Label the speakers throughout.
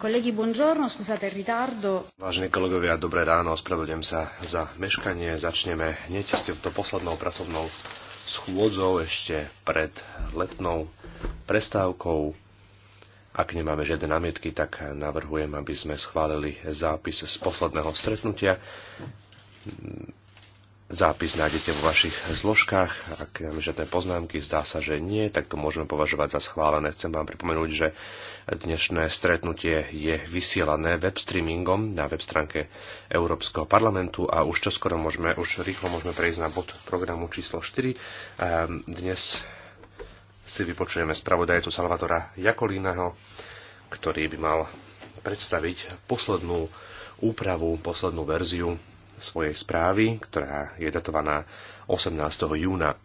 Speaker 1: Kolegi, buongiorno, scusate il ritardo.
Speaker 2: Vážení kolegovia, dobré ráno, ospravedlňujem sa za meškanie. Začneme hneď s touto poslednou pracovnou schôdzou ešte pred letnou prestávkou. Ak nemáme žiadne námietky, tak navrhujem, aby sme schválili zápis z posledného stretnutia Zápis nájdete vo vašich zložkách. Ak máme žiadne poznámky, zdá sa, že nie, tak to môžeme považovať za schválené. Chcem vám pripomenúť, že dnešné stretnutie je vysielané web streamingom na web stránke Európskeho parlamentu a už čoskoro môžeme, už rýchlo môžeme prejsť na bod programu číslo 4. Dnes si vypočujeme spravodajcu Salvatora Jakolínaho, ktorý by mal predstaviť poslednú úpravu, poslednú verziu svojej správy, ktorá je datovaná 18. júna.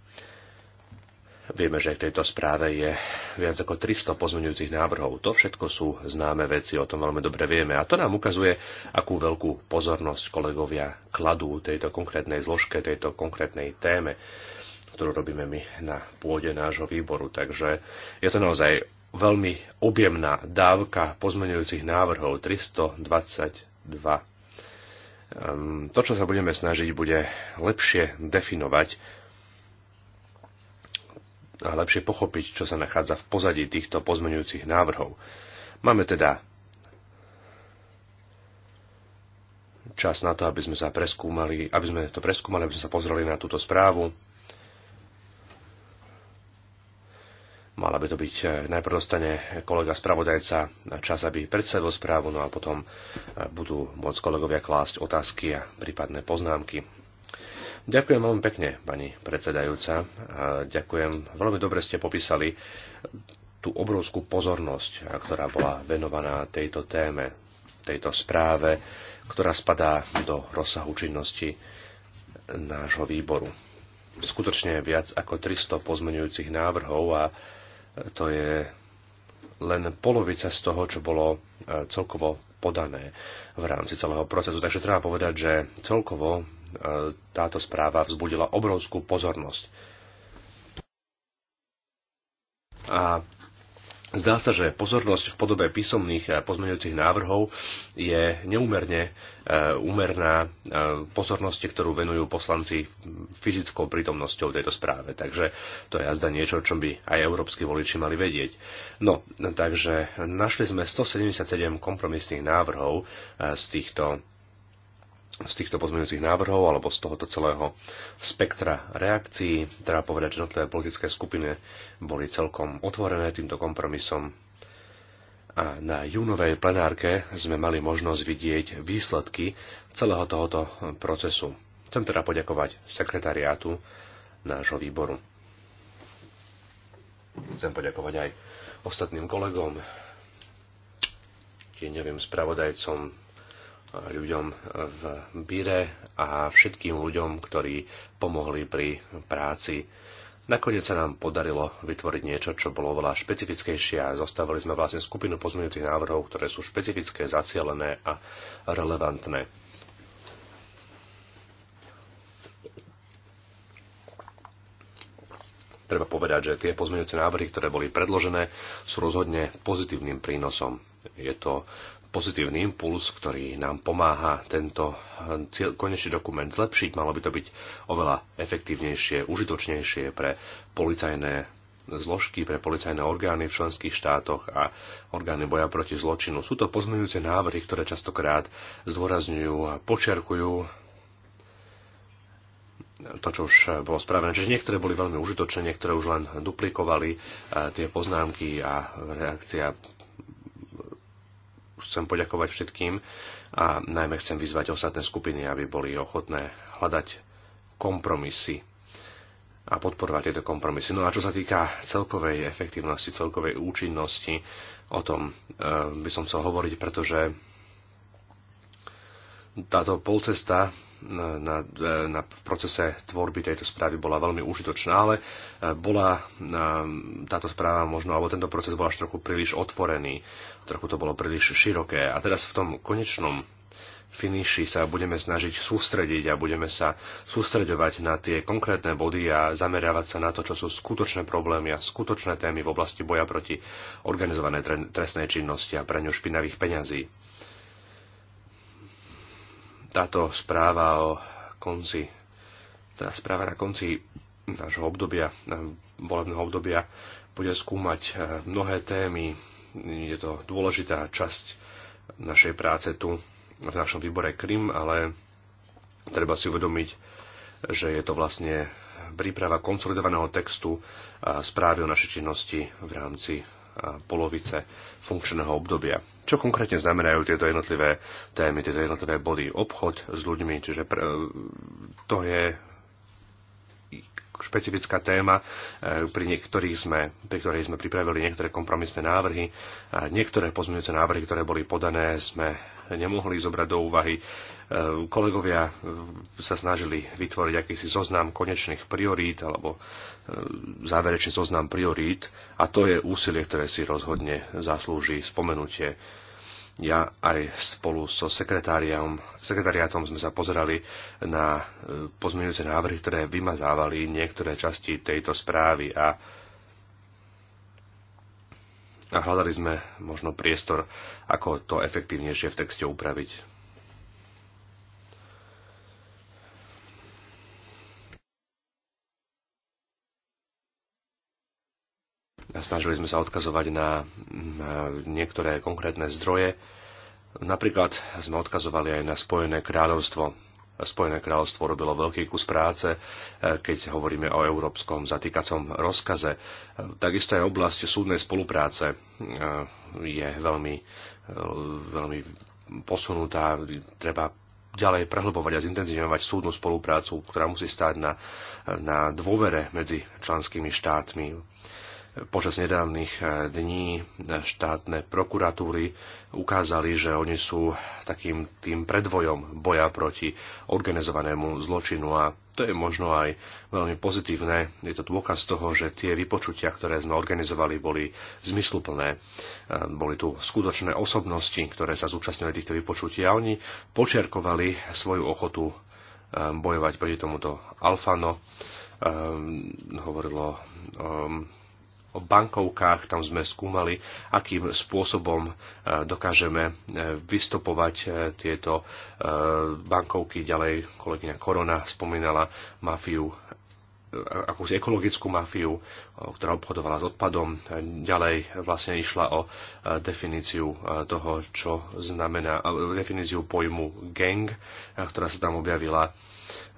Speaker 2: Vieme, že v tejto správe je viac ako 300 pozmeňujúcich návrhov. To všetko sú známe veci, o tom veľmi dobre vieme. A to nám ukazuje, akú veľkú pozornosť kolegovia kladú tejto konkrétnej zložke, tejto konkrétnej téme, ktorú robíme my na pôde nášho výboru. Takže je to naozaj veľmi objemná dávka pozmeňujúcich návrhov 322 Ehm, to, čo sa budeme snažiť, bude lepšie definovať a lepšie pochopiť, čo sa nachádza v pozadí týchto pozmenujúcich návrhov. Máme teda čas na to, aby sme, sa preskúmali, aby sme to preskúmali, aby sme sa pozreli na túto správu, Mala by to byť, eh, najprv dostane kolega spravodajca čas, aby predsedol správu, no a potom eh, budú môcť kolegovia klásť otázky a prípadné poznámky. Ďakujem veľmi pekne, pani predsedajúca. Eh, ďakujem, veľmi dobre ste popísali tú obrovskú pozornosť, ktorá bola venovaná tejto téme, tejto správe, ktorá spadá do rozsahu činnosti nášho výboru skutočne viac ako 300 pozmenujúcich návrhov a to je len polovica z toho, čo bolo e, celkovo podané v rámci celého procesu. Takže treba povedať, že celkovo e, táto správa vzbudila obrovskú pozornosť. A Zdá sa, že pozornosť v podobe písomných pozmeňujúcich návrhov je neúmerne e, úmerná e, pozornosti, ktorú venujú poslanci fyzickou prítomnosťou tejto správe. Takže to je jazda niečo, o čom by aj európsky voliči mali vedieť. No, takže našli sme 177 kompromisných návrhov e, z týchto z týchto pozmeňujúcich návrhov alebo z tohoto celého spektra reakcií. Treba povedať, že jednotlivé politické skupiny boli celkom otvorené týmto kompromisom. A na júnovej plenárke sme mali možnosť vidieť výsledky celého tohoto procesu. Chcem teda poďakovať sekretariátu nášho výboru. Chcem poďakovať aj ostatným kolegom, neviem, spravodajcom, ľuďom v Bire a všetkým ľuďom, ktorí pomohli pri práci. Nakoniec sa nám podarilo vytvoriť niečo, čo bolo veľa špecifickejšie a zostavili sme vlastne skupinu pozmeňujúcich návrhov, ktoré sú špecifické, zacielené a relevantné. Treba povedať, že tie pozmeňujúce návrhy, ktoré boli predložené, sú rozhodne pozitívnym prínosom. Je to pozitívny impuls, ktorý nám pomáha tento eh, cieľ, konečný dokument zlepšiť. Malo by to byť oveľa efektívnejšie, užitočnejšie pre policajné zložky, pre policajné orgány v členských štátoch a orgány boja proti zločinu. Sú to pozmeňujúce návrhy, ktoré častokrát zdôrazňujú a počerkujú, to, čo už bolo spravené. Čiže niektoré boli veľmi užitočné, niektoré už len duplikovali eh, tie poznámky a reakcia chcem poďakovať všetkým a najmä chcem vyzvať ostatné skupiny, aby boli ochotné hľadať kompromisy a podporovať tieto kompromisy. No a čo sa týka celkovej efektívnosti, celkovej účinnosti, o tom e, by som chcel hovoriť, pretože táto polcesta na, e, na procese tvorby tejto správy bola veľmi užitočná, ale e, bola e, táto správa možno, alebo tento proces bol až trochu príliš otvorený, trochu to bolo príliš široké. A teraz v tom konečnom finíši sa budeme snažiť sústrediť a budeme sa sústreďovať na tie konkrétne body a zameriavať sa na to, čo sú skutočné problémy a skutočné témy v oblasti boja proti organizovanej trestnej činnosti a praniu špinavých peňazí táto správa o konci, teda správa na konci nášho obdobia, volebného obdobia, bude skúmať e, mnohé témy. Je to dôležitá časť našej práce tu v našom výbore Krym, ale treba si uvedomiť, že je to vlastne príprava konsolidovaného textu a správy o našej činnosti v rámci polovice funkčného obdobia. Čo konkrétne znamenajú tieto jednotlivé témy, tieto jednotlivé body? Obchod s ľuďmi, čiže pr- e, to je špecifická téma, e, pri, niektorých sme, pri ktorej sme pripravili niektoré kompromisné návrhy. Niektoré pozmeňujúce návrhy, ktoré boli podané, sme nemohli zobrať do úvahy. E, kolegovia e, sa snažili vytvoriť akýsi zoznam konečných priorít alebo e, záverečný zoznam priorít a to je úsilie, ktoré si rozhodne zaslúži spomenutie ja aj spolu so sekretáriom, sekretariátom sme sa pozerali na pozmeňujúce návrhy, ktoré vymazávali niektoré časti tejto správy a a hľadali sme možno priestor, ako to efektívnejšie v texte upraviť. Snažili sme sa odkazovať na, na niektoré konkrétne zdroje. Napríklad sme odkazovali aj na Spojené kráľovstvo Spojené kráľovstvo robilo veľký kus práce, e, keď hovoríme o európskom zatýkacom rozkaze. E, takisto aj oblasť súdnej spolupráce e, je veľmi, veľmi posunutá. Treba ďalej prehlbovať a zintenzívňovať súdnu spoluprácu, ktorá musí stáť na, na dôvere medzi členskými štátmi počas nedávnych eh, dní štátne prokuratúry ukázali, že oni sú takým tým predvojom boja proti organizovanému zločinu a to je možno aj veľmi pozitívne. Je to dôkaz toho, že tie vypočutia, ktoré sme organizovali, boli zmysluplné. Eh, boli tu skutočné osobnosti, ktoré sa zúčastnili týchto vypočutí a oni počiarkovali svoju ochotu eh, bojovať proti tomuto Alfano. Um, hovorilo um, o bankovkách. Tam sme skúmali, akým spôsobom e, dokážeme e, vystopovať e, tieto bankovky. Ďalej kolegyňa Korona spomínala mafiu akúsi ekologickú mafiu, ktorá obchodovala s odpadom. Ďalej vlastne išla o definíciu toho, čo znamená, definíciu pojmu gang, ktorá sa tam objavila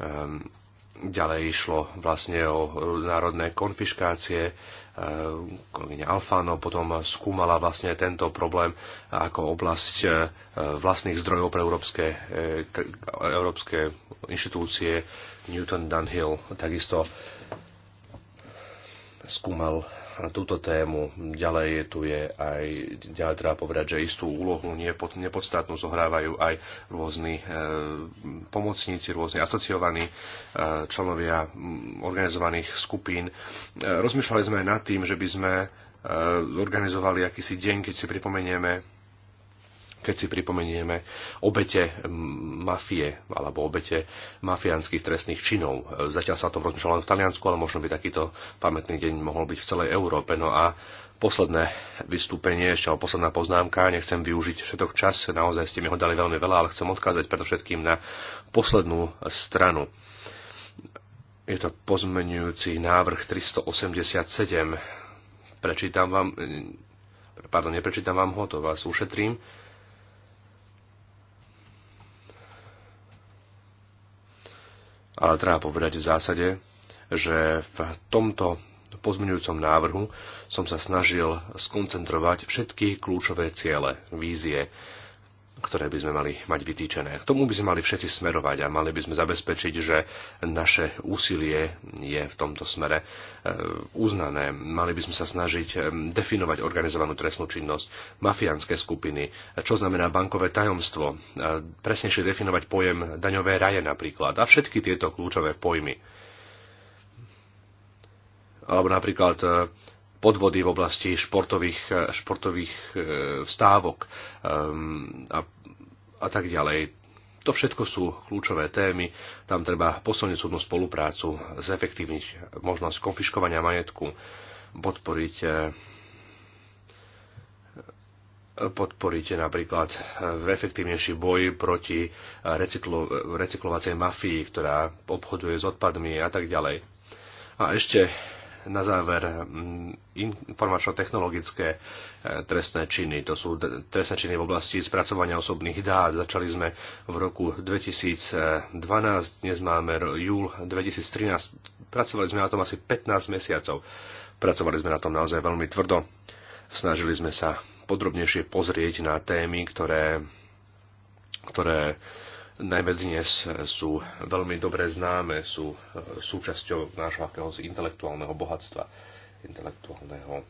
Speaker 2: ehm, Ďalej išlo vlastne o národné konfiškácie. E, kolegyňa Alfano potom skúmala vlastne tento problém ako oblasť e, vlastných zdrojov pre európske, e, európske inštitúcie. Newton Dunhill takisto skúmal na túto tému. Ďalej je tu je aj, ďalej treba povedať, že istú úlohu nepod, nepodstatnú zohrávajú aj rôzni e, pomocníci, rôzni asociovaní e, členovia organizovaných skupín. E, rozmýšľali sme aj nad tým, že by sme e, akýsi deň, keď si pripomenieme keď si pripomenieme obete mafie alebo obete mafiánskych trestných činov. E, zatiaľ sa o tom rozmýšľa len v Taliansku, ale možno by takýto pamätný deň mohol byť v celej Európe. No a posledné vystúpenie, ešte o posledná poznámka, nechcem využiť všetok čas, naozaj ste mi ho dali veľmi veľa, ale chcem odkázať predovšetkým na poslednú stranu. Je to pozmenujúci návrh 387. Prečítam vám, e, pardon, neprečítam vám ho, to vás ušetrím. Ale treba povedať v zásade, že v tomto pozmeňujúcom návrhu som sa snažil skoncentrovať všetky kľúčové ciele, vízie, ktoré by sme mali mať vytýčené. K tomu by sme mali všetci smerovať a mali by sme zabezpečiť, že naše úsilie je v tomto smere eh, uznané. Mali by sme sa snažiť eh, definovať organizovanú trestnú činnosť, mafiánske skupiny, čo znamená bankové tajomstvo, eh, presnejšie definovať pojem daňové raje napríklad a všetky tieto kľúčové pojmy. Alebo napríklad podvody v oblasti športových, e, športových e, vstávok ehm, a, a tak ďalej. To všetko sú kľúčové témy, tam treba posilniť súdnu spoluprácu, zefektívniť možnosť konfiškovania majetku, podporiť e, podporiť napríklad efektívnejší boj proti recyklo, recyklovacej mafii, ktorá obchoduje s odpadmi a tak ďalej. A ešte na záver mm, informačno-technologické e, trestné činy. To sú trestné činy v oblasti spracovania osobných dát. Začali sme v roku 2012, dnes máme júl 2013. Pracovali sme na tom asi 15 mesiacov. Pracovali sme na tom naozaj veľmi tvrdo. Snažili sme sa podrobnejšie pozrieť na témy, ktoré, ktoré najmä dnes sú veľmi dobre známe, sú e, súčasťou nášho akéhosi intelektuálneho bohatstva, intelektuálneho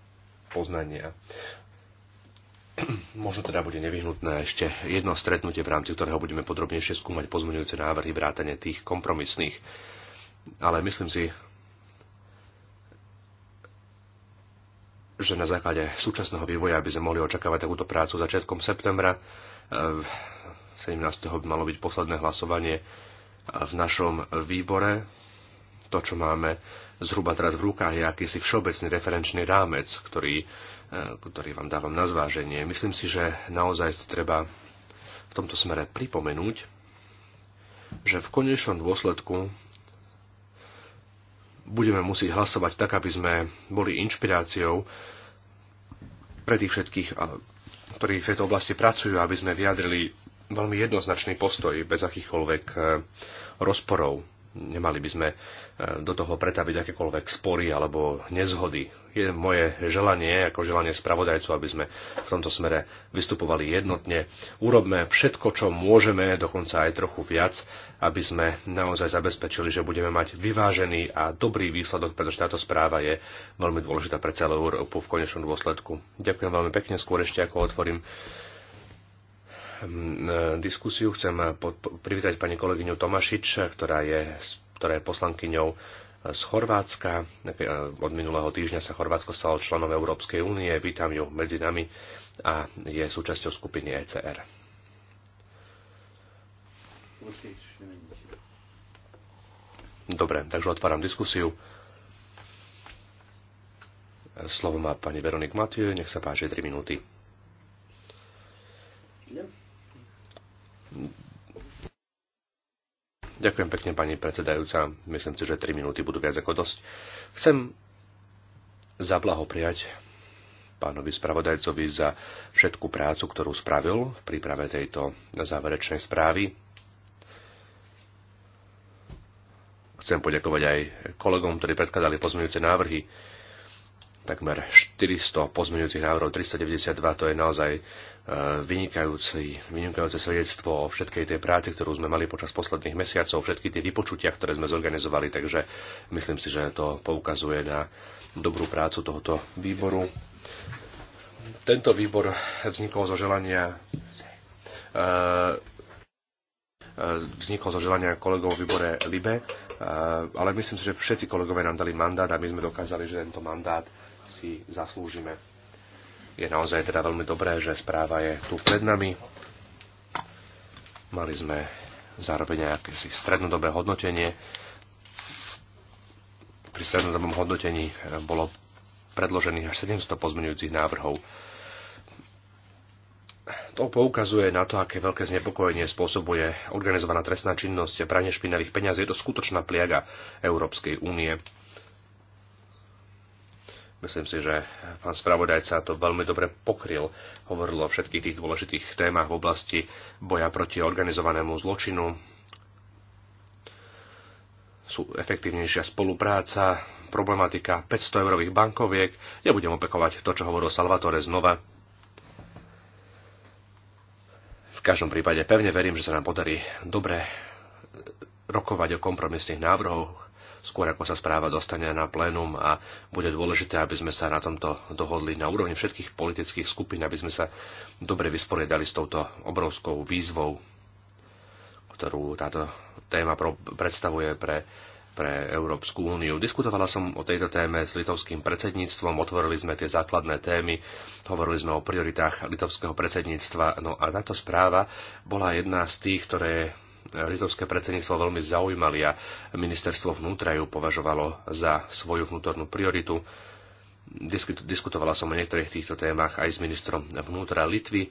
Speaker 2: poznania. Možno teda bude nevyhnutné ešte jedno stretnutie, v rámci ktorého budeme podrobnejšie skúmať pozmeňujúce návrhy vrátane tých kompromisných. Ale myslím si, že na základe súčasného vývoja by sme mohli očakávať takúto prácu začiatkom septembra. E, 17. by malo byť posledné hlasovanie v našom výbore. To, čo máme zhruba teraz v rukách, je akýsi všeobecný referenčný rámec, ktorý, e, ktorý vám dávam na zváženie. Myslím si, že naozaj to treba v tomto smere pripomenúť, že v konečnom dôsledku budeme musieť hlasovať tak, aby sme boli inšpiráciou pre tých všetkých, e, ktorí v tejto oblasti pracujú, aby sme vyjadrili veľmi jednoznačný postoj, bez akýchkoľvek e, rozporov. Nemali by sme e, do toho pretaviť akékoľvek spory alebo nezhody. Je moje želanie, ako želanie spravodajcu, aby sme v tomto smere vystupovali jednotne. Urobme všetko, čo môžeme, dokonca aj trochu viac, aby sme naozaj zabezpečili, že budeme mať vyvážený a dobrý výsledok, pretože táto správa je veľmi dôležitá pre celú Európu v konečnom dôsledku. Ďakujem veľmi pekne, skôr ešte ako otvorím Mm, diskusiu. Chcem eh, privítať pani kolegyňu Tomašič, ktorá je, ktorá je poslankyňou eh, z Chorvátska. Eh, od minulého týždňa sa Chorvátsko stalo členom Európskej únie. Vítam ju medzi nami a je súčasťou skupiny ECR. Dobre, takže otváram diskusiu. Slovo má pani Veronik Matiu, nech sa páči 3 minúty. Ďakujem pekne, pani predsedajúca. Myslím si, že 3 minúty budú viac ako dosť. Chcem zablahopriať pánovi spravodajcovi za všetku prácu, ktorú spravil v príprave tejto záverečnej správy. Chcem poďakovať aj kolegom, ktorí predkladali pozmeňujúce návrhy takmer 400 pozmeňujúcich návrhov, 392, to je naozaj e, vynikajúce svedectvo o všetkej tej práci, ktorú sme mali počas posledných mesiacov, všetky tie vypočutia, ktoré sme zorganizovali, takže myslím si, že to poukazuje na dobrú prácu tohoto výboru. Tento výbor vznikol zo želania e, e, vznikol zo želania kolegov v výbore LIBE, ale myslím si, že všetci kolegové nám dali mandát a my sme dokázali, že tento mandát si zaslúžime. Je naozaj teda veľmi dobré, že správa je tu pred nami. Mali sme zároveň nejaké si strednodobé hodnotenie. Pri strednodobom hodnotení eh, bolo predložených až 700 pozmeňujúcich návrhov. To poukazuje na to, aké veľké znepokojenie spôsobuje organizovaná trestná činnosť a pranie špinavých peňazí. Je to skutočná pliaga Európskej únie. Myslím si, že pán spravodajca to veľmi dobre pokryl. Hovoril o všetkých tých dôležitých témach v oblasti boja proti organizovanému zločinu. Sú efektívnejšia spolupráca, problematika 500 eurových bankoviek. Nebudem opekovať to, čo hovoril Salvatore znova. V každom prípade pevne verím, že sa nám podarí dobre rokovať o kompromisných návrhoch skôr ako sa správa dostane na plénum a bude dôležité, aby sme sa na tomto dohodli na úrovni všetkých politických skupín, aby sme sa dobre vysporiadali s touto obrovskou výzvou, ktorú táto téma predstavuje pre pre Európsku úniu. Diskutovala som o tejto téme s litovským predsedníctvom, otvorili sme tie základné témy, hovorili sme o prioritách litovského predsedníctva, no a táto správa bola jedna z tých, ktoré litovské predsedníctvo veľmi zaujímali a ministerstvo vnútra ju považovalo za svoju vnútornú prioritu. Diskutovala som o niektorých týchto témach aj s ministrom vnútra Litvy.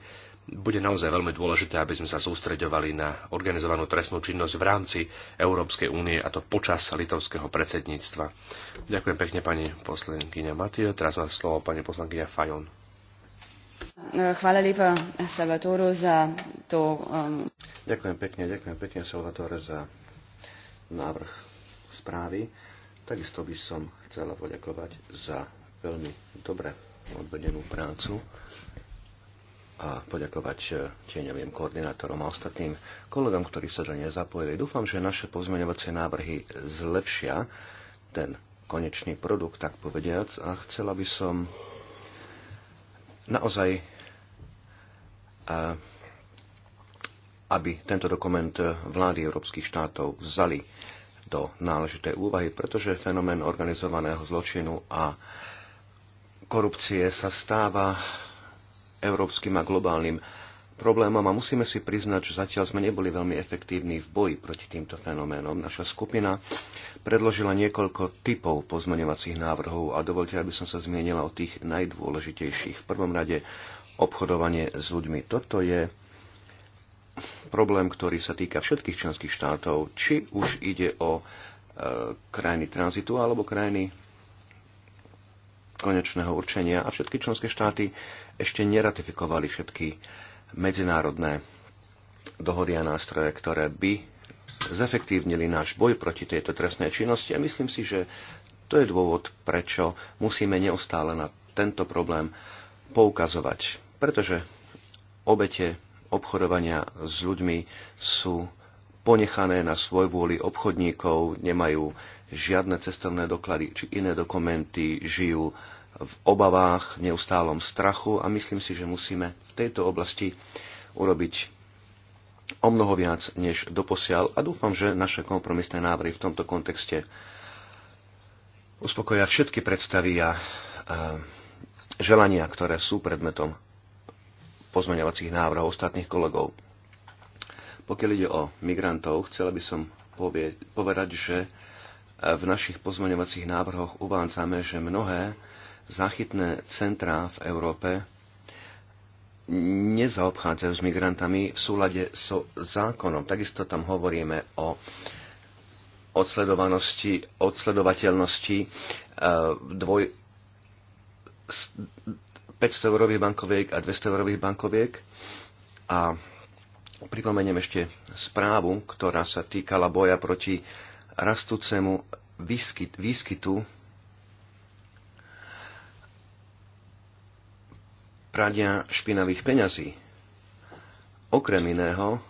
Speaker 2: Bude naozaj veľmi dôležité, aby sme sa sústreďovali na organizovanú trestnú činnosť v rámci Európskej únie a to počas litovského predsedníctva. Ďakujem pekne pani poslankyňa Matio. Teraz má slovo pani poslankyňa Fajon.
Speaker 3: Hvala lepa za to. Um...
Speaker 1: Ďakujem pekne, ďakujem pekne Salvatore za návrh správy. Takisto by som chcela poďakovať za veľmi dobre odvedenú prácu a poďakovať eh, tieňovým koordinátorom a ostatným kolegom, ktorí sa do nej zapojili. Dúfam, že naše pozmeňovacie návrhy zlepšia ten konečný produkt, tak povediac, a chcela by som naozaj, e, aby tento dokument vlády európskych štátov vzali do náležitej úvahy, pretože fenomén organizovaného zločinu a korupcie sa stáva európskym a globálnym problémom a musíme si priznať, že zatiaľ sme neboli veľmi efektívni v boji proti týmto fenoménom. Naša skupina predložila niekoľko typov pozmeňovacích návrhov a dovolte, aby som sa zmienila o tých najdôležitejších. V prvom rade obchodovanie s ľuďmi. Toto je problém, ktorý sa týka všetkých členských štátov, či už ide o e, krajiny tranzitu alebo krajiny konečného určenia a všetky členské štáty ešte neratifikovali všetky medzinárodné dohody a nástroje, ktoré by zefektívnili náš boj proti tejto trestnej činnosti a myslím si, že to je dôvod, prečo musíme neustále na tento problém poukazovať. Pretože obete obchodovania s ľuďmi sú ponechané na svoj vôli obchodníkov, nemajú žiadne cestovné doklady či iné dokumenty, žijú v obavách, v neustálom strachu a myslím si, že musíme v tejto oblasti urobiť o mnoho viac než doposiaľ a dúfam, že naše kompromisné návrhy v tomto kontexte uspokoja všetky predstavy a, želania, ktoré sú predmetom pozmeňovacích návrhov ostatných kolegov. Pokiaľ ide o migrantov, chcela by som povie, povedať, že v našich pozmeňovacích návrhoch uvádzame, že mnohé Záchytné centrá v Európe nezaobchádzajú s migrantami v súlade so zákonom. Takisto tam hovoríme o odsledovanosti, odsledovateľnosti e, dvoj, 500 eurových bankoviek a 200 eurových bankoviek. A pripomeniem ešte správu, ktorá sa týkala boja proti rastúcemu výskyt, výskytu prania špinavých peňazí. Okrem iného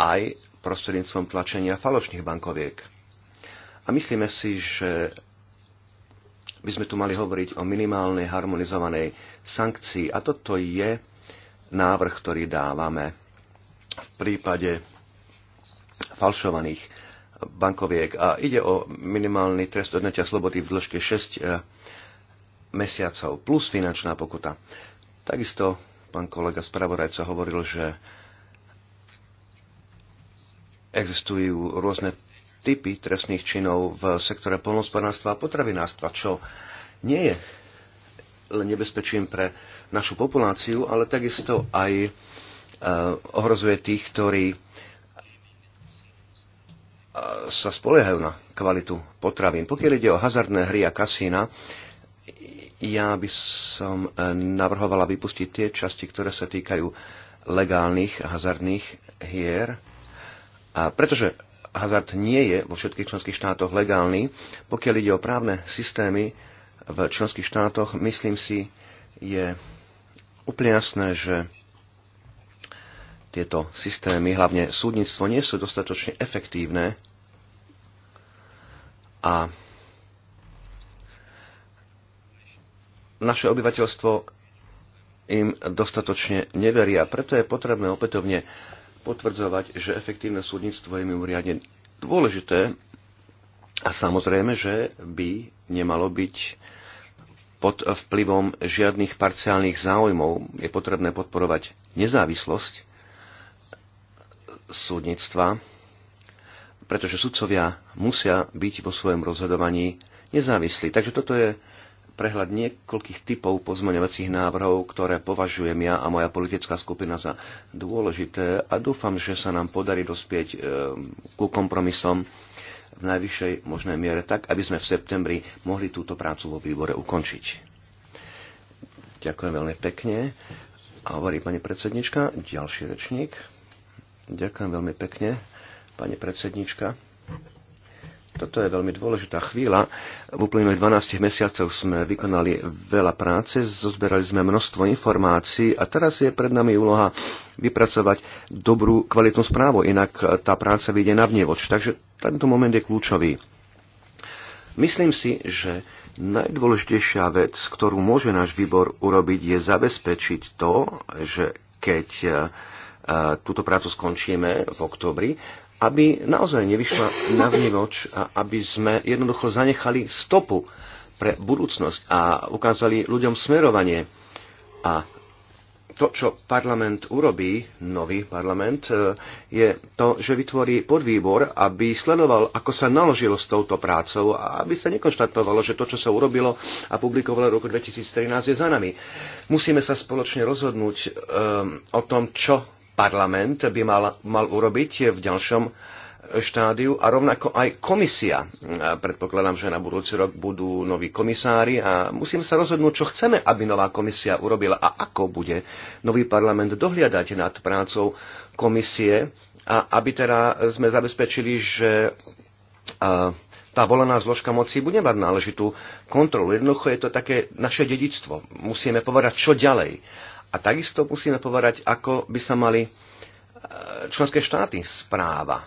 Speaker 1: aj prostredníctvom tlačenia falošných bankoviek. A myslíme si, že by sme tu mali hovoriť o minimálnej harmonizovanej sankcii. A toto je návrh, ktorý dávame v prípade falšovaných bankoviek. A ide o minimálny trest odňatia slobody v dĺžke 6 mesiacov plus finančná pokuta. Takisto pán kolega spravodajca hovoril, že existujú rôzne typy trestných činov v sektore polnospodárstva a potravinárstva, čo nie je len nebezpečím pre našu populáciu, ale takisto aj e, ohrozuje tých, ktorí e, sa spoliehajú na kvalitu potravín. Pokiaľ ide o hazardné hry a kasína, ja by som e, navrhovala vypustiť tie časti, ktoré sa týkajú legálnych hazardných hier, a pretože hazard nie je vo všetkých členských štátoch legálny, pokiaľ ide o právne systémy v členských štátoch, myslím si, je úplne jasné, že tieto systémy, hlavne súdnictvo, nie sú dostatočne efektívne a naše obyvateľstvo im dostatočne neveria. Preto je potrebné opätovne potvrdzovať, že efektívne súdnictvo je mimoriadne dôležité a samozrejme, že by nemalo byť pod vplyvom žiadnych parciálnych záujmov. Je potrebné podporovať nezávislosť súdnictva, pretože sudcovia musia byť vo svojom rozhodovaní nezávislí. Takže toto je prehľad niekoľkých typov pozmeňovacích návrhov, ktoré považujem ja a moja politická skupina za dôležité a dúfam, že sa nám podarí dospieť e, ku kompromisom v najvyššej možnej miere tak, aby sme v septembri mohli túto prácu vo výbore ukončiť. Ďakujem veľmi pekne. A hovorí pani predsednička, ďalší rečník. Ďakujem veľmi pekne, pani predsednička. Toto je veľmi dôležitá chvíľa. V uplynulých 12 mesiacoch sme vykonali veľa práce, zozberali sme množstvo informácií a teraz je pred nami úloha vypracovať dobrú, kvalitnú správu, inak e, tá práca vyjde na vnievoč. Takže tento moment je kľúčový. Myslím si, že najdôležitejšia vec, ktorú môže náš výbor urobiť, je zabezpečiť to, že keď e, e, túto prácu skončíme v oktobri, aby naozaj nevyšla na vnívoč a aby sme jednoducho zanechali stopu pre budúcnosť a ukázali ľuďom smerovanie. A to, čo parlament urobí, nový parlament, e, je to, že vytvorí podvýbor, aby sledoval, ako sa naložilo s touto prácou a aby sa nekonštatovalo, že to, čo sa urobilo a publikovalo v roku 2013, je za nami. Musíme sa spoločne rozhodnúť um, o tom, čo parlament by mal, mal urobiť v ďalšom e, štádiu a rovnako aj komisia. E, predpokladám, že na budúci rok budú noví komisári a musím sa rozhodnúť, čo chceme, aby nová komisia urobila a ako bude nový parlament dohliadať nad prácou komisie a aby teda sme zabezpečili, že e, tá volená zložka moci bude mať náležitú kontrolu. Jednoducho je to také naše dedičstvo. Musíme povedať, čo ďalej. A takisto musíme povedať, ako by sa mali e, členské štáty správa. E,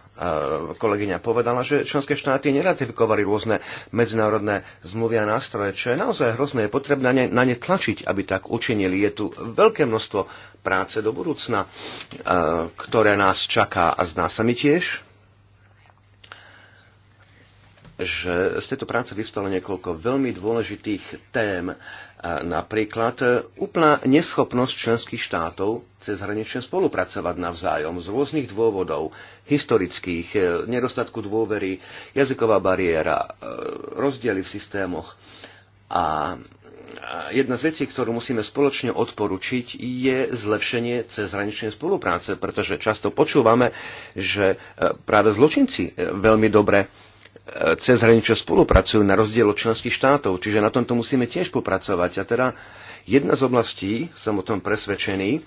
Speaker 1: kolegyňa povedala, že členské štáty neratifikovali rôzne medzinárodné zmluvy a nástroje, čo je naozaj hrozné. Je potrebné na ne, tlačiť, aby tak učinili. Je tu veľké množstvo práce do budúcna, e, ktoré nás čaká a zdá sa mi tiež, že z tejto práce vyvstalo niekoľko veľmi dôležitých tém, napríklad e, úplná neschopnosť členských štátov cez hranične spolupracovať navzájom z rôznych dôvodov, historických, e, nedostatku dôvery, jazyková bariéra, e, rozdiely v systémoch. A jedna z vecí, ktorú musíme spoločne odporučiť, je zlepšenie cezhraničnej spolupráce, pretože často počúvame, že práve zločinci veľmi dobre E, cez hraničo spolupracujú na rozdiel od členských štátov, čiže na tomto musíme tiež popracovať. A teda jedna z oblastí, som o tom presvedčený,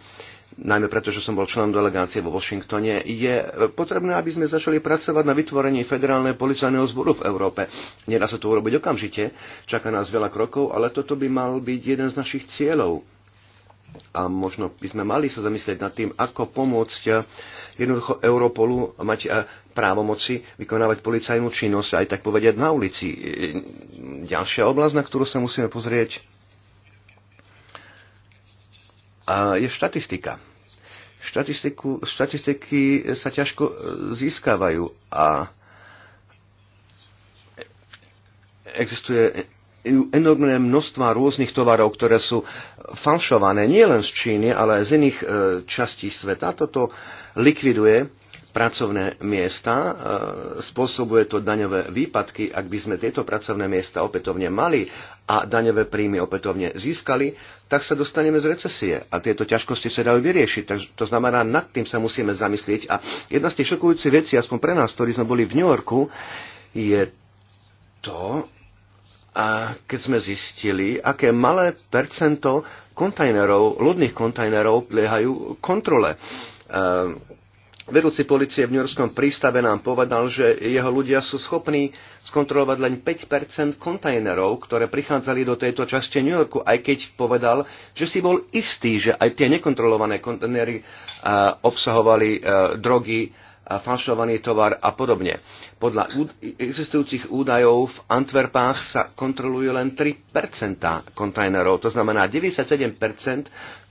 Speaker 1: najmä preto, že som bol členom delegácie vo Washingtone, je potrebné, aby sme začali pracovať na vytvorení federálneho policajného zboru v Európe. Nedá sa to urobiť okamžite, čaká nás veľa krokov, ale toto by mal byť jeden z našich cieľov. A možno by sme mali sa zamyslieť nad tým, ako pomôcť e, jednoducho Europolu mať e, právomoci vykonávať policajnú činnosť, aj tak povediať na ulici. E, ďalšia oblasť, na ktorú sa musíme pozrieť, je štatistika. Štatistiku, štatistiky sa ťažko e, získavajú a existuje enormné množstva rôznych tovarov, ktoré sú falšované nielen z Číny, ale aj z iných e, častí sveta. Toto likviduje pracovné miesta, e, spôsobuje to daňové výpadky. Ak by sme tieto pracovné miesta opätovne mali a daňové príjmy opätovne získali, tak sa dostaneme z recesie a tieto ťažkosti sa dajú vyriešiť. Takže to znamená, nad tým sa musíme zamyslieť. A jedna z tých šokujúcich vecí, aspoň pre nás, ktorí sme boli v New Yorku, je to, a keď sme zistili, aké malé percento kontajnerov, lodných kontajnerov liehajú kontrole. E, Vedúci policie v New Yorkskom prístave nám povedal, že jeho ľudia sú schopní skontrolovať len 5 kontajnerov, ktoré prichádzali do tejto časti New Yorku, aj keď povedal, že si bol istý, že aj tie nekontrolované kontajnery eh, obsahovali eh, drogy, eh, falšovaný tovar a podobne. Podľa existujúcich údajov v Antwerpách sa kontrolujú len 3 kontajnerov, to znamená 97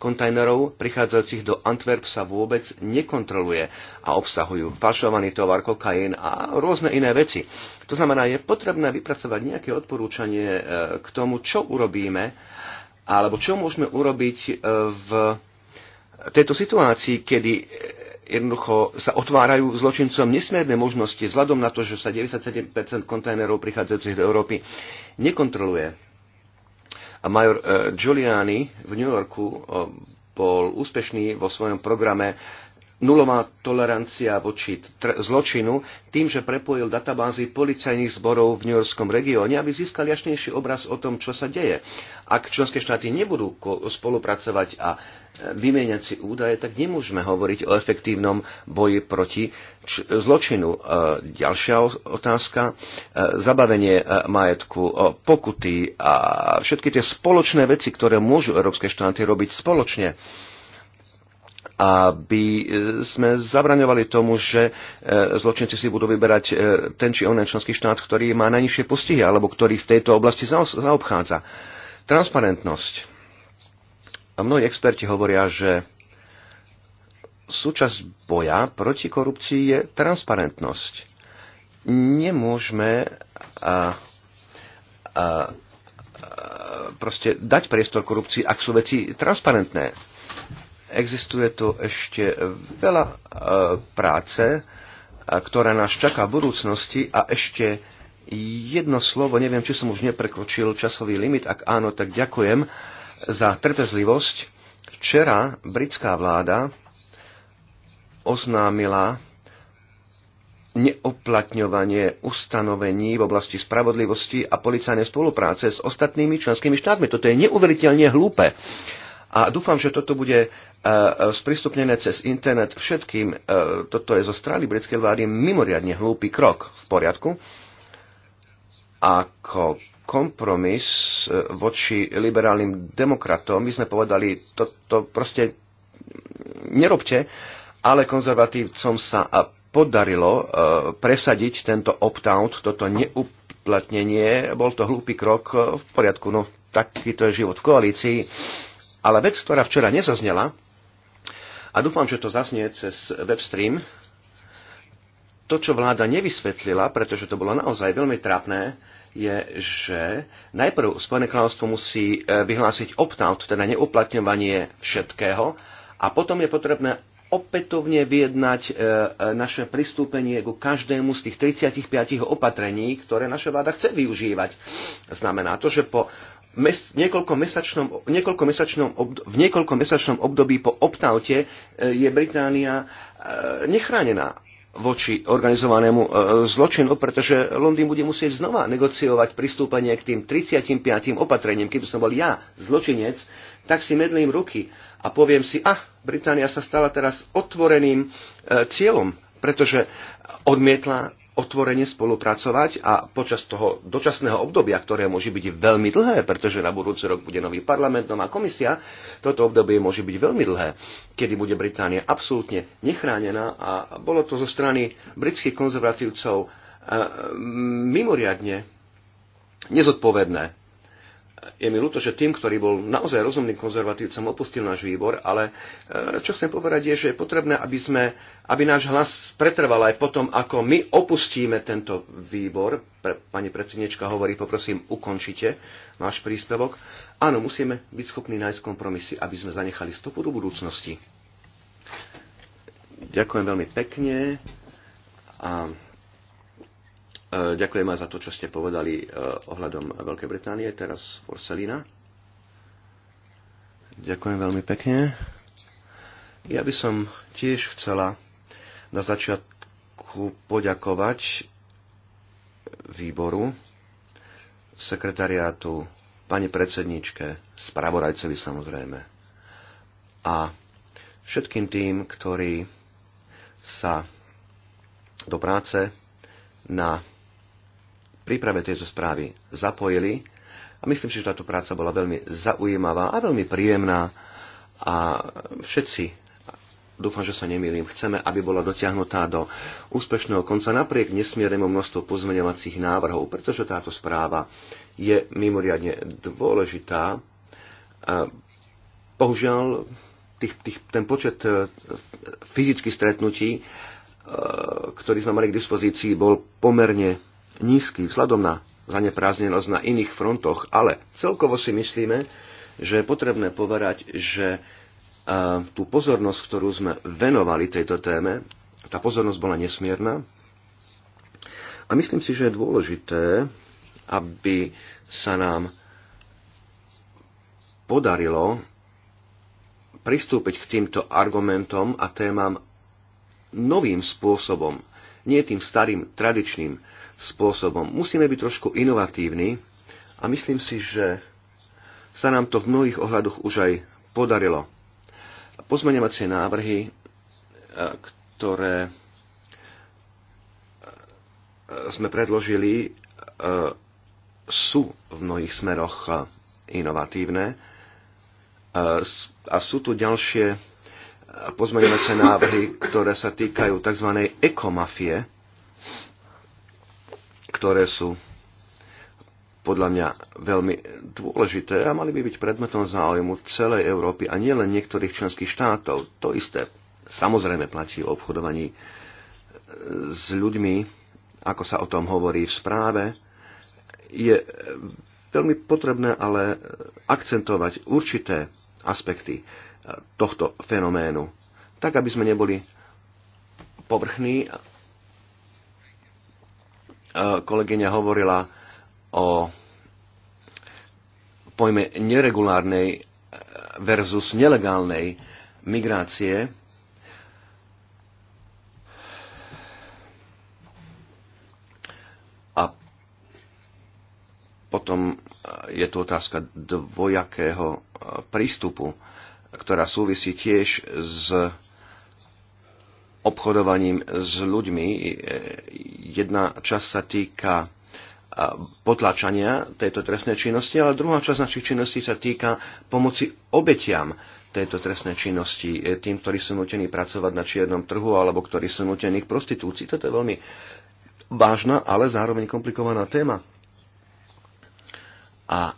Speaker 1: kontajnerov prichádzajúcich do Antwerp sa vôbec nekontroluje a obsahujú falšovaný tovar, kokain a rôzne iné veci. To znamená, je potrebné vypracovať nejaké odporúčanie e, k tomu, čo urobíme alebo čo môžeme urobiť e, v tejto situácii, kedy e, jednoducho sa otvárajú zločincom nesmierne možnosti vzhľadom na to, že sa 97% kontajnerov prichádzajúcich do Európy nekontroluje. A major eh, Giuliani v New Yorku eh, bol úspešný vo svojom programe nulová tolerancia voči zločinu tým, že prepojil databázy policajných zborov v New Yorkskom regióne, aby získal jašnejší obraz o tom, čo sa deje. Ak členské štáty nebudú spolupracovať a e, vymieňať si údaje, tak nemôžeme hovoriť o efektívnom boji proti zločinu. E, ďalšia otázka, e, zabavenie majetku, pokuty a všetky tie spoločné veci, ktoré môžu európske štáty robiť spoločne aby e, sme zabraňovali tomu, že e, zločinci si budú vyberať e, ten či onen členský štát, ktorý má najnižšie postihy alebo ktorý v tejto oblasti zaobchádza. Transparentnosť. A mnohí experti hovoria, že súčasť boja proti korupcii je transparentnosť. Nemôžeme a, a, proste dať priestor korupcii, ak sú veci transparentné Existuje tu ešte veľa e, práce, e, ktorá nás čaká v budúcnosti a ešte jedno slovo, neviem, či som už neprekročil časový limit, ak áno, tak ďakujem za trpezlivosť. Včera britská vláda oznámila neoplatňovanie ustanovení v oblasti spravodlivosti a policajnej spolupráce s ostatnými členskými štátmi. Toto je neuveriteľne hlúpe. A dúfam, že toto bude e, sprístupnené cez internet všetkým. E, toto je zo strany britskej vlády mimoriadne hlúpy krok v poriadku. Ako kompromis e, voči liberálnym demokratom my sme povedali, toto proste nerobte, ale konzervatívcom sa podarilo presadiť tento opt-out, toto neuplatnenie. Bol to hlúpy krok v poriadku, no takýto je život v koalícii ale vec, ktorá včera nezaznela, a dúfam, že to zasnie cez webstream, to, čo vláda nevysvetlila, pretože to bolo naozaj veľmi trápne, je, že najprv Spojené kráľovstvo musí e, vyhlásiť opt-out, teda neuplatňovanie všetkého, a potom je potrebné opätovne vyjednať e, e, naše pristúpenie ku každému z tých 35 opatrení, ktoré naša vláda chce využívať. Znamená to, že po mes, niekoľkomesačnom, niekoľkomesačnom v niekoľkomesačnom období po optaute e, je Británia e, nechránená voči organizovanému e, zločinu, pretože Londýn bude musieť znova negociovať pristúpenie k tým 35. opatreniam, Keby som bol ja zločinec, tak si medlím ruky a poviem si, ah, Británia sa stala teraz otvoreným cieľom, pretože odmietla otvorene spolupracovať a počas toho dočasného obdobia, ktoré môže byť veľmi dlhé, pretože na budúci rok bude nový parlament, nová komisia, toto obdobie môže byť veľmi dlhé, kedy bude Británia absolútne nechránená a bolo to zo strany britských konzervatívcov eh, mimoriadne nezodpovedné je mi ľúto, že tým, ktorý bol naozaj rozumným konzervatívcom, opustil náš výbor, ale e, čo chcem povedať je, že je potrebné, aby, sme, aby náš hlas pretrval aj potom, ako my opustíme tento výbor. Pre, pani predsednička hovorí, poprosím, ukončite váš príspevok. Áno, musíme byť schopní nájsť kompromisy, aby sme zanechali stopu do budúcnosti. Ďakujem veľmi pekne a E, ďakujem aj za to, čo ste povedali e, ohľadom Veľkej Británie. Teraz Porcelina. Ďakujem veľmi pekne. Ja by som tiež chcela na začiatku poďakovať výboru, sekretariátu, pani predsedničke, spravodajcovi samozrejme a všetkým tým, ktorí sa do práce na príprave tejto správy zapojili a myslím si, že táto práca bola veľmi zaujímavá a veľmi príjemná a všetci dúfam, že sa nemýlim, chceme, aby bola dotiahnutá do úspešného konca napriek nesmiernemu množstvu pozmeňovacích návrhov, pretože táto správa je mimoriadne dôležitá. Bohužiaľ, tých, tých, ten počet e, fyzických stretnutí, e, ktorý sme mali k dispozícii, bol pomerne nízky vzhľadom na zanepráznenosť na iných frontoch, ale celkovo si myslíme, že je potrebné povedať, že e, tú pozornosť, ktorú sme venovali tejto téme, tá pozornosť bola nesmierna. A myslím si, že je dôležité, aby sa nám podarilo pristúpiť k týmto argumentom a témam novým spôsobom, nie tým starým, tradičným, spôsobom. Musíme byť trošku inovatívni a myslím si, že sa nám to v mnohých ohľadoch už aj podarilo. Pozmeňovacie návrhy, e, ktoré e, sme predložili, e, sú v mnohých smeroch inovatívne a sú tu ďalšie pozmeňovacie návrhy, ktoré sa týkajú tzv. ekomafie, ktoré sú podľa mňa veľmi dôležité a mali by byť predmetom záujmu celej Európy a nielen niektorých členských štátov. To isté samozrejme platí o obchodovaní e, s ľuďmi, ako sa o tom hovorí v správe. Je veľmi potrebné ale akcentovať určité aspekty e, tohto fenoménu, tak aby sme neboli povrchní E, kolegyňa hovorila o pojme neregulárnej versus nelegálnej migrácie. A potom je tu otázka dvojakého e, prístupu, ktorá súvisí tiež s obchodovaním s ľuďmi. Jedna časť sa týka potláčania tejto trestnej činnosti, ale druhá časť našich činností sa týka pomoci obetiam tejto trestnej činnosti, e, tým, ktorí sú nutení pracovať na čiernom trhu alebo ktorí sú nutení k prostitúcii. Toto je veľmi vážna, ale zároveň komplikovaná téma. A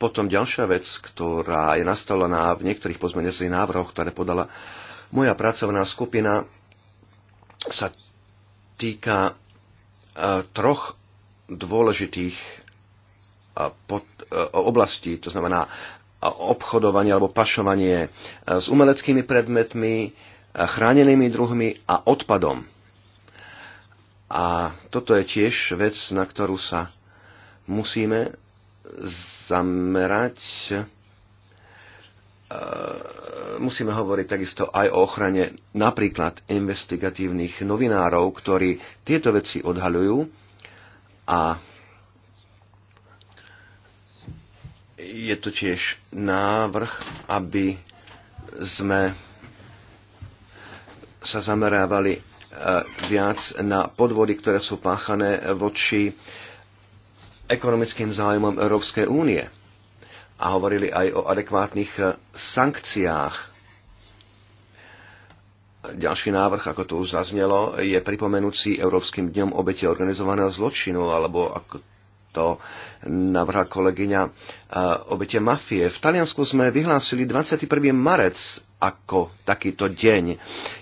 Speaker 1: potom ďalšia vec, ktorá je nastavená v niektorých pozmeňovacích návrhoch, ktoré podala moja pracovná skupina, sa týka e, troch dôležitých e, e, oblastí, to znamená obchodovanie alebo pašovanie s umeleckými predmetmi, chránenými druhmi a odpadom. A toto je tiež vec, na ktorú sa musíme zamerať E, musíme hovoriť takisto aj o ochrane napríklad investigatívnych novinárov, ktorí tieto veci odhaľujú a je to tiež návrh, aby sme sa zamerávali e, viac na podvody, ktoré sú páchané voči ekonomickým záujmom Európskej únie a hovorili aj o adekvátnych e, sankciách. Ďalší návrh, ako to už zaznelo, je pripomenúci Európskym dňom obete organizovaného zločinu, alebo ako to navrhá kolegyňa e, obete mafie. V Taliansku sme vyhlásili 21. marec ako takýto deň.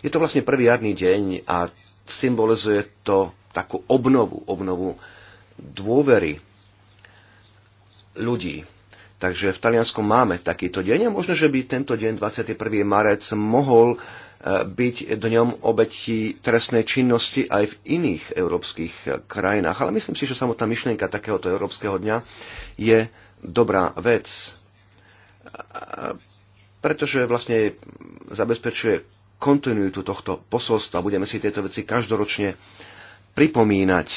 Speaker 1: Je to vlastne prvý jarný deň a symbolizuje to takú obnovu, obnovu dôvery ľudí Takže v Taliansku máme takýto deň a možno, že by tento deň 21. marec mohol e, byť dňom obetí trestnej činnosti aj v iných európskych e, krajinách. Ale myslím si, že samotná myšlienka takéhoto európskeho dňa je dobrá vec, e, pretože vlastne zabezpečuje kontinuitu tohto posolstva. Budeme si tieto veci každoročne pripomínať.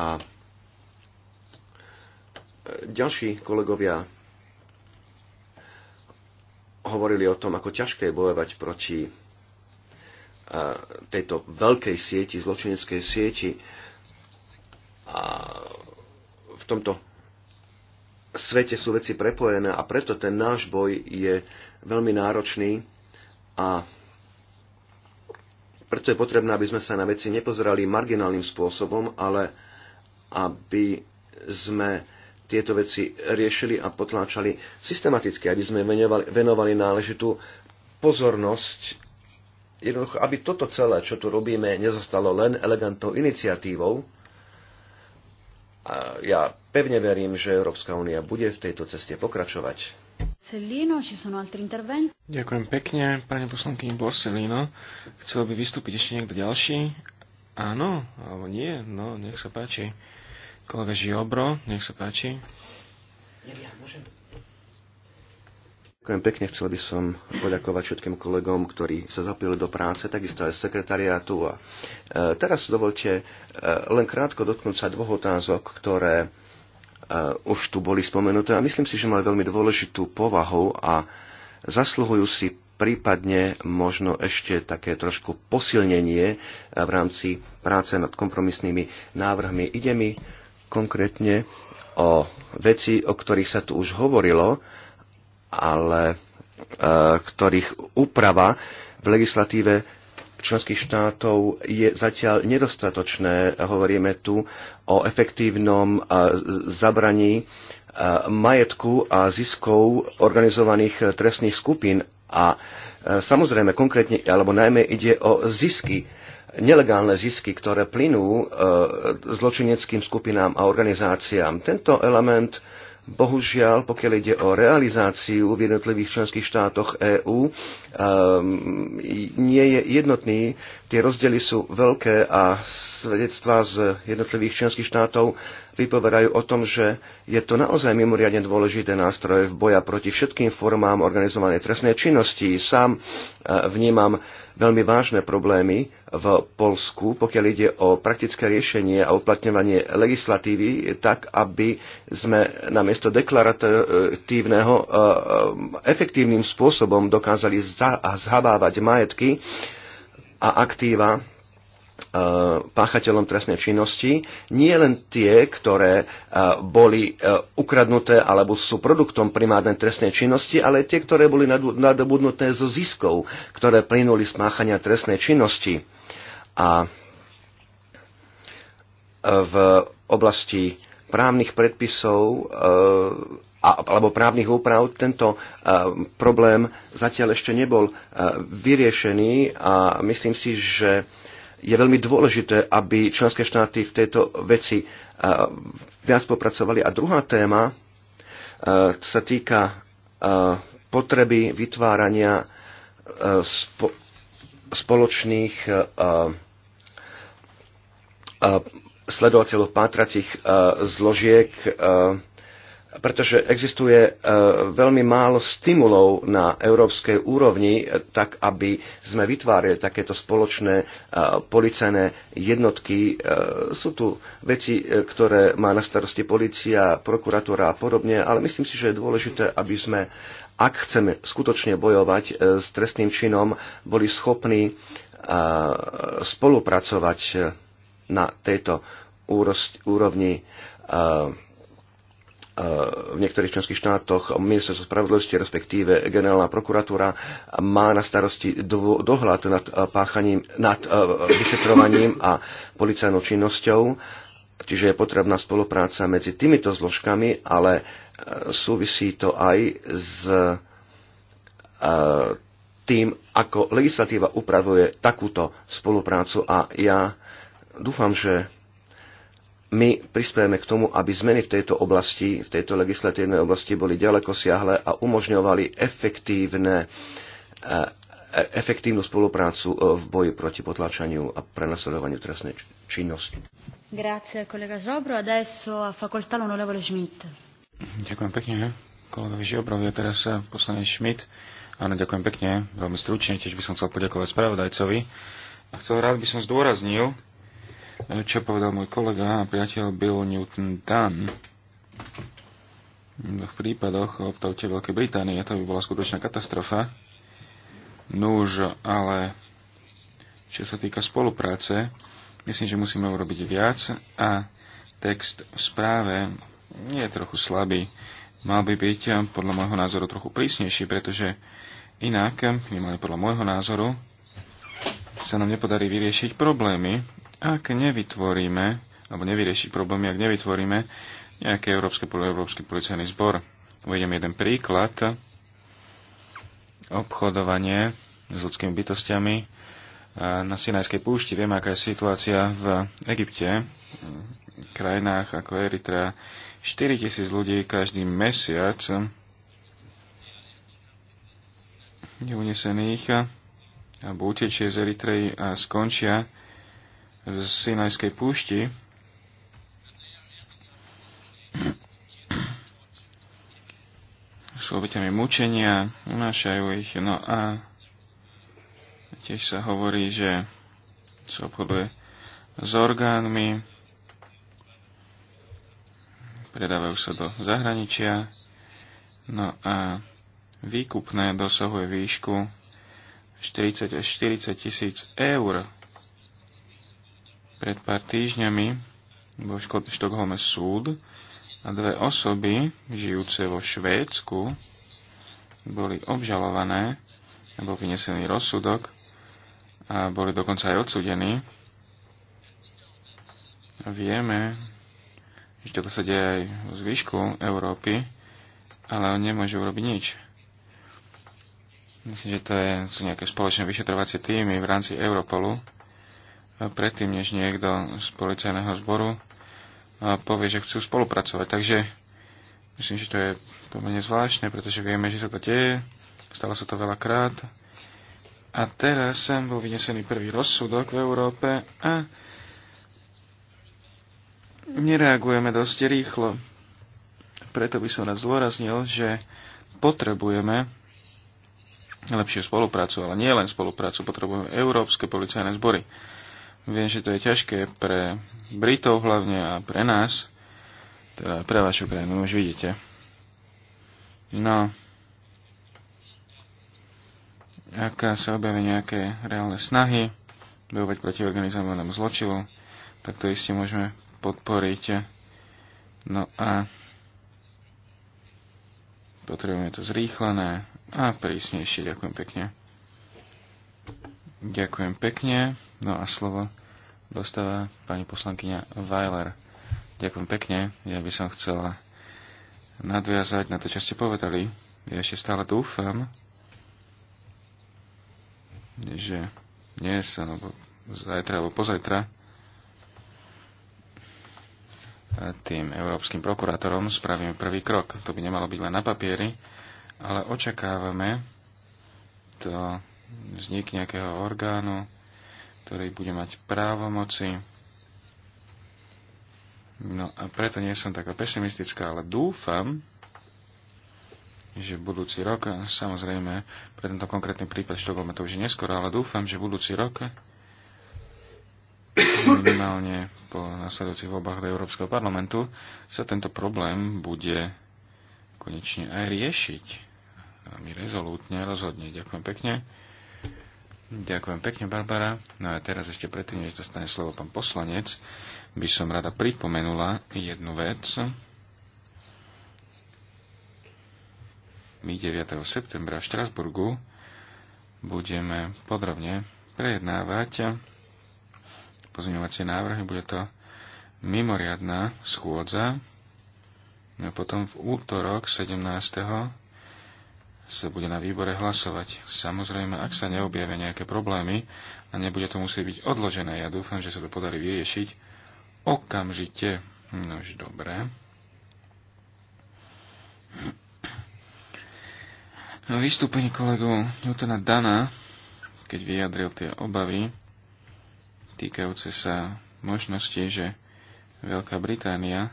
Speaker 1: A ďalší kolegovia hovorili o tom, ako ťažké je bojovať proti e, tejto veľkej sieti, zločineckej sieti. A v tomto svete sú veci prepojené a preto ten náš boj je veľmi náročný a preto je potrebné, aby sme sa na veci nepozerali marginálnym spôsobom, ale aby sme tieto veci riešili a potláčali systematicky, aby sme venovali, venovali náležitú pozornosť. Jednoducho, aby toto celé, čo tu robíme, nezostalo len elegantnou iniciatívou. A ja pevne verím, že Európska únia bude v tejto ceste pokračovať.
Speaker 2: či sú altri interventi?
Speaker 3: Ďakujem pekne, pani poslankyni Borsellino. Chcel by vystúpiť ešte niekto ďalší? Áno, alebo nie? No, nech sa páči. Kolega Žiobro, nech sa páči.
Speaker 1: Ďakujem pekne, chcel by som poďakovať všetkým kolegom, ktorí sa zapili do práce, takisto aj sekretariátu. A e, teraz dovolte e, len krátko dotknúť sa dvoch otázok, ktoré e, už tu boli spomenuté a myslím si, že majú veľmi dôležitú povahu a zasluhujú si prípadne možno ešte také trošku posilnenie v rámci práce nad kompromisnými návrhmi. Ide mi konkrétne o veci, o ktorých sa tu už hovorilo, ale e, ktorých úprava v legislatíve členských štátov je zatiaľ nedostatočné. Hovoríme tu o efektívnom e, zabraní e, majetku a ziskov organizovaných e, trestných skupín a samozrejme konkrétne alebo najmä ide o zisky nelegálne zisky, ktoré plynú e, zločineckým skupinám a organizáciám. Tento element Bohužiaľ, pokiaľ ide o realizáciu v jednotlivých členských štátoch EÚ, um, e, nie je jednotný. Tie rozdiely sú veľké a svedectvá z jednotlivých členských štátov vypoverajú o tom, že je to naozaj mimoriadne dôležité nástroje v boja proti všetkým formám organizovanej trestnej činnosti. Sám uh, vnímam veľmi vážne problémy v Polsku, pokiaľ ide o praktické riešenie a uplatňovanie legislatívy, tak aby sme namiesto deklaratívneho e, e, efektívnym spôsobom dokázali zhabávať majetky a aktíva Eh, páchateľom trestnej činnosti, nie len tie, ktoré eh, boli eh, ukradnuté alebo sú produktom primárnej trestnej činnosti, ale tie, ktoré boli nadobudnuté zo ziskov, ktoré plynuli z páchania trestnej činnosti. A v oblasti právnych predpisov alebo právnych úprav tento problém zatiaľ ešte nebol vyriešený a myslím si, že je veľmi dôležité, aby členské štáty v tejto veci eh, viac popracovali. A druhá téma eh, sa týka eh, potreby vytvárania spoločných sledovateľov pátracích zložiek pretože existuje e, veľmi málo stimulov na európskej úrovni, e, tak aby sme vytvárali takéto spoločné e, policajné jednotky. Sú tu veci, ktoré má na starosti policia, prokuratúra a podobne, ale myslím si, že je dôležité, aby sme, ak chceme skutočne bojovať s trestným činom, boli schopní spolupracovať na tejto úrovni. Uh, E, v niektorých členských štátoch ministerstvo spravodlivosti, respektíve generálna prokuratúra má na starosti dohľad nad e, páchaním, nad e, vyšetrovaním a policajnou činnosťou, čiže je potrebná spolupráca medzi týmito zložkami, ale súvisí to aj s tým, ako legislatíva upravuje takúto spoluprácu a ja dúfam, že my prispiejeme k tomu, aby zmeny v tejto oblasti, v tejto legislatívnej oblasti boli ďaleko siahle a umožňovali efektívne, eh, e, efektívnu spoluprácu eh, v boji proti potlačaniu a prenasledovaniu trestnej činnosti. Grazie, kolega Žobro. Adesso
Speaker 2: a facoltà l'onorevole Schmidt.
Speaker 3: Ďakujem pekne, kolegovi Žobrovi. A teraz eh, poslanec Schmidt. Áno, ďakujem pekne. Veľmi stručne, tiež by som chcel poďakovať spravodajcovi. A chcel rád by som zdôraznil, E, čo povedal môj kolega a priateľ Bill Newton Dunn v prípadoch o optaute Veľkej Británie. To by bola skutočná katastrofa. Nuž, ale čo sa týka spolupráce, myslím, že musíme urobiť viac a text v správe nie je trochu slabý. Mal by byť podľa môjho názoru trochu prísnejší, pretože inak, minimálne podľa môjho názoru, sa nám nepodarí vyriešiť problémy, ak nevytvoríme, alebo nevyrieši problémy, ak nevytvoríme nejaký európsky, európsky policajný zbor. Uvediem jeden príklad. Obchodovanie s ľudskými bytostiami e, na Sinajskej púšti. Vieme, aká je situácia v Egypte, v krajinách ako Eritrea. 4 tisíc ľudí každý mesiac je unesených alebo utečie z Eritreji a skončia z Sinajskej púšti. Sú obeťami mučenia, unášajú ich. No a tiež sa hovorí, že sa obchoduje s orgánmi, predávajú sa do zahraničia. No a výkupné dosahuje výšku 40 až 40 tisíc eur pred pár týždňami vo Štokholme súd a dve osoby, žijúce vo Švédsku, boli obžalované, bol vynesený rozsudok a boli dokonca aj odsudení. Vieme, že toto sa deje aj v zvyšku Európy, ale on nemôže urobiť nič. Myslím, že to je, sú nejaké spoločné vyšetrovacie týmy v rámci Europolu, predtým, než niekto z policajného zboru povie, že chcú spolupracovať. Takže myslím, že to je pomerne zvláštne, pretože vieme, že sa to deje. Stalo sa to veľakrát. A teraz sem bol vynesený prvý rozsudok v Európe a nereagujeme dosť rýchlo. Preto by som rád zdôraznil, že potrebujeme lepšiu spoluprácu, ale nie len spoluprácu, potrebujeme európske policajné zbory. Viem, že to je ťažké pre Britov hlavne a pre nás, teda pre vašu krajinu, už vidíte. No, Aká sa objavia nejaké reálne snahy bojovať proti organizovanému zločinu, tak to iste môžeme podporiť. No a potrebujeme to zrýchlené a prísnejšie. Ďakujem pekne. Ďakujem pekne. No a slovo dostáva pani poslankyňa Weiler. Ďakujem pekne. Ja by som chcela nadviazať na to, čo ste povedali. Ja ešte stále dúfam, že dnes alebo zajtra alebo pozajtra tým európskym prokurátorom spravíme prvý krok. To by nemalo byť len na papieri, ale očakávame to vznik nejakého orgánu, ktorý bude mať právomoci. No a preto nie som taká pesimistická, ale dúfam, že budúci rok, samozrejme, pre tento konkrétny prípad Štokholma to už je neskoro, ale dúfam, že budúci rok minimálne po nasledujúcich voľbách do Európskeho parlamentu sa tento problém bude konečne aj riešiť. my rezolútne, rozhodne. Ďakujem pekne. Ďakujem pekne, Barbara. No a teraz ešte predtým, než dostane slovo pán poslanec, by som rada pripomenula jednu vec. My 9. septembra v Štrasburgu budeme podrobne prejednávať pozmeňovacie návrhy. Bude to mimoriadná schôdza. No potom v útorok 17 sa bude na výbore hlasovať. Samozrejme, ak sa neobjavia nejaké problémy a nebude to musieť byť odložené, ja dúfam, že sa to podarí vyriešiť okamžite. Nož dobré. No, vystúpenie kolegov Newtona Dana, keď vyjadril tie obavy týkajúce sa možnosti, že Veľká Británia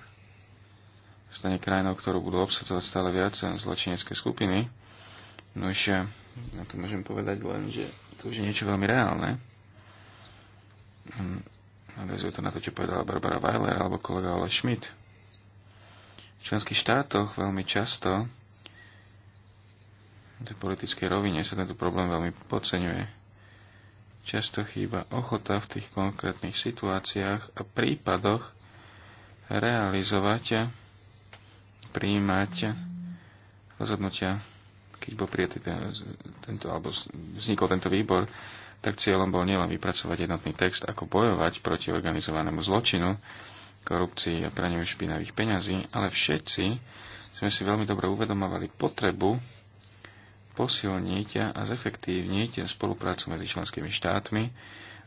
Speaker 3: stane krajinou, ktorú budú obsadzovať stále viac zločinecké skupiny, No ešte, na to môžem povedať len, že to už je niečo veľmi reálne. Hm, Nadvezuje to na to, čo povedala Barbara Weiler alebo kolega Ole Schmidt. V členských štátoch veľmi často v tej politickej rovine sa tento problém veľmi podceňuje. Často chýba ochota v tých konkrétnych situáciách a prípadoch realizovať, príjmať rozhodnutia keď bol prijatý ten, tento, alebo vznikol tento výbor, tak cieľom bol nielen vypracovať jednotný text, ako bojovať proti organizovanému zločinu, korupcii a praniu špinavých peňazí, ale všetci sme si veľmi dobre uvedomovali potrebu posilniť a zefektívniť spoluprácu medzi členskými štátmi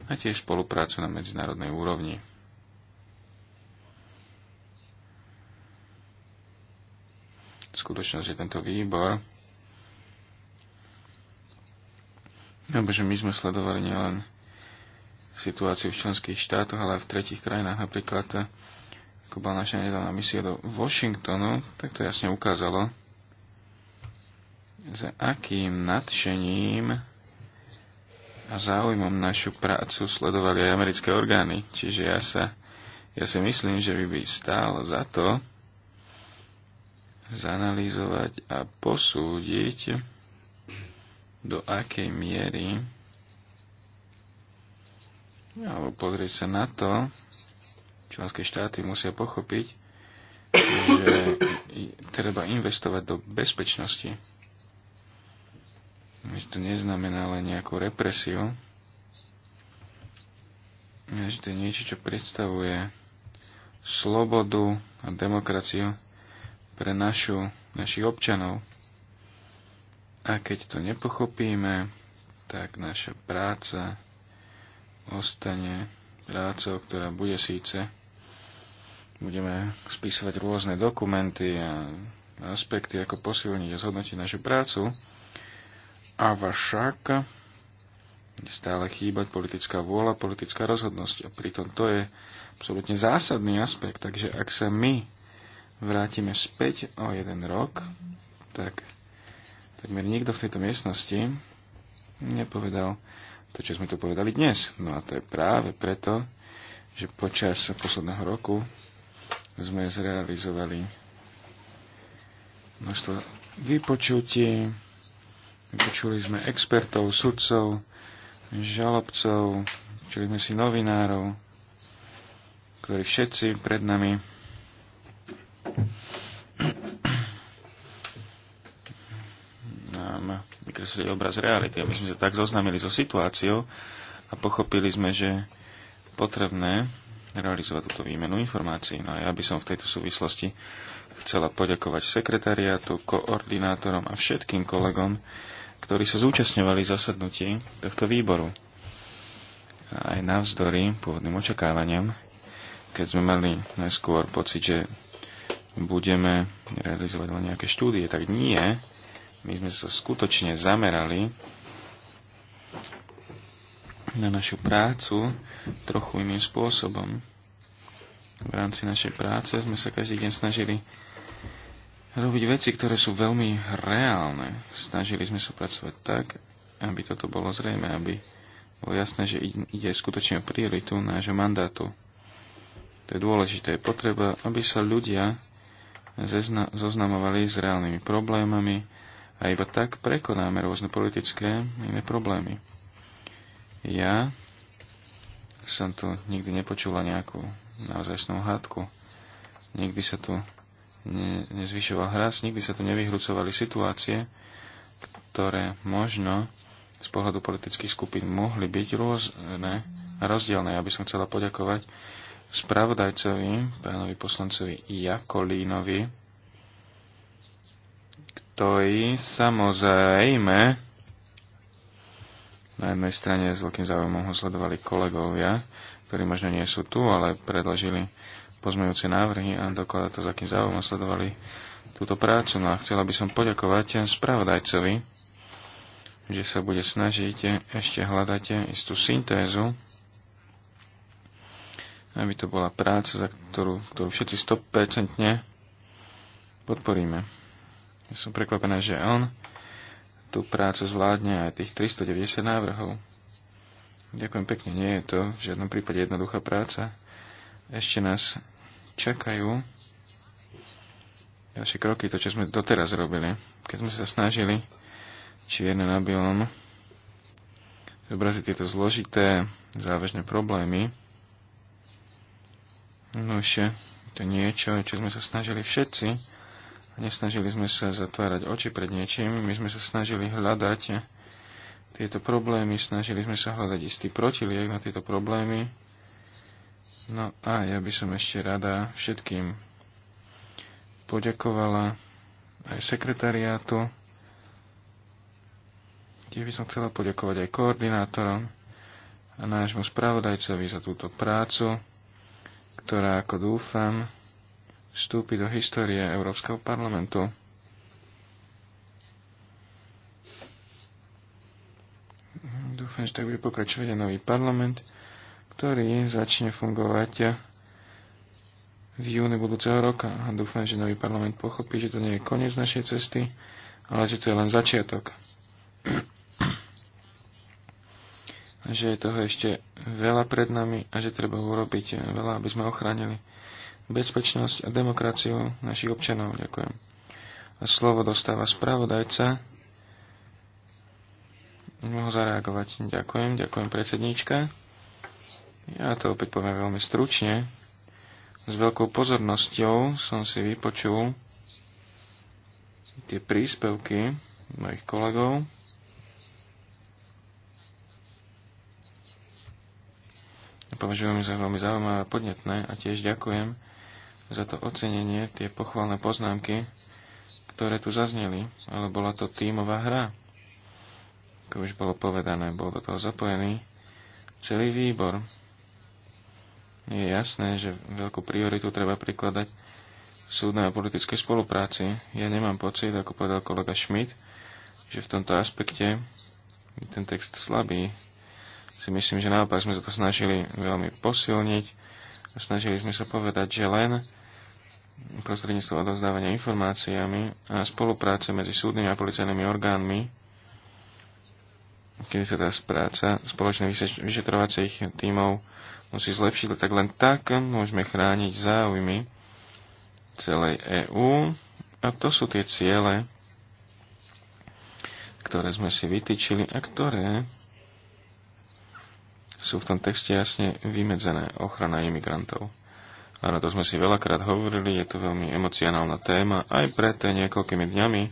Speaker 3: a tiež spoluprácu na medzinárodnej úrovni. Skutočnosť, že tento výbor Lebo no, že my sme sledovali nielen situáciu v členských štátoch, ale aj v tretich krajinách. Napríklad, eh, ako bola naša nedávna misia do Washingtonu, tak to jasne ukázalo, za akým nadšením a záujmom našu prácu sledovali aj americké orgány. Čiže ja, sa, ja si myslím, že by by stálo za to zanalýzovať a posúdiť do akej miery alebo pozrieť sa na to, členské štáty musia pochopiť, že treba investovať do bezpečnosti. Že to neznamená len nejakú represiu, že to je niečo, čo predstavuje slobodu a demokraciu pre našu, našich občanov. A keď to nepochopíme, tak naša práca ostane prácou, ktorá bude síce budeme spísať rôzne dokumenty a aspekty, ako posilniť a zhodnotiť našu prácu, a však stále chýbať politická vôľa, politická rozhodnosť. A pritom to je absolútne zásadný aspekt. Takže ak sa my vrátime späť o jeden rok, tak takmer nikto v tejto miestnosti nepovedal to, čo sme tu povedali dnes. No a to je práve preto, že počas posledného roku sme zrealizovali množstvo vypočutí, vypočuli sme expertov, sudcov, žalobcov, čuli sme si novinárov, ktorí všetci pred nami vykreslili obraz reality. aby sme sa tak zoznámili so situáciou a pochopili sme, že potrebné realizovať túto výmenu informácií. No a ja by som v tejto súvislosti chcela poďakovať sekretariátu, koordinátorom a všetkým kolegom, ktorí sa zúčastňovali zasadnutí tohto výboru. A aj navzdory pôvodným očakávaniam, keď sme mali najskôr pocit, že budeme realizovať len nejaké štúdie, tak nie. My sme sa skutočne zamerali na našu prácu trochu iným spôsobom. V rámci našej práce sme sa každý deň snažili robiť veci, ktoré sú veľmi reálne. Snažili sme sa pracovať tak, aby toto bolo zrejme, aby bolo jasné, že ide skutočne o prioritu nášho mandátu. To je dôležité. Je potreba, aby sa ľudia zoznamovali s reálnymi problémami, a iba tak prekonáme rôzne politické iné problémy. Ja som tu nikdy nepočula nejakú naozajstnú hádku. Nikdy sa tu ne, nezvyšoval hras, nikdy sa tu nevyhrucovali situácie, ktoré možno z pohľadu politických skupín mohli byť rôzne a rozdielne. Ja by som chcela poďakovať spravodajcovi, pánovi poslancovi Jakolínovi, stojí samozrejme na jednej strane s veľkým záujmom ho sledovali kolegovia, ktorí možno nie sú tu, ale predložili pozmejúce návrhy a dokladá to, s akým záujmom sledovali túto prácu. No a chcela by som poďakovať spravodajcovi, že sa bude snažiť ešte hľadať istú syntézu, aby to bola práca, za ktorú, ktorú všetci 100% podporíme. Som prekvapená, že on tú prácu zvládne aj tých 390 návrhov. Ďakujem pekne, nie je to v žiadnom prípade jednoduchá práca. Ešte nás čakajú ďalšie kroky, to čo sme doteraz robili. Keď sme sa snažili čierne na bielom zobraziť tieto zložité, závažné problémy, no ešte to niečo, čo sme sa snažili všetci, Nesnažili sme sa zatvárať oči pred niečím, my sme sa snažili hľadať tieto problémy, snažili sme sa hľadať istý protiliek na tieto problémy. No a ja by som ešte rada všetkým poďakovala aj sekretariátu. kde by som chcela poďakovať aj koordinátorom a nášmu spravodajcovi za túto prácu, ktorá, ako dúfam, vstúpi do histórie Európskeho parlamentu. Dúfam, že tak bude pokračovať aj nový parlament, ktorý začne fungovať v júni budúceho roka. A dúfam, že nový parlament pochopí, že to nie je koniec našej cesty, ale že to je len začiatok. že je toho ešte veľa pred nami a že treba urobiť veľa, aby sme ochránili bezpečnosť a demokraciu našich občanov. Ďakujem. A slovo dostáva spravodajca. Mohol zareagovať. Ďakujem, ďakujem predsedníčka. Ja to opäť poviem veľmi stručne. S veľkou pozornosťou som si vypočul tie príspevky mojich kolegov. Považujem za veľmi zaujímavé a podnetné a tiež ďakujem za to ocenenie, tie pochválne poznámky, ktoré tu zazneli, ale bola to tímová hra. Ako už bolo povedané, bol do toho zapojený celý výbor. Je jasné, že veľkú prioritu treba prikladať súdnej a politickej spolupráci. Ja nemám pocit, ako povedal kolega Schmidt, že v tomto aspekte je ten text slabý. Si myslím, že naopak sme sa to snažili veľmi posilniť a snažili sme sa povedať, že len prostredníctvom odovzdávania informáciami a spolupráce medzi súdnymi a policajnými orgánmi, kedy sa tá práca spoločných vyšetrovacích tímov musí zlepšiť, tak len tak môžeme chrániť záujmy celej EÚ. A to sú tie ciele, ktoré sme si vytýčili a ktoré sú v tom texte jasne vymedzené ochrana imigrantov. Áno, to sme si veľakrát hovorili, je to veľmi emocionálna téma. Aj pred niekoľkými dňami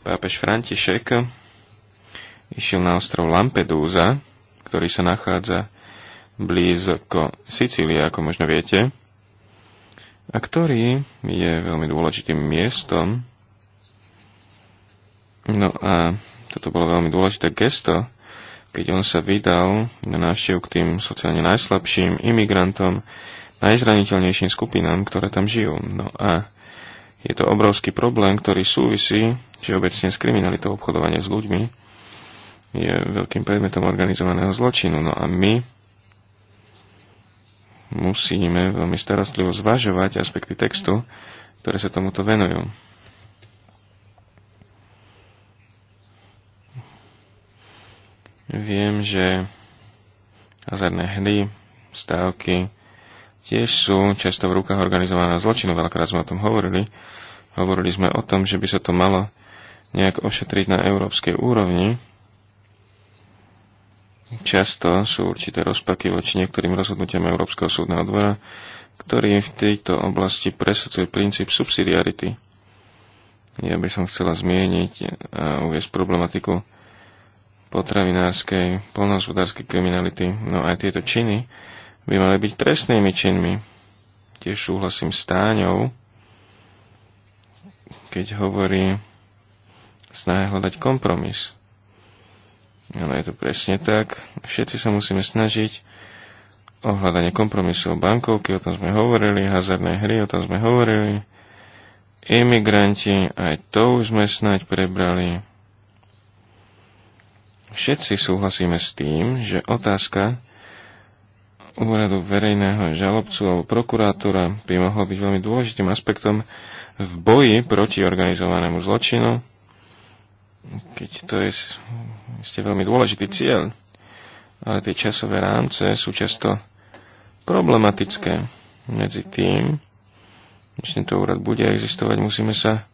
Speaker 3: pápež František išiel na ostrov Lampedusa, ktorý sa nachádza blízko Sicílie, ako možno viete, a ktorý je veľmi dôležitým miestom. No a toto bolo veľmi dôležité gesto, keď on sa vydal na návštevu k tým sociálne najslabším imigrantom, najzraniteľnejším skupinám, ktoré tam žijú. No a je to obrovský problém, ktorý súvisí, že obecne s kriminalitou obchodovania s ľuďmi je veľkým predmetom organizovaného zločinu. No a my musíme veľmi starostlivo zvažovať aspekty textu, ktoré sa tomuto venujú. Viem, že hazardné hry, stávky, tiež sú často v rukách organizovaného zločinu. Veľakrát sme o tom hovorili. Hovorili sme o tom, že by sa to malo nejak ošetriť na európskej úrovni. Často sú určité rozpaky voči niektorým rozhodnutiam Európskeho súdneho dvora, ktorý v tejto oblasti presadzuje princíp subsidiarity. Ja by som chcela zmieniť a uviesť problematiku potravinárskej, polnohospodárskej kriminality. No aj tieto činy by mali byť trestnými činmi. Tiež súhlasím s Táňou, keď hovorí snahe hľadať kompromis. Áno, je to presne tak. Všetci sa musíme snažiť o hľadanie kompromisov. Bankovky, o tom sme hovorili, hazardné hry, o tom sme hovorili, imigranti, aj to už sme snáď prebrali. Všetci súhlasíme s tým, že otázka úradu verejného žalobcu alebo prokurátora by mohlo byť veľmi dôležitým aspektom v boji proti organizovanému zločinu, keď to je ste veľmi dôležitý cieľ. Ale tie časové rámce sú často problematické. Medzi tým, než tento úrad bude existovať, musíme sa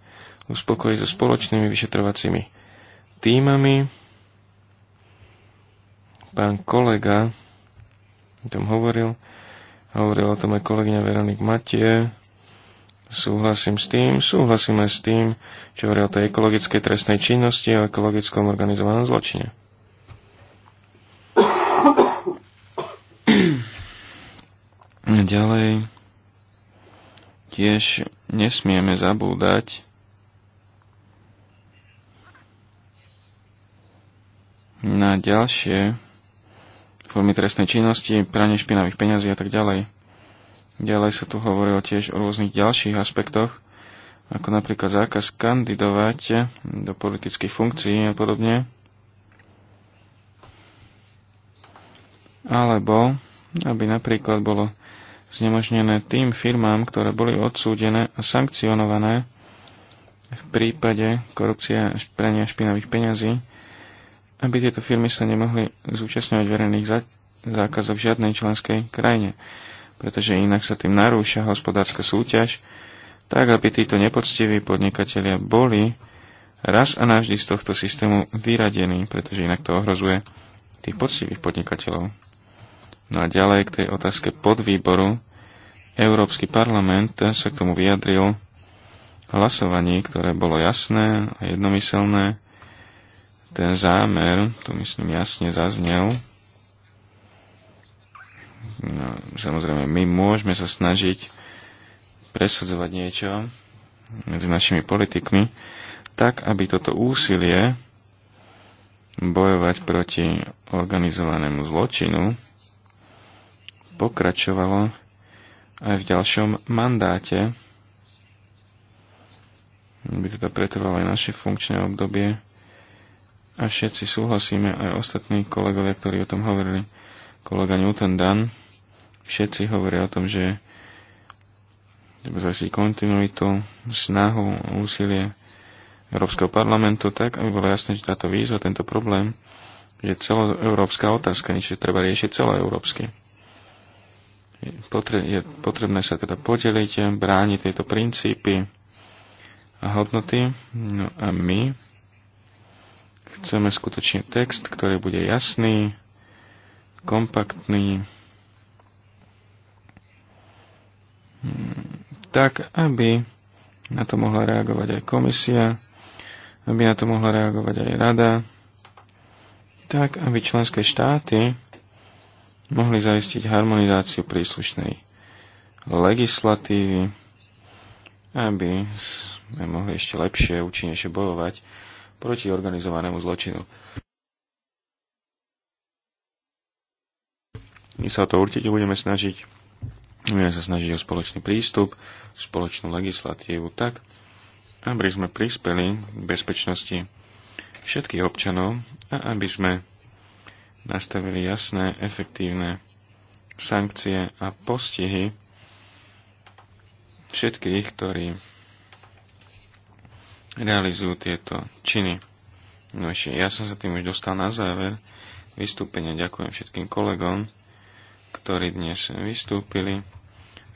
Speaker 3: uspokojiť so spoločnými vyšetrovacími týmami. Pán kolega o tom hovoril. Hovoril o tom aj kolegyňa Veronik Matie. Súhlasím s tým, súhlasím aj s tým, čo hovorí o tej ekologickej trestnej činnosti a ekologickom organizovanom zločine. Ďalej tiež nesmieme zabúdať na ďalšie formy trestnej činnosti, pranie špinavých peňazí a tak ďalej. Ďalej sa tu hovorilo tiež o rôznych ďalších aspektoch, ako napríklad zákaz kandidovať do politických funkcií a podobne. Alebo, aby napríklad bolo znemožnené tým firmám, ktoré boli odsúdené a sankcionované v prípade korupcie a prania špinavých peňazí, aby tieto firmy sa nemohli zúčastňovať verejných zákazov v žiadnej členskej krajine, pretože inak sa tým narúša hospodárska súťaž, tak aby títo nepoctiví podnikatelia boli raz a navždy z tohto systému vyradení, pretože inak to ohrozuje tých poctivých podnikateľov. No a ďalej k tej otázke podvýboru. Európsky parlament sa k tomu vyjadril hlasovaní, ktoré bolo jasné a jednomyselné ten zámer, tu myslím jasne zaznel, no, samozrejme, my môžeme sa snažiť presadzovať niečo medzi našimi politikmi, tak, aby toto úsilie bojovať proti organizovanému zločinu pokračovalo aj v ďalšom mandáte, by teda pretrvalo aj naše funkčné obdobie a všetci súhlasíme, aj ostatní kolegovia, ktorí o tom hovorili, kolega Newton Dan, všetci hovoria o tom, že treba si kontinuitu, snahu, úsilie Európskeho parlamentu, tak aby bolo jasné, že táto výzva, tento problém, je celoeurópska otázka, niečo treba riešiť celoeurópsky. Je potrebné sa teda podeliť, brániť tieto princípy a hodnoty. No a my, Chceme skutočne text, ktorý bude jasný, kompaktný, hm, tak, aby na to mohla reagovať aj komisia, aby na to mohla reagovať aj rada, tak, aby členské štáty mohli zaistiť harmonizáciu príslušnej legislatívy, aby sme mohli ešte lepšie, účinnejšie bojovať proti organizovanému zločinu. My sa o to určite budeme snažiť. Budeme sa snažiť o spoločný prístup, spoločnú legislatívu tak, aby sme prispeli k bezpečnosti všetkých občanov a aby sme nastavili jasné, efektívne sankcie a postihy všetkých, ktorí realizujú tieto činy. No ešte, ja som sa tým už dostal na záver vystúpenia. Ďakujem všetkým kolegom, ktorí dnes vystúpili.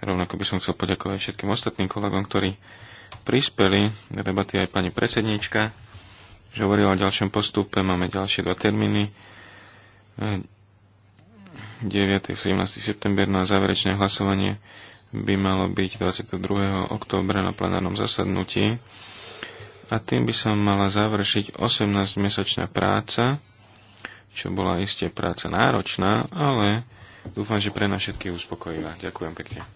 Speaker 3: Rovnako by som chcel poďakovať všetkým ostatným kolegom, ktorí prispeli do debaty aj pani predsednička, že hovorila o ďalšom postupe. Máme ďalšie dva termíny. 9. 17. september na záverečné hlasovanie by malo byť 22. októbra na plenárnom zasadnutí. A tým by sa mala završiť 18-mesačná práca, čo bola iste práca náročná, ale dúfam, že pre nás všetkých uspokojivá. Ďakujem pekne.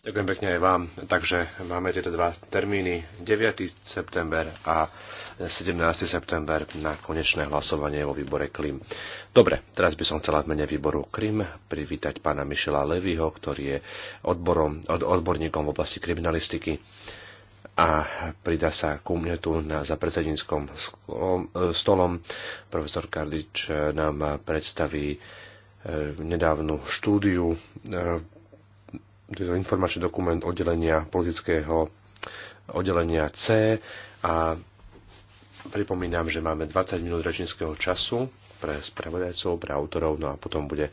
Speaker 2: Ďakujem pekne aj vám. Takže máme tieto dva termíny, 9. september a 17. september na konečné hlasovanie vo výbore Klim. Dobre, teraz by som chcela v mene výboru Krim privítať pána Mišela Levyho, ktorý je odborom, od, odborníkom v oblasti kriminalistiky a pridá sa ku mne tu na, za predsedníckom e, stolom. Profesor Karlič e, nám predstaví e, nedávnu štúdiu, informačný dokument oddelenia politického oddelenia C a pripomínam, že máme 20 minút rečníckého času pre spravodajcov, pre autorov, no a potom bude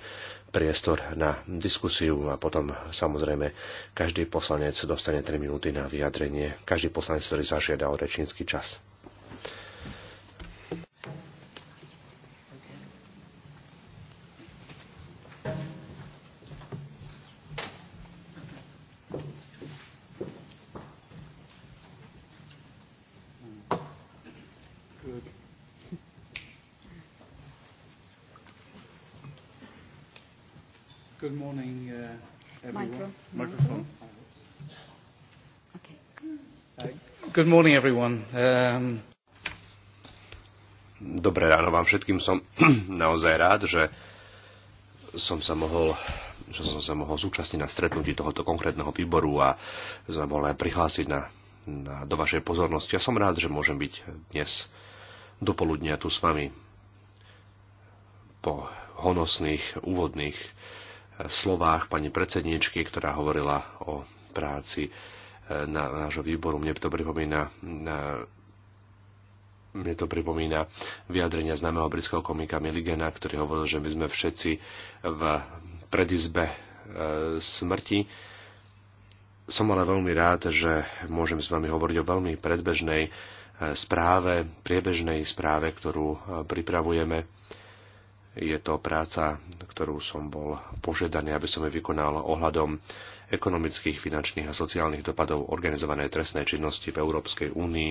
Speaker 2: priestor na diskusiu a potom samozrejme každý poslanec dostane 3 minúty na vyjadrenie, každý poslanec, ktorý zažiada o rečnícky čas.
Speaker 3: Good morning, everyone. Um...
Speaker 2: Dobré ráno vám všetkým. Som naozaj rád, že som sa mohol že som sa mohol zúčastniť na stretnutí tohoto konkrétneho výboru a sa mohol aj prihlásiť na, na, do vašej pozornosti. Ja som rád, že môžem byť dnes dopoludnia tu s vami po honosných úvodných eh, slovách pani predsedničky, ktorá hovorila o práci na nášho výboru. Mne to pripomína na mne to pripomína vyjadrenia známeho britského komika Miligena, ktorý hovoril, že my sme všetci v predizbe e, smrti. Som ale veľmi rád, že môžem s vami hovoriť o veľmi predbežnej e, správe, priebežnej správe, ktorú e, pripravujeme je to práca, ktorú som bol požiadaný, aby som ju vykonal ohľadom ekonomických, finančných a sociálnych dopadov organizovanej trestnej činnosti v Európskej únii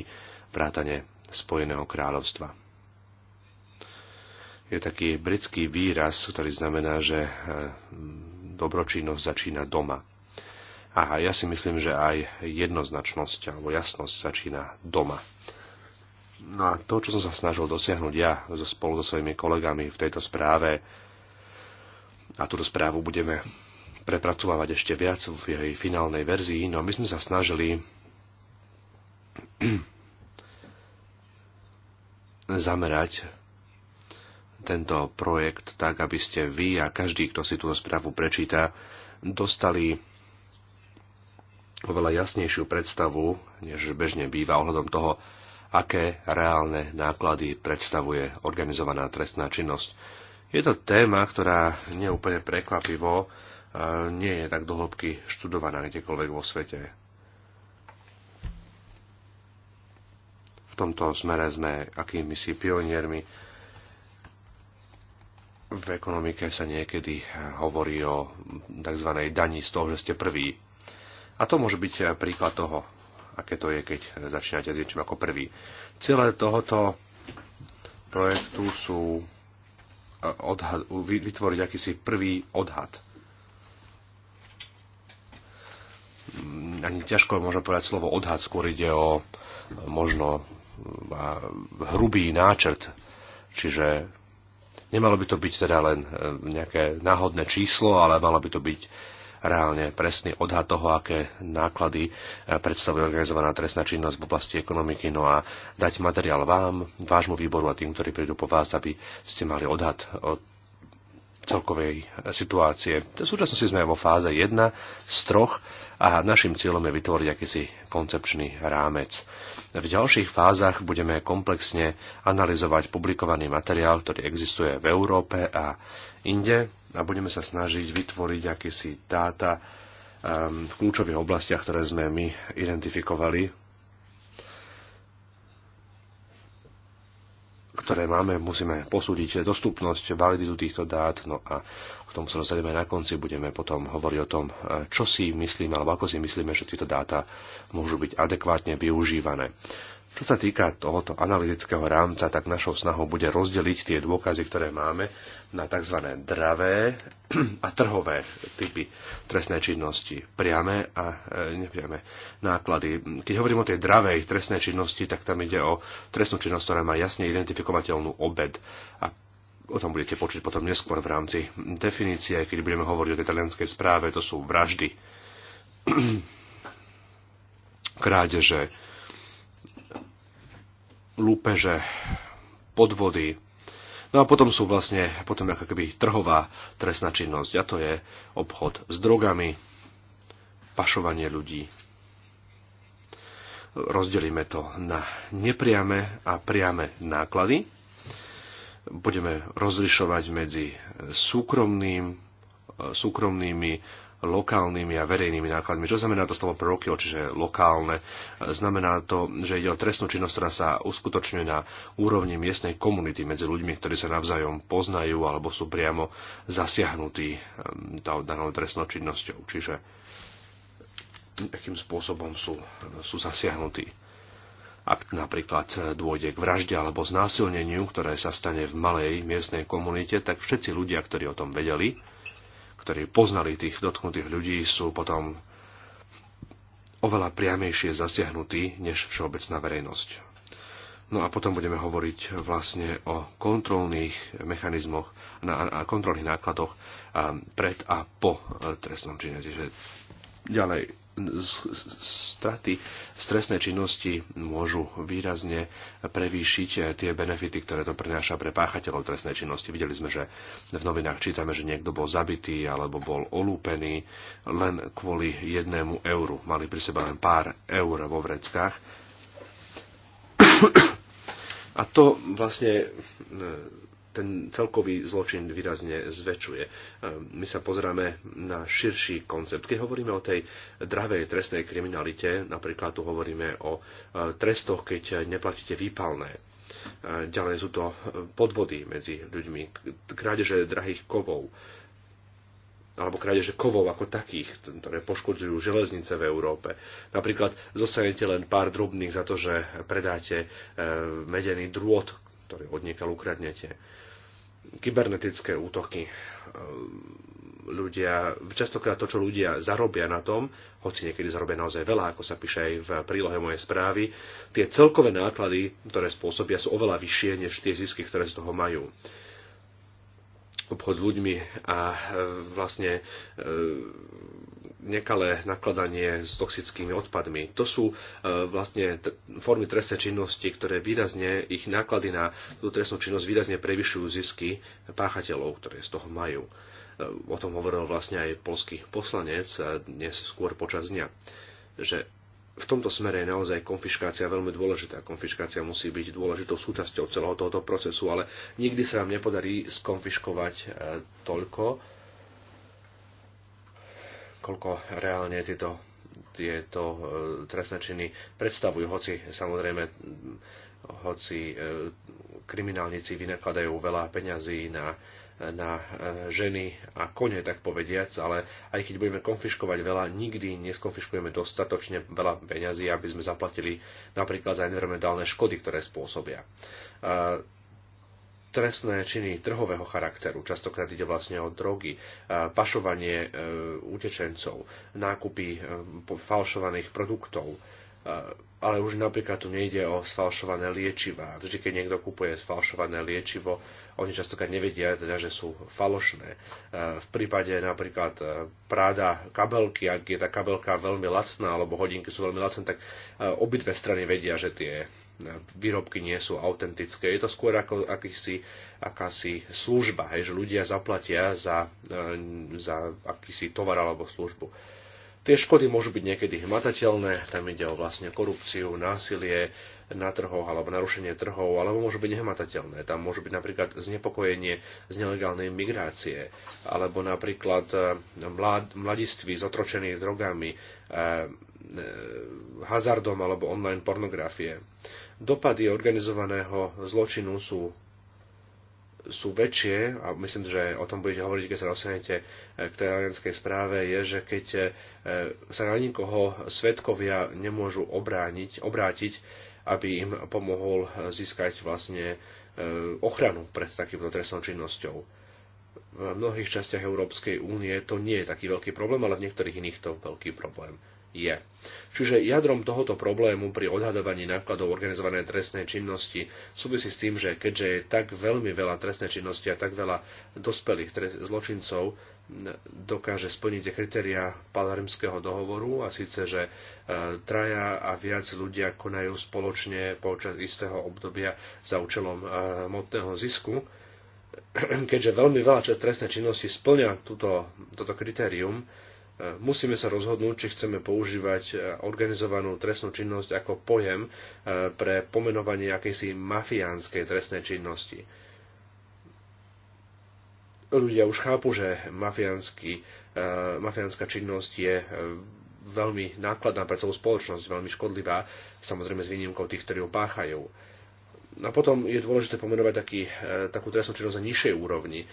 Speaker 2: vrátane Spojeného kráľovstva. Je taký britský výraz, ktorý znamená, že e, dobročinnosť začína doma. A ja si myslím, že aj jednoznačnosť alebo jasnosť začína doma. No a to, čo som sa snažil dosiahnuť ja spolu so svojimi kolegami v tejto správe, a túto správu budeme prepracovávať ešte viac v jej finálnej verzii, no my sme sa snažili zamerať tento projekt tak, aby ste vy a každý, kto si túto správu prečíta, dostali oveľa jasnejšiu predstavu, než bežne býva ohľadom toho, aké reálne náklady predstavuje organizovaná trestná činnosť. Je to téma, ktorá neúplne prekvapivo e, nie je tak dohlbky študovaná kdekoľvek vo svete. V tomto smere sme akými si pioniermi. V ekonomike sa niekedy hovorí o tzv. daní z toho, že ste prví. A to môže byť príklad toho, aké to je, keď začínate s niečím ako prvý. Ciele tohoto projektu sú e, odhad, vytvoriť akýsi prvý odhad. Mm, ani ťažko možno povedať slovo odhad, skôr ide o e, možno e, hrubý náčrt, čiže nemalo by to byť teda len nejaké náhodné číslo, ale malo by to byť reálne presný odhad toho, aké náklady e, predstavuje organizovaná trestná činnosť v oblasti ekonomiky, no a dať materiál vám, vášmu výboru a tým, ktorí prídu po vás, aby ste mali odhad o celkovej situácie. V súčasnosti sme vo fáze 1 z troch a našim cieľom je vytvoriť akýsi koncepčný rámec. V ďalších fázach budeme komplexne analyzovať publikovaný materiál, ktorý existuje v Európe a inde a budeme sa snažiť vytvoriť akýsi dáta ehm, v kľúčových oblastiach, ktoré sme my identifikovali, ktoré máme, musíme posúdiť dostupnosť, validitu týchto dát, no a k tomu sa dostaneme na konci, budeme potom hovoriť o tom, eh, čo si myslíme, alebo ako si myslíme, že tieto dáta môžu byť adekvátne využívané. Čo sa týka tohoto analytického rámca, tak našou snahou bude rozdeliť tie dôkazy, ktoré máme na tzv. dravé a trhové typy trestnej činnosti, priame a e, nepriame náklady. Keď hovorím o tej dravej trestnej činnosti, tak tam ide o trestnú činnosť, ktorá má jasne identifikovateľnú obed a o tom budete počuť potom neskôr v rámci definície, keď budeme hovoriť o italianskej správe, to sú vraždy, krádeže, lúpeže, podvody, No a potom sú vlastne potom ako keby trhová trestná činnosť a to je obchod s drogami, pašovanie ľudí. Rozdelíme to na nepriame a priame náklady. Budeme rozlišovať medzi súkromným, súkromnými lokálnymi a verejnými nákladmi. Čo znamená to slovo prorokio, čiže lokálne? Znamená to, že ide o trestnú činnosť, ktorá sa uskutočňuje na úrovni miestnej komunity medzi ľuďmi, ktorí sa navzájom poznajú alebo sú priamo zasiahnutí ehm, danou trestnou činnosťou. Čiže akým spôsobom sú, sú zasiahnutí. Ak napríklad dôjde k vražde alebo znásilneniu, ktoré sa stane v malej miestnej komunite, tak všetci ľudia, ktorí o tom vedeli, ktorí poznali tých dotknutých ľudí, sú potom oveľa priamejšie zasiahnutí než všeobecná verejnosť. No a potom budeme hovoriť vlastne o kontrolných mechanizmoch a kontrolných nákladoch pred a po eh, trestnom čine. Čiže ďalej straty stresnej činnosti môžu výrazne prevýšiť eh, tie benefity, ktoré to prináša pre páchateľov trestnej činnosti. Videli sme, že v novinách čítame, že niekto bol zabitý alebo bol olúpený len kvôli jednému euru. Mali pri sebe len pár eur vo vreckách. A to vlastne eh, ten celkový zločin výrazne zväčšuje. E, my sa pozeráme na širší koncept. Keď hovoríme o tej dravej trestnej kriminalite, napríklad tu hovoríme o e, trestoch, keď neplatíte výpalné. E, ďalej sú to podvody medzi ľuďmi, krádeže drahých kovov, alebo krádeže kovov ako takých, ktoré poškodzujú železnice v Európe. Napríklad zostanete len pár drobných za to, že predáte medený drôt, ktorý odniekal ukradnete kybernetické útoky. E, ľudia, častokrát to, čo ľudia zarobia na tom, hoci niekedy zarobia naozaj veľa, ako sa píše aj v prílohe mojej správy, tie celkové náklady, ktoré spôsobia, sú oveľa vyššie než tie zisky, ktoré z toho majú obchod s ľuďmi a e, vlastne e, nekalé nakladanie s toxickými odpadmi. To sú e, vlastne formy trestnej činnosti, ktoré výrazne, ich náklady na tú trestnú činnosť výrazne prevyšujú zisky páchateľov, ktoré z toho majú. E, o tom hovoril vlastne aj polský poslanec e, dnes skôr počas dňa, že v tomto smere je naozaj konfiškácia veľmi dôležitá. Konfiškácia musí byť dôležitou súčasťou celého tohoto procesu, ale nikdy sa nám nepodarí skonfiškovať toľko, koľko reálne tieto, tieto e, trestné činy predstavujú, hoci samozrejme hoci e, kriminálnici vynakladajú veľa peňazí na, na e, ženy a kone, tak povediac, ale aj keď budeme konfiškovať veľa, nikdy neskonfiškujeme dostatočne veľa peňazí, aby sme zaplatili napríklad za environmentálne škody, ktoré spôsobia trestné činy trhového charakteru, častokrát ide vlastne o drogy, e, pašovanie e, utečencov, nákupy e, falšovaných produktov, ale už napríklad tu nejde o sfalšované liečiva. Vždy, keď niekto kupuje sfalšované liečivo, oni častokrát nevedia, teda, že sú falošné. V prípade napríklad práda kabelky, ak je tá kabelka veľmi lacná, alebo hodinky sú veľmi lacné, tak obidve strany vedia, že tie výrobky nie sú autentické. Je to skôr ako akýsi, akási služba, hej, že ľudia zaplatia za, e, za akýsi tovar alebo službu. Tie škody môžu byť niekedy hmatateľné, tam ide o vlastne korupciu, násilie na trhoch alebo narušenie trhov, alebo môžu byť nehmatateľné. Tam môžu byť napríklad znepokojenie z nelegálnej migrácie, alebo napríklad e, mlad, mladiství zotročení drogami, e, hazardom alebo online pornografie dopady organizovaného zločinu sú sú väčšie, a myslím, že o tom budete hovoriť, keď sa dostanete eh, k tej správe, je, že keď eh, sa na nikoho svetkovia nemôžu obrániť, obrátiť, aby im pomohol eh, získať vlastne ochranu pred takýmto trestnou činnosťou. V mnohých častiach Európskej únie to nie je taký veľký problém, ale v niektorých iných to veľký problém je. Čiže jadrom tohoto problému pri odhadovaní nákladov organizovanej trestnej činnosti súvisí s tým, že keďže je tak veľmi veľa trestnej činnosti a tak veľa dospelých zločincov, dokáže splniť kritéria Palermského dohovoru a síce, že e, traja a viac ľudia konajú spoločne počas istého obdobia za účelom e, hmotného zisku, keďže veľmi veľa čas trestnej činnosti splňa túto, toto kritérium, E, musíme sa rozhodnúť, či chceme používať e, organizovanú trestnú činnosť ako pojem e, pre pomenovanie akejsi mafiánskej trestnej činnosti. Ľudia už chápu, že mafiánsky, mafiánska činnosť je veľmi nákladná pre celú spoločnosť, veľmi škodlivá, samozrejme s výnimkou tých, ktorí ju páchajú a potom je dôležité pomenovať taký, e, takú trestnú činnosť na nižšej úrovni, e,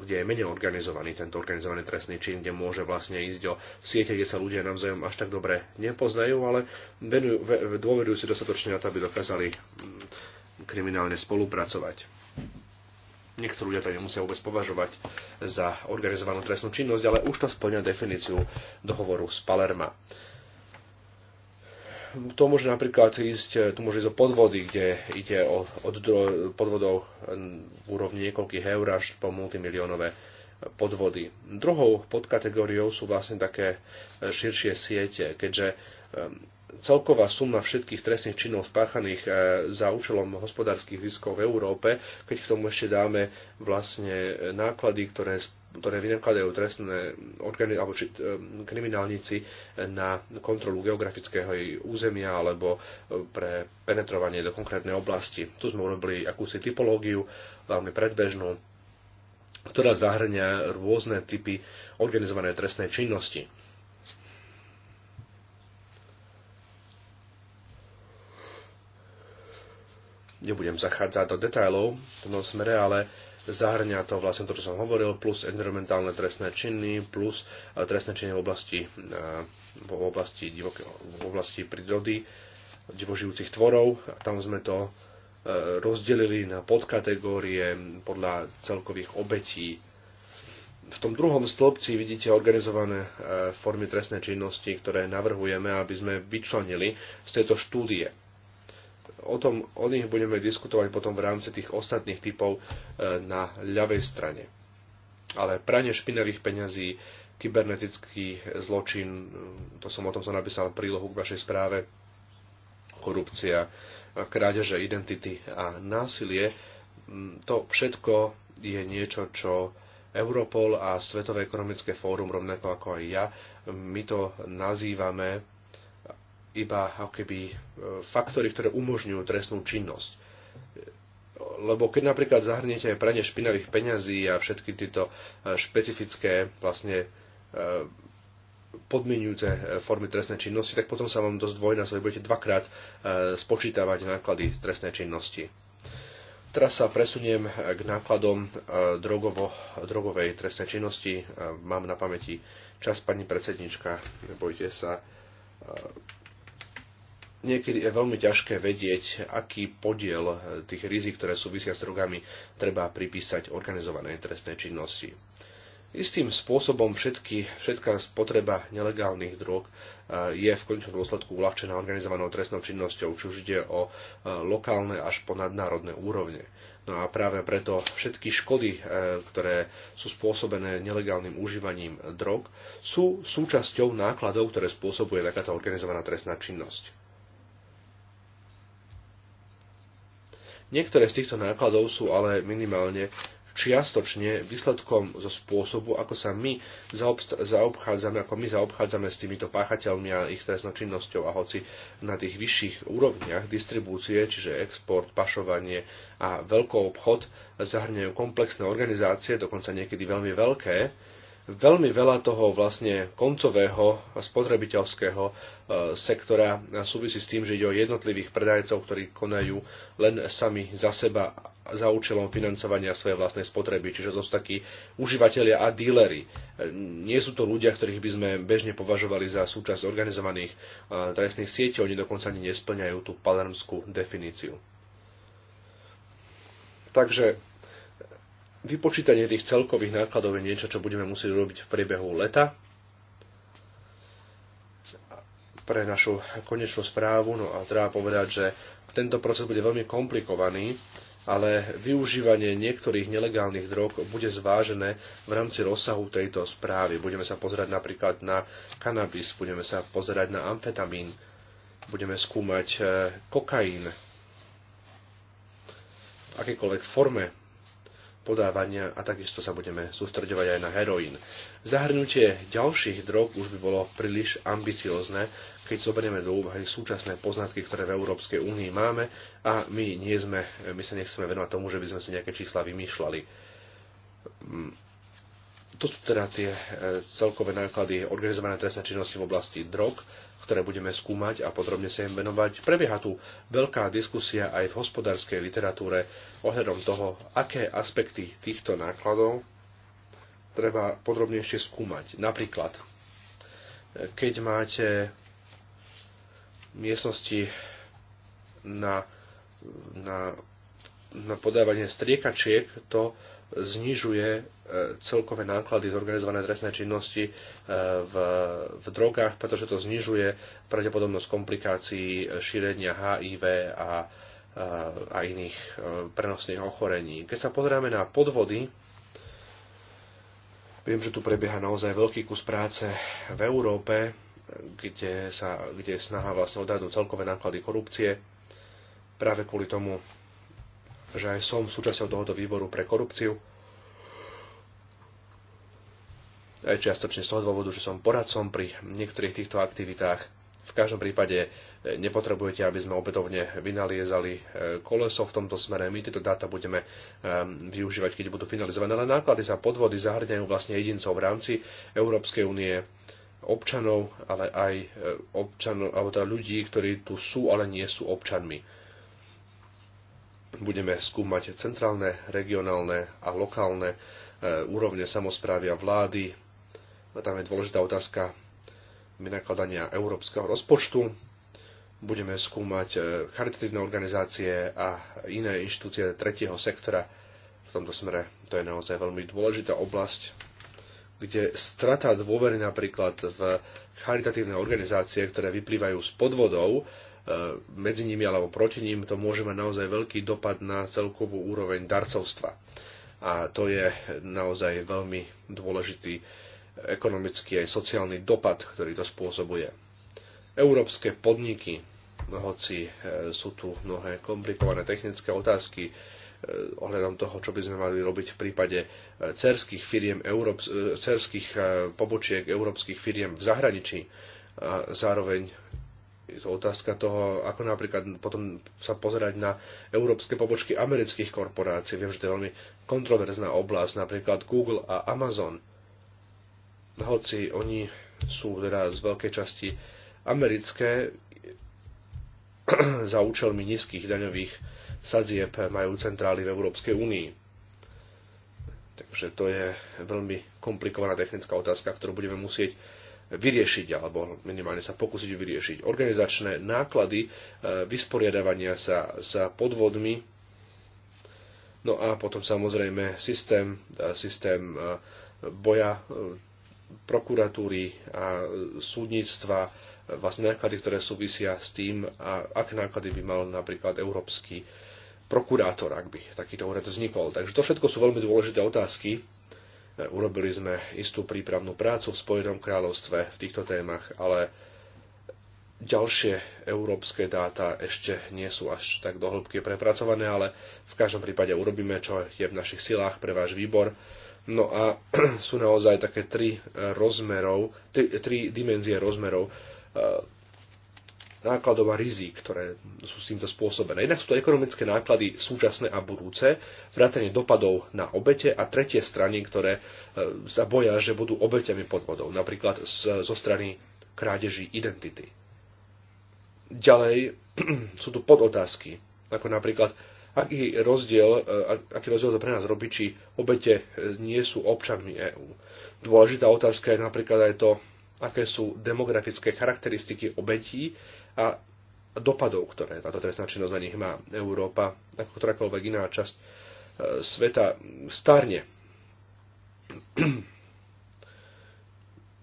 Speaker 2: kde je menej organizovaný tento organizovaný trestný čin, kde môže vlastne ísť o siete, kde sa ľudia navzájom až tak dobre nepoznajú, ale venujú, dôverujú si dostatočne na to, aby dokázali mm, kriminálne spolupracovať. Niektorí ľudia to nemusia vôbec považovať za organizovanú trestnú činnosť, ale už to splňa definíciu dohovoru z Palerma to môže napríklad ísť, tu môže ísť o podvody, kde ide o, od podvodov v úrovni niekoľkých eur až po multimiliónové podvody. Druhou podkategóriou sú vlastne také e, širšie siete, keďže e, celková suma všetkých trestných činov spáchaných e, za účelom hospodárskych ziskov v Európe, keď k tomu ešte dáme vlastne náklady, ktoré ktoré vynakladajú trestné orgány alebo či, e, kriminálnici na kontrolu geografického územia alebo e, pre penetrovanie do konkrétnej oblasti. Tu sme urobili akúsi typológiu, veľmi predbežnú, ktorá zahrňa rôzne typy organizované trestnej činnosti. nebudem zachádzať do detajlov v tom smere, ale Zahrňa to vlastne to, čo som hovoril, plus environmentálne trestné činy, plus eh, trestné činy v oblasti, eh, v oblasti, divoké, v oblasti prírody, divožijúcich tvorov. a Tam sme to eh, rozdelili na podkategórie podľa celkových obetí. V tom druhom stĺpci vidíte organizované formy trestnej činnosti, ktoré navrhujeme, aby sme vyčlenili z tejto štúdie o tom o nich budeme diskutovať potom v rámci tých ostatných typov e, na ľavej strane. Ale pranie špinavých peňazí, kybernetický zločin, e, to som o tom som napísal prílohu k vašej správe, korupcia, e, krádeže identity a násilie, to všetko je niečo, čo Europol a Svetové ekonomické fórum, rovnako ako aj ja, my to nazývame iba ako keby e, faktory, ktoré umožňujú trestnú činnosť. Lebo keď napríklad zahrniete aj pranie špinavých peňazí a všetky tieto e, špecifické vlastne e, podmienujúce formy trestnej činnosti, tak potom sa vám dosť dvojnásobne budete dvakrát spočítavať náklady trestnej činnosti. Teraz sa presuniem k nákladom drogovo, drogovej trestnej činnosti. Mám na pamäti čas, pani predsednička, nebojte sa niekedy je veľmi ťažké vedieť, aký podiel eh, tých rizik, ktoré súvisia s drogami, treba pripísať organizovanej trestnej činnosti. Istým spôsobom všetky, všetká spotreba nelegálnych drog eh, je v končnom dôsledku uľahčená organizovanou trestnou činnosťou, či už ide o eh, lokálne až po nadnárodné úrovne. No a práve preto všetky škody, ktoré sú spôsobené nelegálnym užívaním drog, sú súčasťou nákladov, ktoré spôsobuje takáto organizovaná trestná činnosť. Niektoré z týchto nákladov sú ale minimálne čiastočne výsledkom zo spôsobu, ako sa my zaobchádzame, ako my zaobchádzame s týmito páchateľmi a ich trestnou činnosťou a hoci na tých vyšších úrovniach distribúcie, čiže export, pašovanie a veľký obchod zahrňajú komplexné organizácie, dokonca niekedy veľmi veľké, veľmi veľa toho vlastne koncového spotrebiteľského e, sektora súvisí s tým, že ide o jednotlivých predajcov, ktorí konajú len sami za seba za účelom financovania svojej vlastnej spotreby. Čiže to sú takí užívateľia a dílery. E, nie sú to ľudia, ktorých by sme bežne považovali za súčasť organizovaných e, trestných sietí, oni dokonca ani nesplňajú tú palermskú definíciu. Takže Vypočítanie tých celkových nákladov je niečo, čo budeme musieť urobiť v priebehu leta pre našu konečnú správu. No a treba povedať, že tento proces bude veľmi komplikovaný, ale využívanie niektorých nelegálnych drog bude zvážené v rámci rozsahu tejto správy. Budeme sa pozerať napríklad na kanabis, budeme sa pozerať na amfetamín, budeme skúmať eh, kokain v akékoľvek forme podávania a takisto sa budeme sústredovať aj na heroín. Zahrnutie ďalších drog už by bolo príliš ambiciozne, keď zoberieme do úvahy súčasné poznatky, ktoré v Európskej únii máme a my, nie sme, my sa nechceme venovať tomu, že by sme si nejaké čísla vymýšľali. Mm. To sú teda tie e, celkové náklady organizované trestnej činnosti v oblasti drog ktoré budeme skúmať a podrobne sa im venovať. Prebieha tu veľká diskusia aj v hospodárskej literatúre ohľadom toho, aké aspekty týchto nákladov treba podrobnejšie skúmať. Napríklad, keď máte miestnosti na, na, na podávanie striekačiek, to znižuje e, celkové náklady zorganizované trestné činnosti e, v, v drogách, pretože to znižuje pravdepodobnosť komplikácií e, šírenia HIV a, a, a iných prenosných ochorení. Keď sa pozrieme na podvody, viem, že tu prebieha naozaj veľký kus práce v Európe, kde, sa, kde je snaha vlastne odhadnúť celkové náklady korupcie práve kvôli tomu, že aj som súčasťou tohoto výboru pre korupciu. Aj čiastočne z toho dôvodu, že som poradcom pri niektorých týchto aktivitách. V každom prípade e, nepotrebujete, aby sme opätovne vynaliezali e, koleso v tomto smere. My tieto dáta budeme e, využívať, keď budú finalizované. Ale náklady za podvody zahrňajú vlastne jedincov v rámci Európskej únie občanov, ale aj občanov, alebo teda ľudí, ktorí tu sú, ale nie sú občanmi. Budeme skúmať centrálne, regionálne a lokálne e, úrovne samozprávy a vlády. Tam je dôležitá otázka vynakladania európskeho rozpočtu. Budeme skúmať e, charitatívne organizácie a iné inštitúcie tretieho sektora. V tomto smere to je naozaj veľmi dôležitá oblasť, kde strata dôvery napríklad v charitatívne organizácie, ktoré vyplývajú z podvodov, E, medzi nimi alebo proti ním, to môže mať naozaj veľký dopad na celkovú úroveň darcovstva. A to je naozaj veľmi dôležitý ekonomický aj sociálny dopad, ktorý to spôsobuje. Európske podniky, no hoci e, sú tu mnohé komplikované technické otázky, e, ohľadom toho, čo by sme mali robiť v prípade cerských firiem, Európs- cerských pobočiek európskych firiem v zahraničí. A zároveň je to otázka toho, ako napríklad potom sa pozerať na európske pobočky amerických korporácií. Viem, že to je veľmi kontroverzná oblasť, napríklad Google a Amazon. Hoci oni sú teda z veľkej časti americké, za účelmi nízkych daňových sadzieb majú centrály v Európskej únii. Takže to je veľmi komplikovaná technická otázka, ktorú budeme musieť vyriešiť alebo minimálne sa pokúsiť vyriešiť. Organizačné náklady e, vysporiadavania sa s podvodmi, no a potom samozrejme systém, e, systém e, boja prokuratúry a súdnictva, vlastne náklady, ktoré súvisia s tým, a aké náklady by mal napríklad európsky prokurátor, ak by takýto úrad vznikol. Takže to všetko sú veľmi dôležité otázky, Eh, urobili sme istú prípravnú prácu v Spojenom kráľovstve v týchto témach, ale ďalšie európske dáta ešte nie sú až tak dohlbky prepracované, ale v každom prípade urobíme, čo je v našich silách pre váš výbor. No a sú naozaj také tri rozmerov, tri, tri dimenzie rozmerov eh, nákladov a rizík, ktoré sú s týmto spôsobené. Jednak sú to ekonomické náklady súčasné a budúce, vrátanie dopadov na obete a tretie strany, ktoré e, sa boja, že budú obeťami podvodov, napríklad zo strany krádeží identity. Ďalej sú tu podotázky, ako napríklad aký rozdiel, e, aký rozdiel to pre nás robí, či obete e, nie sú občanmi EÚ. Dôležitá otázka je napríklad aj to, aké sú demografické charakteristiky obetí a dopadov, ktoré táto trestná činnosť na nich má. Európa, ako ktorákoľvek iná časť e, sveta, starne.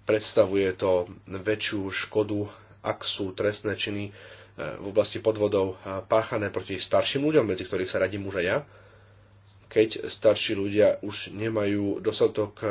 Speaker 2: Predstavuje to väčšiu škodu, ak sú trestné činy e, v oblasti podvodov e, páchané proti starším ľuďom, medzi ktorých sa radím už aj ja, keď starší ľudia už nemajú dostatok eh,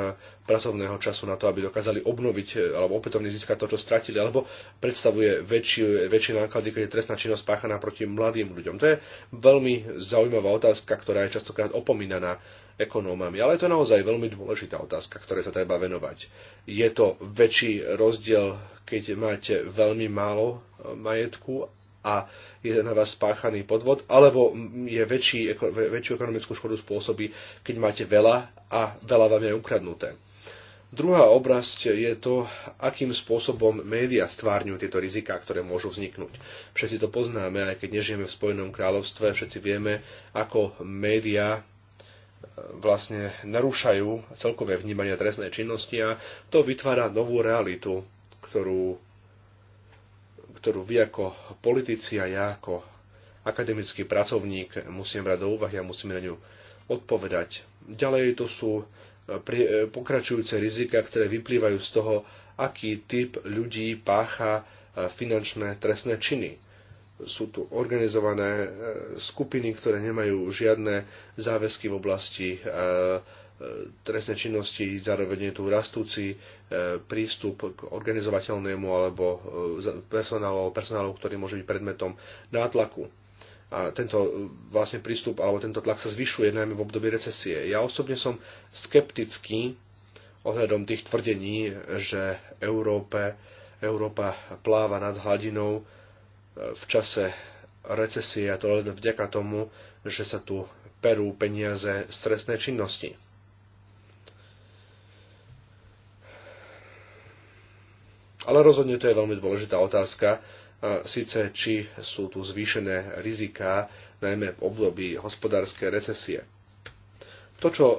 Speaker 2: pracovného času na to, aby dokázali obnoviť eh, alebo opätovne získať to, čo stratili, alebo predstavuje väčšie, väčšie náklady, keď je trestná činnosť páchaná proti mladým ľuďom. To je veľmi zaujímavá otázka, ktorá je častokrát opomínaná ekonómami, ale je to naozaj veľmi dôležitá otázka, ktorej sa treba venovať. Je to väčší rozdiel, keď máte veľmi málo eh, majetku a je na vás spáchaný podvod, alebo je väčší, väčšiu ekonomickú škodu spôsobí, keď máte veľa a veľa vám je ukradnuté. Druhá oblasť je to, akým spôsobom médiá stvárňujú tieto riziká, ktoré môžu vzniknúť. Všetci to poznáme, aj keď nežijeme v Spojenom kráľovstve, všetci vieme, ako médiá e, vlastne narúšajú celkové vnímanie trestnej činnosti a to vytvára novú realitu, ktorú ktorú vy ako politici a ja ako akademický pracovník musím brať do úvahy a musím na ňu odpovedať. Ďalej to sú e, e, pokračujúce rizika, ktoré vyplývajú z toho, aký typ ľudí pácha e, finančné trestné činy. Sú tu organizované skupiny, ktoré nemajú žiadne záväzky v oblasti E, trestnej činnosti, zároveň je tu rastúci e, prístup k organizovateľnému alebo e, personálu, personálu, ktorý môže byť predmetom nátlaku. A tento vlastne prístup alebo tento tlak sa zvyšuje najmä v období recesie. Ja osobne som skeptický ohľadom tých tvrdení, že Európe, Európa pláva nad hladinou v čase recesie a to len vďaka tomu, že sa tu perú peniaze z trestnej činnosti Ale rozhodne to je veľmi dôležitá otázka, síce či sú tu zvýšené riziká, najmä v období hospodárskej recesie. To, čo e,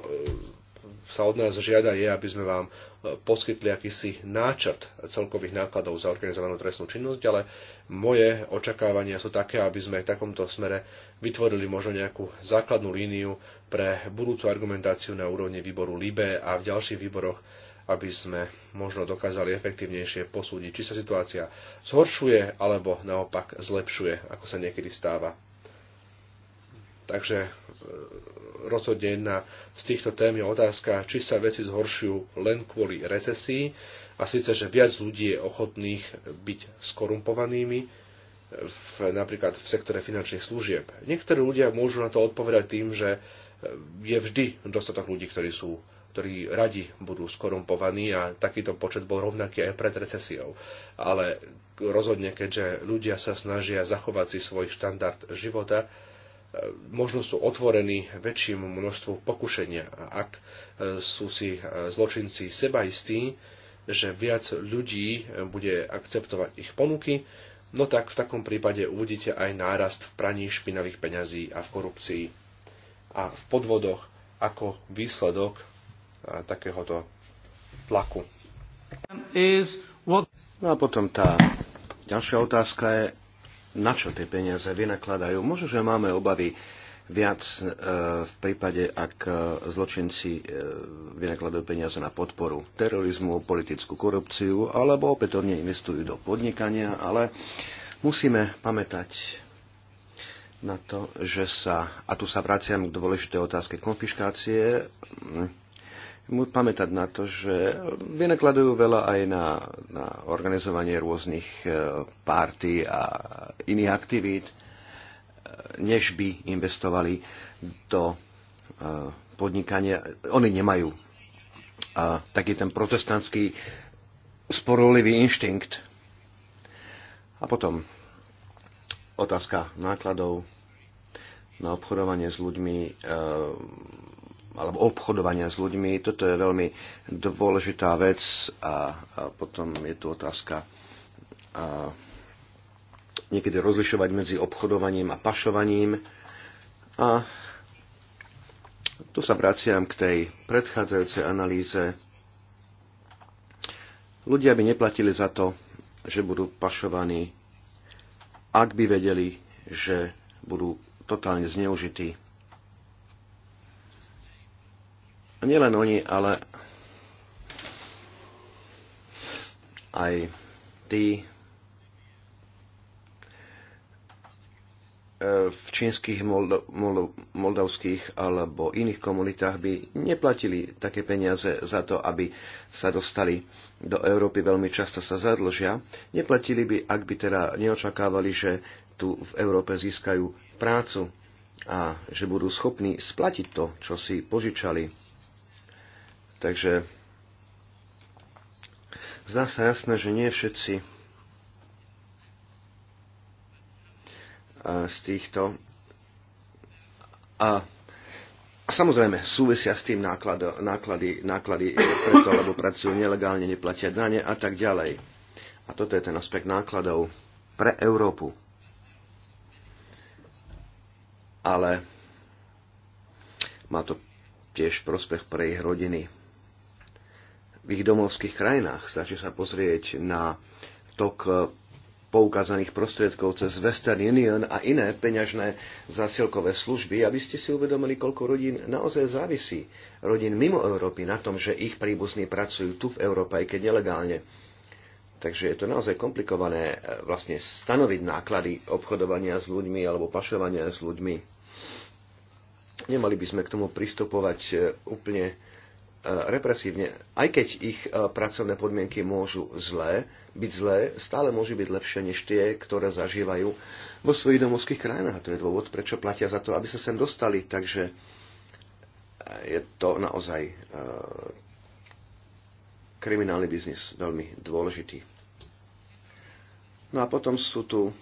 Speaker 2: sa od nás žiada, je, aby sme vám e, poskytli akýsi náčrt celkových nákladov za organizovanú trestnú činnosť, ale moje očakávania sú také, aby sme v takomto smere vytvorili možno nejakú základnú líniu pre budúcu argumentáciu na úrovni výboru LIBE a v ďalších výboroch aby sme možno dokázali efektívnejšie posúdiť, či sa situácia zhoršuje alebo naopak zlepšuje, ako sa niekedy stáva. Takže e, rozhodne jedna z týchto tém je otázka, či sa veci zhoršujú len kvôli recesii, a síce, že viac ľudí je ochotných byť skorumpovanými, v, napríklad v sektore finančných služieb. Niektorí ľudia môžu na to odpovedať tým, že e, je vždy dostatok ľudí, ktorí sú ktorí radi budú skorumpovaní a takýto počet bol rovnaký aj pred recesiou. Ale rozhodne, keďže ľudia sa snažia zachovať si svoj štandard života, e, možno sú otvorení väčšiemu množstvu pokušenia. A ak e, sú si e, zločinci sebaistí, že viac ľudí bude akceptovať ich ponuky, no tak v takom prípade uvidíte aj nárast v praní špinavých peňazí a v korupcii a v podvodoch ako výsledok takéhoto tlaku.
Speaker 1: No a potom tá ďalšia otázka je, na čo tie peniaze vynakladajú. Možno, že máme obavy viac e, v prípade, ak e, zločinci e, vynakladajú peniaze na podporu terorizmu, politickú korupciu alebo opätovne investujú do podnikania, ale musíme pamätať na to, že sa, a tu sa vraciam k dôležitej otázke konfiškácie, pamätať na to, že eh, vynakladujú veľa aj na, na organizovanie rôznych eh, párty a iných aktivít, eh, než by investovali do podnikania. Oni nemajú a taký ten protestantský sporolivý inštinkt. A potom otázka nákladov na obchodovanie s ľuďmi alebo obchodovania s ľuďmi. Toto je veľmi dôležitá vec a, a potom je tu otázka a niekedy rozlišovať medzi obchodovaním a pašovaním. A tu sa vraciam k tej predchádzajúcej analýze. Ľudia by neplatili za to, že budú pašovaní, ak by vedeli, že budú totálne zneužití A nielen oni, ale aj tí e, v čínskych, moldo, moldo, moldavských alebo iných komunitách by neplatili také peniaze za to, aby sa dostali do Európy. Veľmi často sa zadlžia. Neplatili by, ak by teda neočakávali, že tu v Európe získajú prácu a že budú schopní splatiť to, čo si požičali Takže zdá sa jasné, že nie všetci eh, z týchto a Samozrejme, súvisia s tým náklady, náklady, náklady preto, lebo pracujú nelegálne, neplatia dane a tak ďalej. A toto je ten aspekt nákladov pre Európu. Ale má to tiež prospech pre ich rodiny v ich domovských krajinách. Stačí sa pozrieť na tok eh, poukázaných prostriedkov cez Western Union a iné peňažné zásielkové služby, aby ste si uvedomili, koľko rodín naozaj závisí rodín mimo Európy na tom, že ich príbuzní pracujú tu v Európe, aj keď nelegálne. Takže je to naozaj komplikované eh, vlastne stanoviť náklady obchodovania s ľuďmi alebo pašovania s ľuďmi. Nemali by sme k tomu pristupovať eh, úplne E, represívne. Aj keď ich e, pracovné podmienky môžu zlé, byť zlé, stále môžu byť lepšie než tie, ktoré zažívajú vo svojich domovských krajinách. A to je dôvod, prečo platia za to, aby sa sem dostali. Takže e, je to naozaj kriminálny biznis veľmi dôležitý. No a potom sú tu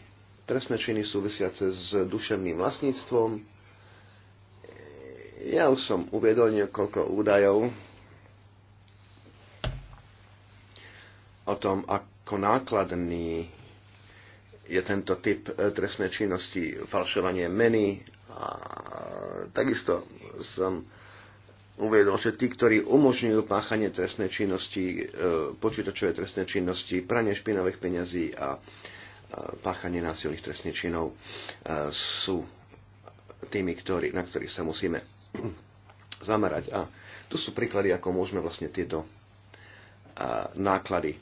Speaker 1: trestné činy súvisiace s duševným vlastníctvom. Ja už som uviedol niekoľko údajov, o tom, ako nákladný je tento typ e, trestnej činnosti, falšovanie meny. A takisto som uviedol, že tí, ktorí umožňujú páchanie trestnej činnosti, e, počítačové trestnej činnosti, pranie špinavých peňazí a páchanie násilných trestných činov e, sú tými, ktorí, na ktorých sa musíme zamerať. A tu sú príklady, ako môžeme vlastne tieto náklady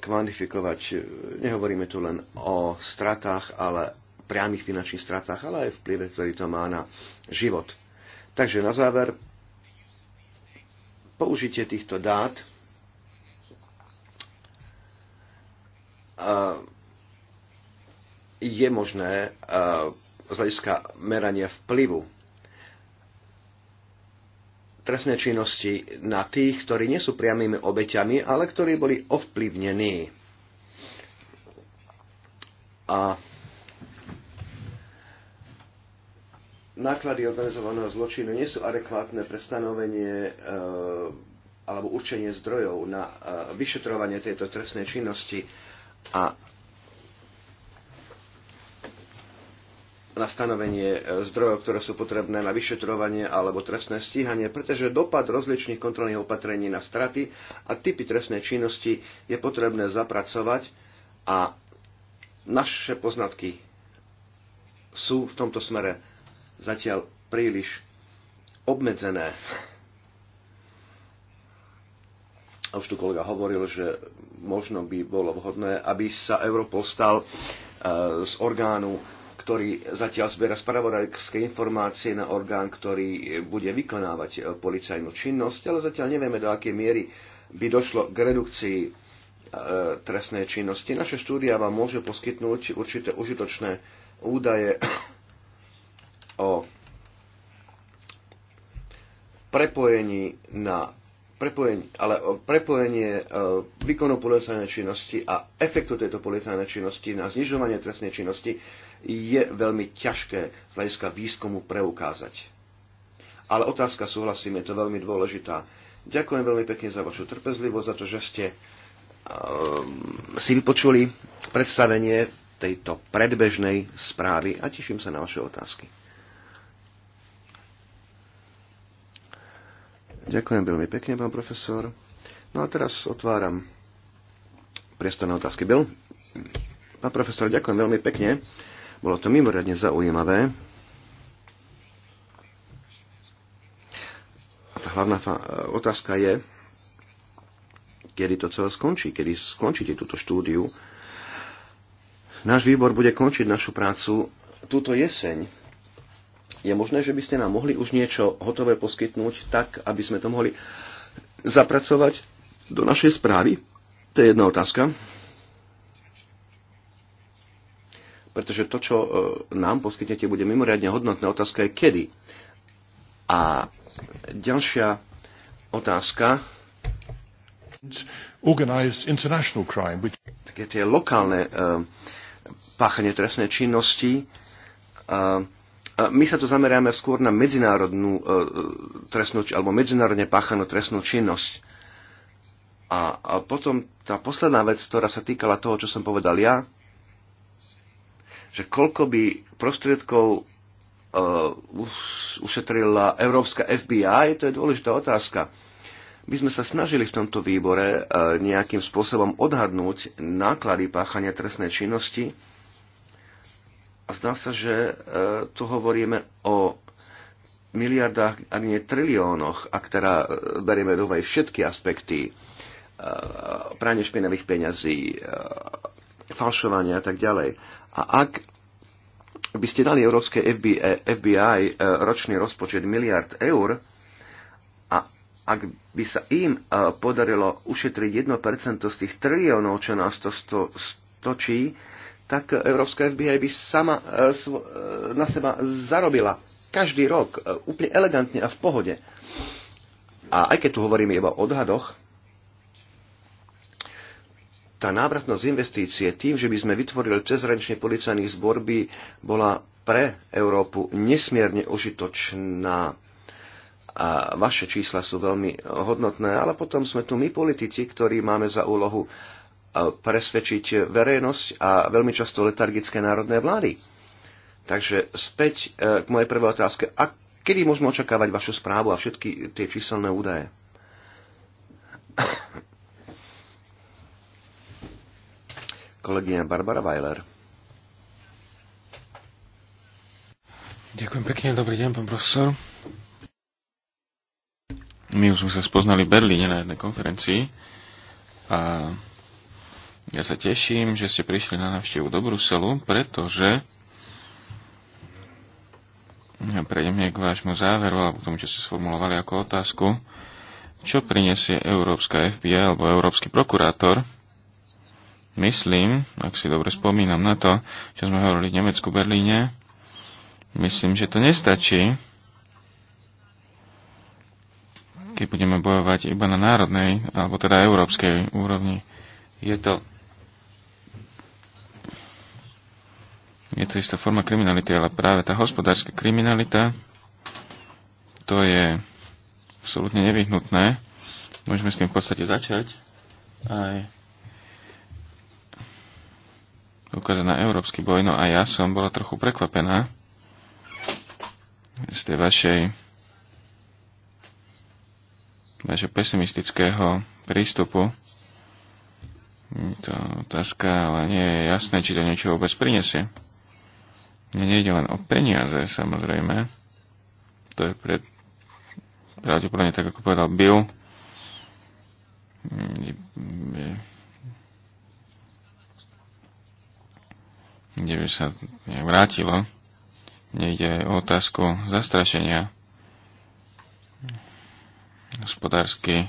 Speaker 1: kvantifikovať. E, nehovoríme tu len o stratách, ale priamých finančných stratách, ale aj vplyve, ktorý to má na život. Takže na záver, použitie týchto dát je možné z hľadiska merania vplyvu trestné činnosti na tých, ktorí nie sú priamými obeťami, ale ktorí boli ovplyvnení. A náklady organizovaného zločinu nie sú adekvátne pre stanovenie e, alebo určenie zdrojov na e, vyšetrovanie tejto trestnej činnosti a na stanovenie e, zdrojov, ktoré sú potrebné na vyšetrovanie alebo trestné stíhanie, pretože dopad rozličných kontrolných opatrení na straty a typy trestnej činnosti je potrebné zapracovať a naše poznatky sú v tomto smere zatiaľ príliš obmedzené. A už tu kolega hovoril, že možno by bolo vhodné, aby sa Europol stal e, z orgánu ktorý zatiaľ zbiera spravodajské informácie na orgán, ktorý bude vykonávať e, policajnú činnosť, ale zatiaľ nevieme, do akej miery by došlo k redukcii e, trestnej činnosti. Naše štúdia vám môže poskytnúť určité užitočné údaje o prepojení na prepojenie, ale prepojenie výkonu policajnej činnosti a efektu tejto policajnej činnosti na znižovanie trestnej činnosti je veľmi ťažké z hľadiska výskumu preukázať. Ale otázka, súhlasím, je to veľmi dôležitá. Ďakujem veľmi pekne za vašu trpezlivosť, za to, že ste um, si vypočuli predstavenie tejto predbežnej správy a teším sa na vaše otázky. Ďakujem veľmi pekne, pán profesor. No a teraz otváram priestor na otázky. Bill? Pán profesor, ďakujem veľmi pekne bolo to mimoriadne zaujímavé. A tá hlavná otázka je, kedy to celé skončí, kedy skončíte túto štúdiu. Náš výbor bude končiť našu prácu túto jeseň. Je možné, že by ste nám mohli už niečo hotové poskytnúť tak, aby sme to mohli zapracovať do našej správy? To je jedna otázka. pretože to, čo e, nám poskytnete, bude mimoriadne hodnotné. Otázka je kedy. A ďalšia otázka. Crime, which... Také tie lokálne uh, páchanie trestnej činnosti. Uh, my sa tu zameráme skôr na medzinárodnú uh, trestnú, alebo medzinárodne páchanú trestnú činnosť. A, a potom tá posledná vec, ktorá sa týkala toho, čo som povedal ja, že koľko by prostriedkov e, ušetrila Európska FBI, to je dôležitá otázka. My sme sa snažili v tomto výbore e, nejakým spôsobom odhadnúť náklady páchania trestnej činnosti a zdá sa, že e, tu hovoríme o miliardách, ak nie triliónoch, ak teda berieme do aj všetky aspekty pranie špinavých peňazí, falšovania a tak ďalej. A ak by ste dali Európskej FBI, FBI eh, ročný rozpočet miliard eur a ak by sa im eh, podarilo ušetriť 1% z tých triliónov, čo nás to stočí, tak Európska FBI by sama eh, na seba zarobila každý rok úplne elegantne a v pohode. A aj keď tu hovoríme iba o odhadoch, tá návratnosť investície tým, že by sme vytvorili cezhraničný policajný zbor, by bola pre Európu nesmierne užitočná. A vaše čísla sú veľmi hodnotné, ale potom sme tu my politici, ktorí máme za úlohu presvedčiť verejnosť a veľmi často letargické národné vlády. Takže späť e, k mojej prvej otázke. A kedy môžeme očakávať vašu správu a všetky tie číselné údaje? Kolegyňa Barbara Weiler.
Speaker 3: Ďakujem pekne, dobrý deň, pán profesor. My už sme sa spoznali v Berlíne na jednej konferencii a ja sa teším, že ste prišli na návštevu do Bruselu, pretože ja prejdeme k vášmu záveru a k tomu, čo ste sformulovali ako otázku. Čo prinesie Európska FBI alebo Európsky prokurátor Myslím, ak si dobre spomínam na to, čo sme hovorili v Nemecku, Berlíne, myslím, že to nestačí, keď budeme bojovať iba na národnej, alebo teda európskej úrovni. Je to je to istá forma kriminality, ale práve tá hospodárska kriminalita, to je absolútne nevyhnutné. Môžeme s tým v podstate začať. Aj dôkaza na európsky boj. No a ja som bola trochu prekvapená z tej vašej vašho pesimistického prístupu. Je to otázka, ale nie je jasné, či to niečo vôbec prinesie. Mne nejde len o peniaze, samozrejme. To je pred... pravdepodobne tak, ako povedal Bill. Je, je, kde by sa vrátilo. Nejde o otázku zastrašenia. Hospodársky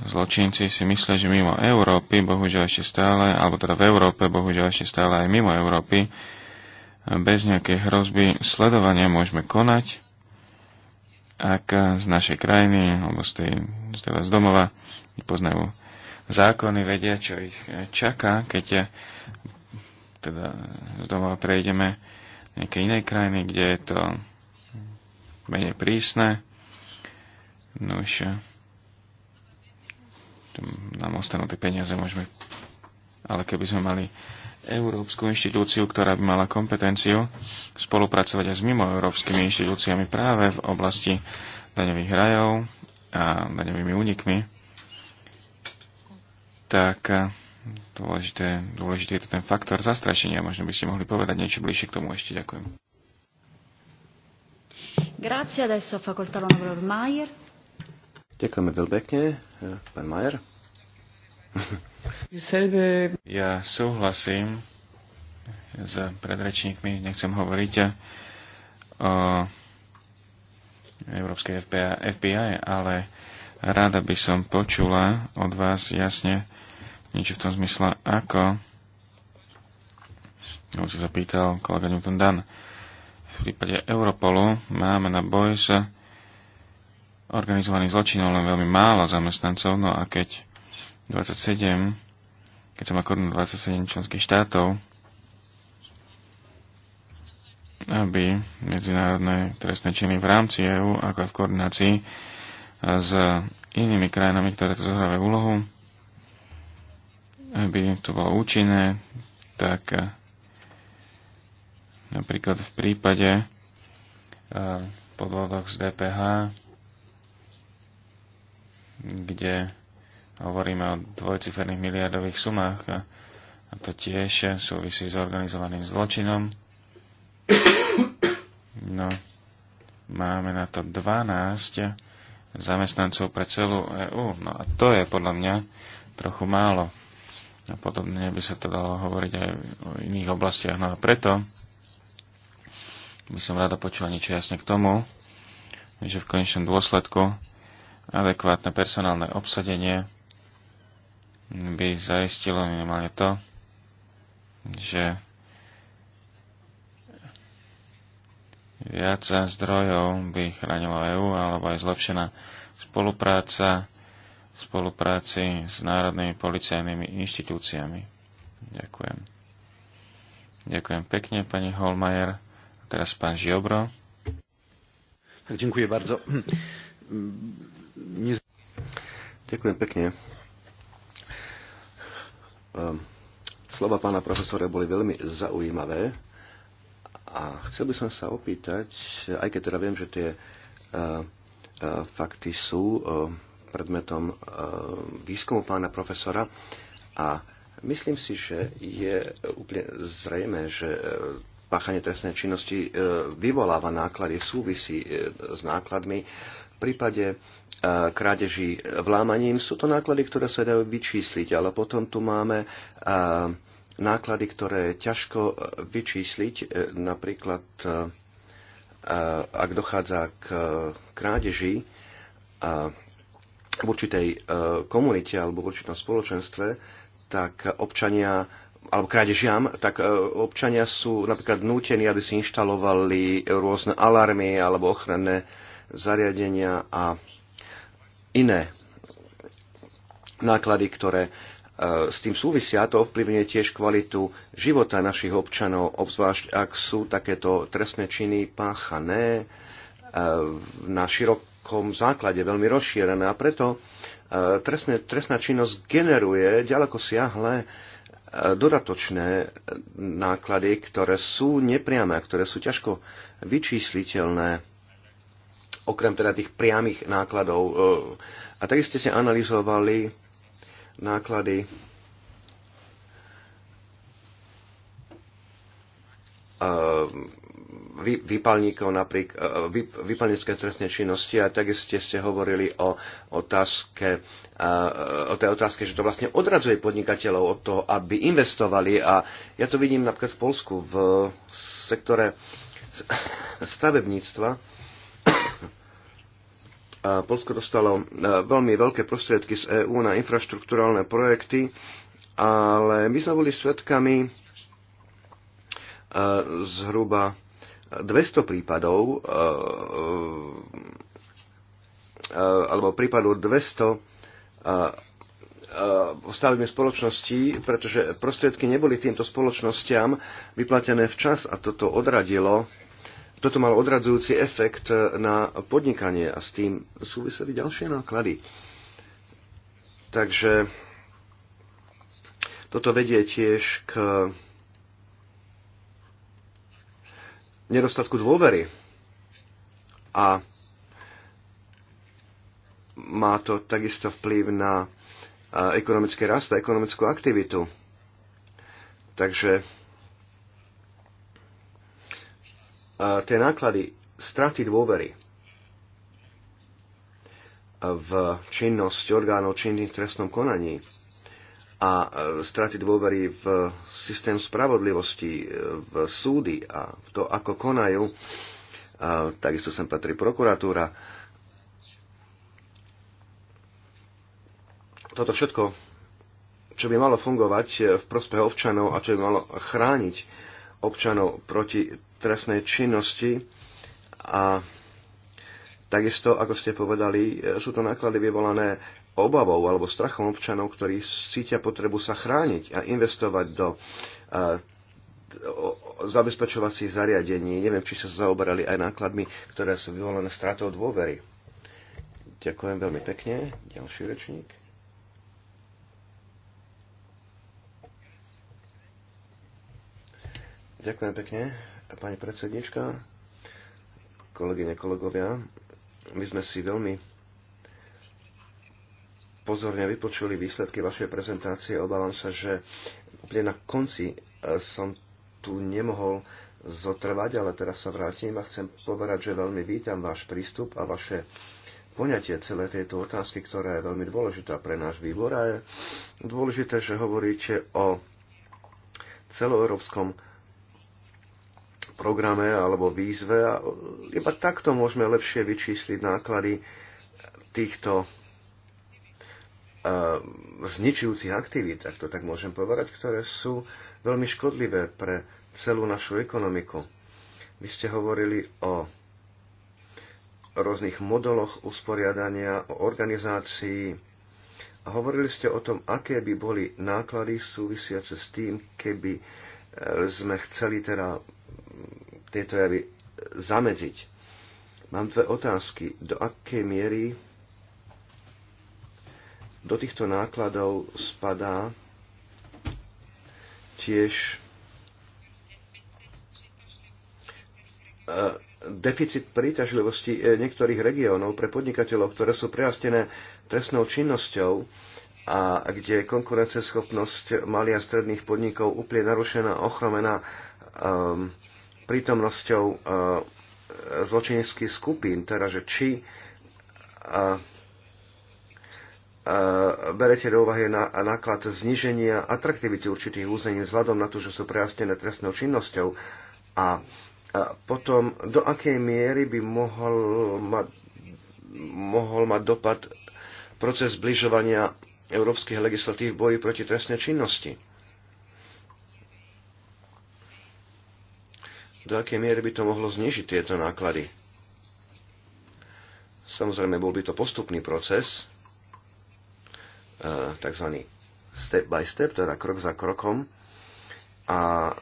Speaker 3: zločinci si myslia, že mimo Európy, bohužiaľ ešte stále, alebo teda v Európe, bohužiaľ ešte stále aj mimo Európy, bez nejakej hrozby sledovania môžeme konať, ak z našej krajiny, alebo z, tej, z, teda z domova, poznajú zákony, vedia, čo ich čaká, keď teda domova prejdeme nejaké inej krajiny, kde je to menej prísne. No už eh, nám ostanú tie peniaze, môžeme... Ale keby sme mali Európsku inštitúciu, ktorá by mala kompetenciu spolupracovať aj s mimoeurópskymi inštitúciami práve v oblasti daňových rajov a daňovými únikmi, tak eh, dôležité, dôležité je to ten faktor zastrašenia. Možno by ste mohli povedať niečo bližšie k tomu ešte. Ďakujem. Grazie, adesso facoltà l'onorevole Mayer. Ďakujeme veľmi pekne, pán Majer. Ja súhlasím s predrečníkmi, nechcem hovoriť o Európskej FBI, ale rada by som počula od vás jasne, niečo v tom zmysle, ako čo sa pýtal kolega Newton Dan. V prípade Europolu máme na boj s organizovaným zločinom len veľmi málo zamestnancov, no a keď 27, keď som ako 27 členských štátov, aby medzinárodné trestné činy v rámci EÚ, ako aj v koordinácii s inými krajinami, ktoré tu zohrávajú úlohu, aby to bolo účinné, tak eh, napríklad v prípade eh, podvodok z DPH, kde hovoríme o dvojciferných miliardových sumách eh, a to tiež súvisí s organizovaným zločinom. No, máme na to 12 zamestnancov pre celú EÚ. No a to je podľa mňa trochu málo a podobne by sa to dalo hovoriť aj o iných oblastiach. No a preto by som rada počula niečo jasne k tomu, že v konečnom dôsledku adekvátne personálne obsadenie by zaistilo minimálne to, že viac zdrojov by chránilo EÚ alebo aj zlepšená spolupráca spolupráci s národnými policajnými inštitúciami. Ďakujem. Ďakujem pekne, pani Holmajer. A teraz pán Žiobro.
Speaker 1: Tak, ďakujem bardzo.
Speaker 3: Nie... Ďakujem pekne.
Speaker 1: Ehm, slova pána profesora boli veľmi zaujímavé a chcel by som sa opýtať, aj keď teda viem, že tie eh, eh, fakty sú eh, predmetom eh, výskumu pána profesora a myslím si, že je úplne zrejme, že eh, páchanie trestnej činnosti eh, vyvoláva náklady, súvisí s nákladmi. V prípade krádeží vlámaním sú to náklady, ktoré sa dajú vyčísliť, ale potom tu máme náklady, ktoré je ťažko vyčísliť, napríklad ak dochádza k krádeži, v určitej e, komunite alebo v určitom spoločenstve, tak občania alebo krádežiam, tak e, občania sú napríklad nútení, aby si inštalovali rôzne alarmy alebo ochranné zariadenia a iné náklady, ktoré e, s tým súvisia. To ovplyvňuje tiež kvalitu života našich občanov, obzvlášť ak sú takéto trestné činy páchané na širok takom základe veľmi rozšírené a preto e, trestne, trestná činnosť generuje ďaleko siahle e, dodatočné náklady, ktoré sú nepriame a ktoré sú ťažko vyčísliteľné, okrem teda tých priamých nákladov. E, a tak ste si analyzovali náklady E, e, vypalnické vypalníkov trestnej činnosti a takisto ste hovorili o otázke, e, o tej otázke, že to vlastne odradzuje podnikateľov od toho, aby investovali a ja to vidím napríklad v Polsku v sektore stavebníctva. Polsko dostalo veľmi veľké prostriedky z EÚ na infraštruktúrálne projekty, ale my sme boli svetkami zhruba 200 prípadov e, e, e, alebo prípadov 200 stavebnej spoločnosti, pretože prostriedky neboli týmto spoločnosťam vyplatené včas a toto odradilo, toto malo odradzujúci efekt na podnikanie a s tým súviseli ďalšie náklady. Takže toto vedie tiež k nedostatku dôvery. A má to takisto vplyv na e, ekonomický rast a ekonomickú aktivitu. Takže e, tie náklady straty dôvery v činnosť orgánov činných v trestnom konaní a e, straty dôvery v systém spravodlivosti, e, v súdy a v to, ako konajú. E, takisto sem patrí prokuratúra. Toto všetko, čo by malo fungovať v prospech občanov a čo by malo chrániť občanov proti trestnej činnosti a Takisto, ako ste povedali, sú to náklady vyvolané obavou alebo strachom občanov, ktorí cítia potrebu sa chrániť a investovať do e, zabezpečovacích zariadení. Neviem, či sa zaoberali aj nákladmi, ktoré sú vyvolené stratou dôvery. Ďakujem veľmi pekne. Ďalší rečník. Ďakujem pekne, pani predsednička, kolegyne, kolegovia. My sme si veľmi pozorne vypočuli výsledky vašej prezentácie. Obávam sa, že úplne na konci e, som tu nemohol zotrvať, ale teraz sa vrátim a chcem povedať, že veľmi vítam váš prístup a vaše poňatie celé tejto otázky, ktorá je veľmi dôležitá pre náš výbor a je dôležité, že hovoríte o celoeurópskom programe alebo výzve a iba takto môžeme lepšie vyčísliť náklady týchto Eh, zničujúcich aktivít, ak to tak môžem povedať, ktoré sú veľmi škodlivé pre celú našu ekonomiku. Vy ste hovorili o rôznych modeloch usporiadania, o organizácii a hovorili ste o tom, aké by boli náklady súvisiace s tým, keby eh, sme chceli teda tieto javy zamedziť. Mám dve otázky. Do akej miery do týchto nákladov spadá tiež e, deficit príťažlivosti e, niektorých regiónov pre podnikateľov, ktoré sú prirastené trestnou činnosťou a kde konkurenceschopnosť malých a stredných podnikov úplne narušená, ochromená um, prítomnosťou uh, zločineckých skupín. Teda, že či uh, berete do úvahy na náklad zniženia atraktivity určitých území vzhľadom na to, že sú prejasnené trestnou činnosťou a potom do akej miery by mohol mať, mohol mať dopad proces zbližovania európskych legislatív v boji proti trestnej činnosti. Do akej miery by to mohlo znižiť tieto náklady? Samozrejme, bol by to postupný proces, Eh, tzv. step by step, teda krok za krokom. A eh,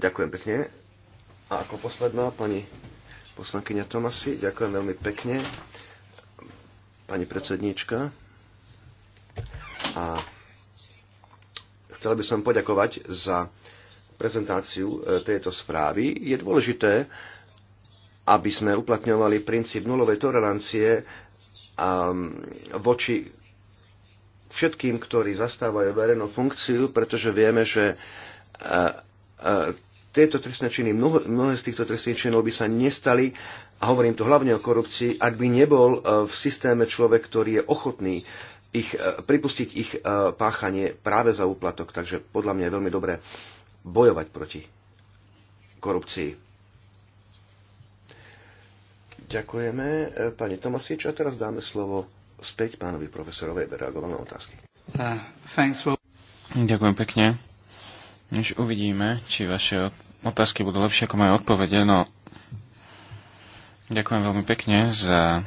Speaker 1: ďakujem pekne. A ako posledná, pani poslankyňa Tomasi, ďakujem veľmi pekne. Pani predsedníčka. A chcel by som poďakovať za prezentáciu eh, tejto správy. Je dôležité, aby sme uplatňovali princíp nulovej tolerancie Um, voči všetkým, ktorí zastávajú verejnú funkciu, pretože vieme, že uh, uh, tieto trestné činy, mnoho, mnohé z týchto trestných činov by sa nestali, a hovorím tu hlavne o korupcii, ak by nebol uh, v systéme človek, ktorý je ochotný ich, pripustiť ich páchanie práve za úplatok. Takže podľa mňa je veľmi dobré bojovať proti korupcii. Ďakujeme. E, pani Tomasič, a teraz dáme slovo späť pánovi profesorovi, aby na otázky.
Speaker 3: Uh, for... Ďakujem pekne. Než uvidíme, či vaše otázky budú lepšie ako moje odpovede. No, ďakujem veľmi pekne za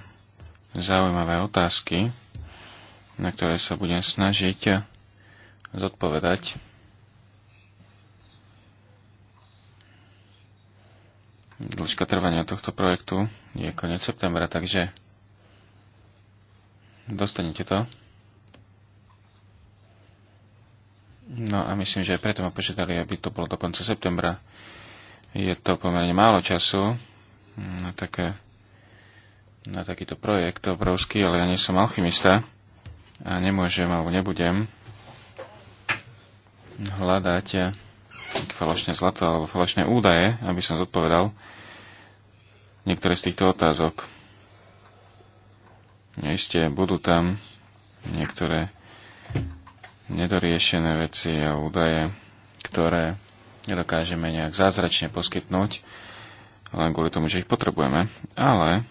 Speaker 3: zaujímavé otázky, na ktoré sa budem snažiť zodpovedať. Dĺžka trvania tohto projektu je koniec septembra, takže dostanete to. No a myslím, že aj preto ma požiadali, aby to bolo do konca septembra. Je to pomerne málo času na, také, na takýto projekt obrovský, ale ja nie som alchymista a nemôžem alebo nebudem hľadať falošné zlato alebo falošné údaje, aby som zodpovedal niektoré z týchto otázok. Ešte budú tam niektoré nedoriešené veci a údaje, ktoré nedokážeme nejak zázračne poskytnúť, len kvôli tomu, že ich potrebujeme. Ale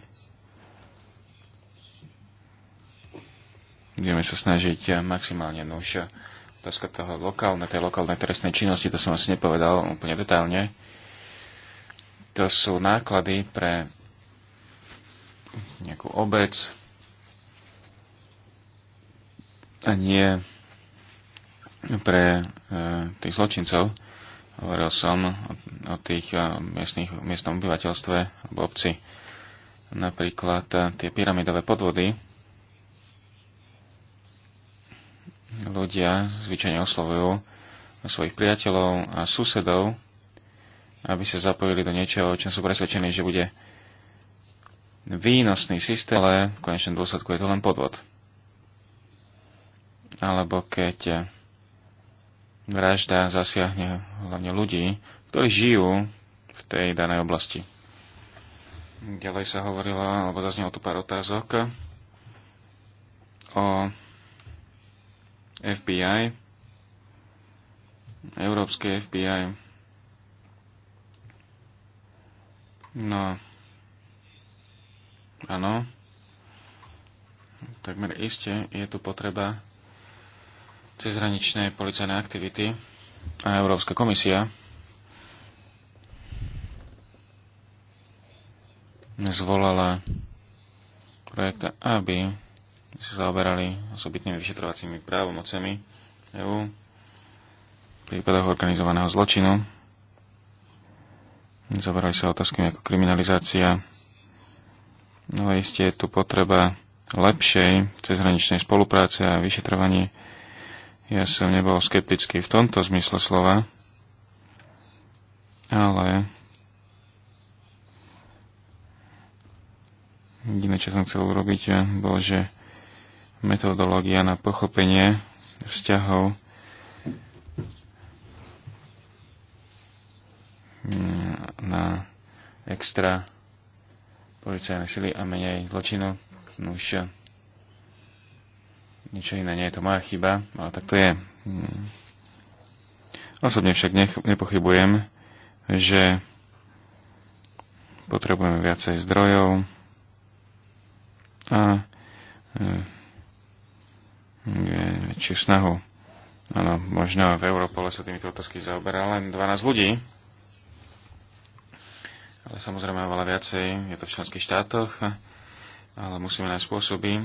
Speaker 3: budeme sa snažiť maximálne nuša otázka toho lokálne, tej lokálnej trestnej činnosti, to som asi nepovedal úplne detailne. To sú náklady pre nejakú obec a nie pre e, tých zločincov. Hovoril som o, o tých e, miestných, miestnom obyvateľstve alebo obci. Napríklad e, tie pyramidové podvody, ľudia zvyčajne oslovujú svojich priateľov a susedov, aby sa zapojili do niečoho, o čom sú presvedčení, že bude výnosný systém, ale v konečnom dôsledku je to len podvod. Alebo keď vražda zasiahne hlavne ľudí, ktorí žijú v tej danej oblasti. Ďalej sa hovorilo, alebo zaznelo tu pár otázok o FBI, Európske FBI. No, áno, takmer iste je tu potreba cezhraničnej policajnej aktivity a Európska komisia zvolala projekta, aby sa zaoberali osobitnými vyšetrovacími právomocami EÚ v prípadoch organizovaného zločinu. Zaoberali sa otázkami ako kriminalizácia. No a isté je tu potreba lepšej cezhraničnej spolupráce a vyšetrovanie. Ja som nebol skeptický v tomto zmysle slova, ale jediné, čo som chcel urobiť, bolo, že metodológia na pochopenie vzťahov mm, na extra policajné sily a menej zločinu. No už niečo iné, nie je to moja chyba, ale tak to je. Mm. Osobne však nech, nepochybujem, že potrebujeme viacej zdrojov a e, či snahu. Áno, možno v Europole sa týmito otázky zaoberá len 12 ľudí, ale samozrejme oveľa viacej je to v členských štátoch, ale musíme nájsť spôsoby,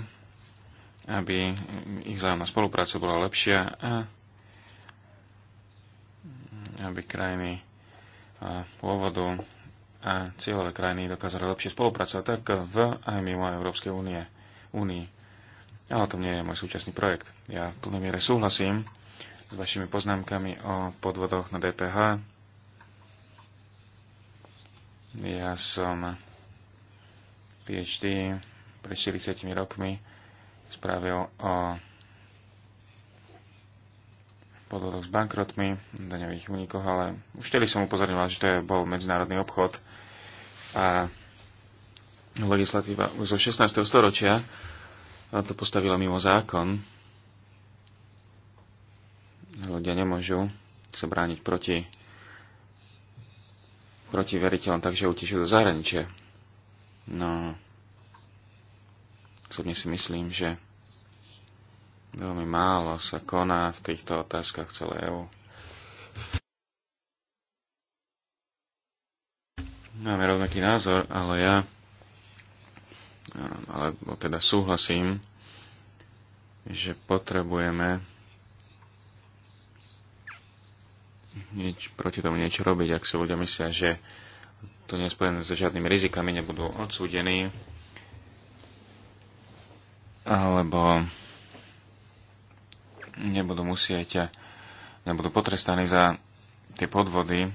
Speaker 3: aby ich vzájomná spolupráca bola lepšia a aby krajiny a pôvodu a cieľové krajiny dokázali lepšie spolupracovať tak v aj mimo Európskej únie. únii ale to nie je môj súčasný projekt. Ja v plnej miere súhlasím s vašimi poznámkami o podvodoch na DPH. Ja som PhD pred 40 rokmi spravil o podvodoch s bankrotmi, daňových únikoch, ale už vtedy som upozorňoval, že to je, bol medzinárodný obchod a legislatíva zo 16. storočia to postavila mimo zákon. Ľudia nemôžu sa brániť proti, proti veriteľom, takže utečú do zahraničia. No, osobne si myslím, že veľmi málo sa koná v týchto otázkach celé EU. Máme rovnaký názor, ale ja alebo teda súhlasím, že potrebujeme nieč, proti tomu niečo robiť, ak si ľudia myslia, že to nie je spojené so žiadnymi rizikami, nebudú odsúdení, alebo nebudú musieť, nebudú potrestaní za tie podvody,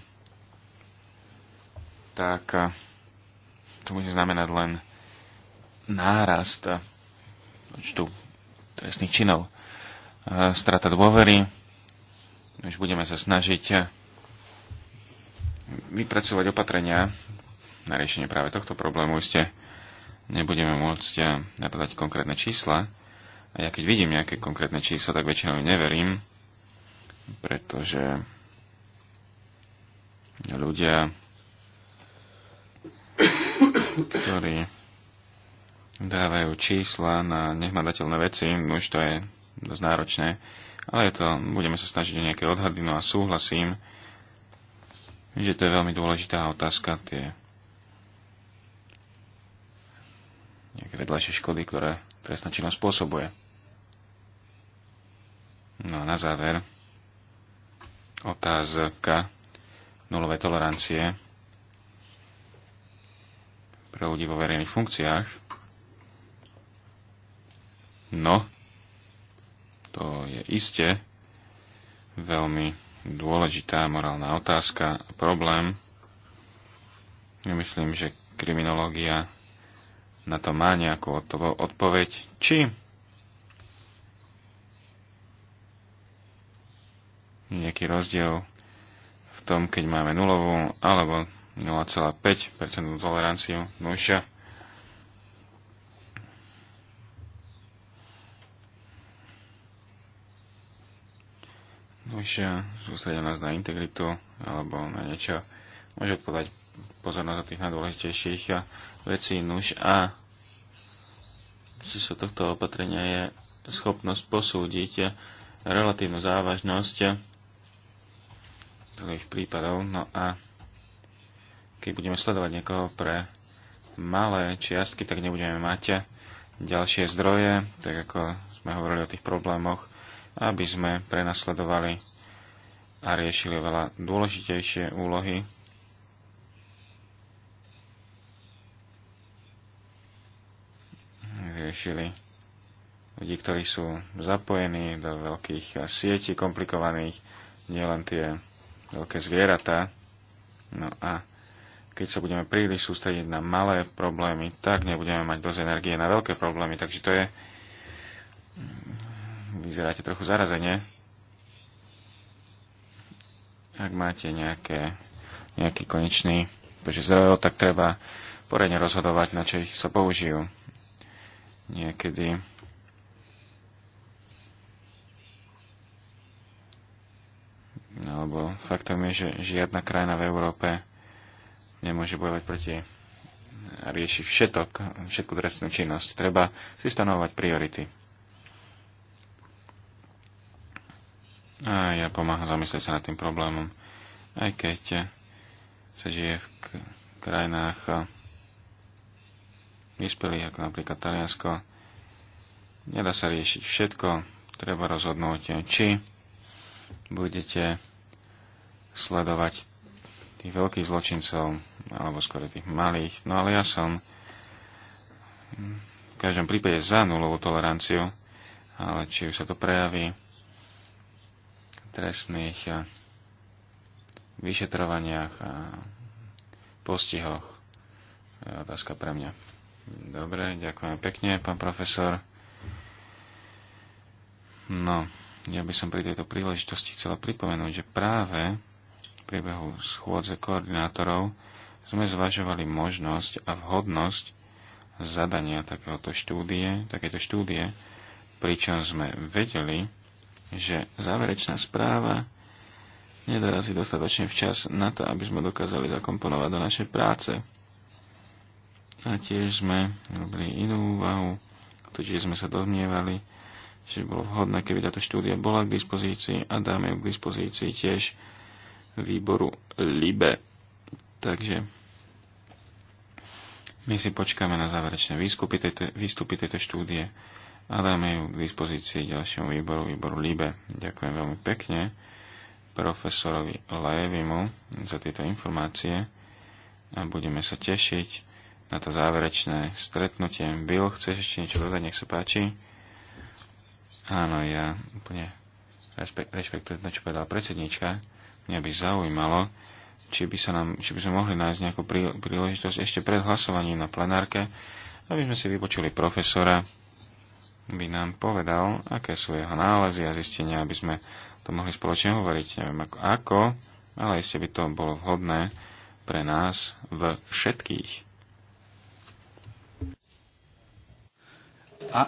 Speaker 3: tak eh, to bude znamenať len nárast počtu trestných činov, e, strata dôvery, už budeme sa snažiť vypracovať opatrenia na riešenie práve tohto problému. Ste nebudeme môcť e, napadať konkrétne čísla. A ja keď vidím nejaké konkrétne čísla, tak väčšinou neverím, pretože ľudia, ktorí dávajú čísla na nehmadateľné veci, už to je dosť náročné, ale je to, budeme sa snažiť o nejaké odhady, no a súhlasím, že to je veľmi dôležitá otázka, tie nejaké vedľajšie škody, ktoré trestná činnosť spôsobuje. No a na záver otázka nulovej tolerancie pre ľudí vo verejných funkciách. No, to je iste veľmi dôležitá morálna otázka a problém. Ja myslím, že kriminológia na to má nejakú odpoveď. Či nejaký rozdiel v tom, keď máme nulovú alebo 0,5% toleranciu. Nuša, už sústredia nás na integritu alebo na niečo, môže odpovedať pozornosť od tých najdôležitejších vecí. Nuž a číslo tohto opatrenia je schopnosť posúdiť relatívnu závažnosť zlých prípadov. No a keď budeme sledovať niekoho pre malé čiastky, tak nebudeme mať ďalšie zdroje, tak ako sme hovorili o tých problémoch aby sme prenasledovali a riešili veľa dôležitejšie úlohy. Riešili ľudí, ktorí sú zapojení do veľkých sietí komplikovaných, nielen tie veľké zvieratá. No a keď sa budeme príliš sústrediť na malé problémy, tak nebudeme mať dosť energie na veľké problémy. Takže to je vyzeráte trochu zarazene. Ak máte nejaké, nejaký konečný počet tak treba poradne rozhodovať, na čo ich sa použijú. Niekedy alebo faktom je, že žiadna krajina v Európe nemôže bojovať proti a rieši všetok, všetku trestnú činnosť. Treba si stanovať priority. A ja pomáham zamyslieť sa nad tým problémom, aj keď sa žije v krajinách vyspelých, ako napríklad Taliansko. Nedá sa riešiť všetko, treba rozhodnúť, či budete sledovať tých veľkých zločincov, alebo skôr tých malých. No ale ja som v každom prípade za nulovú toleranciu, ale či už sa to prejaví trestných eh, vyšetrovaniach a postihoch. Je otázka pre mňa. Dobre, ďakujem pekne, pán profesor. No, ja by som pri tejto príležitosti chcel pripomenúť, že práve v priebehu schôdze koordinátorov sme zvažovali možnosť a vhodnosť zadania takéhoto štúdie, takéto štúdie, pričom sme vedeli, že záverečná správa nedorazí dostatočne včas na to, aby sme dokázali zakomponovať do našej práce. A tiež sme robili inú úvahu, totiž sme sa domnievali, že bolo vhodné, keby táto štúdia bola k dispozícii a dáme ju k dispozícii tiež výboru LIBE. Takže my si počkáme na záverečné výstupy tejto, výstupy tejto štúdie a dáme ju k dispozícii ďalšiemu výboru, výboru LIBE. Ďakujem veľmi pekne profesorovi Lajevimu za tieto informácie a budeme sa tešiť na to záverečné stretnutie. Bill, chceš ešte niečo dodať? Nech sa páči. Áno, ja úplne rešpektujem to, čo povedala predsednička. Mňa by zaujímalo, či by, sa nám, či by sme mohli nájsť nejakú príležitosť ešte pred hlasovaním na plenárke, aby sme si vypočuli profesora by nám povedal, aké sú jeho nálezy a zistenia, aby sme to mohli spoločne hovoriť. Neviem ako, ako ale iste by to bolo vhodné pre nás v všetkých. A,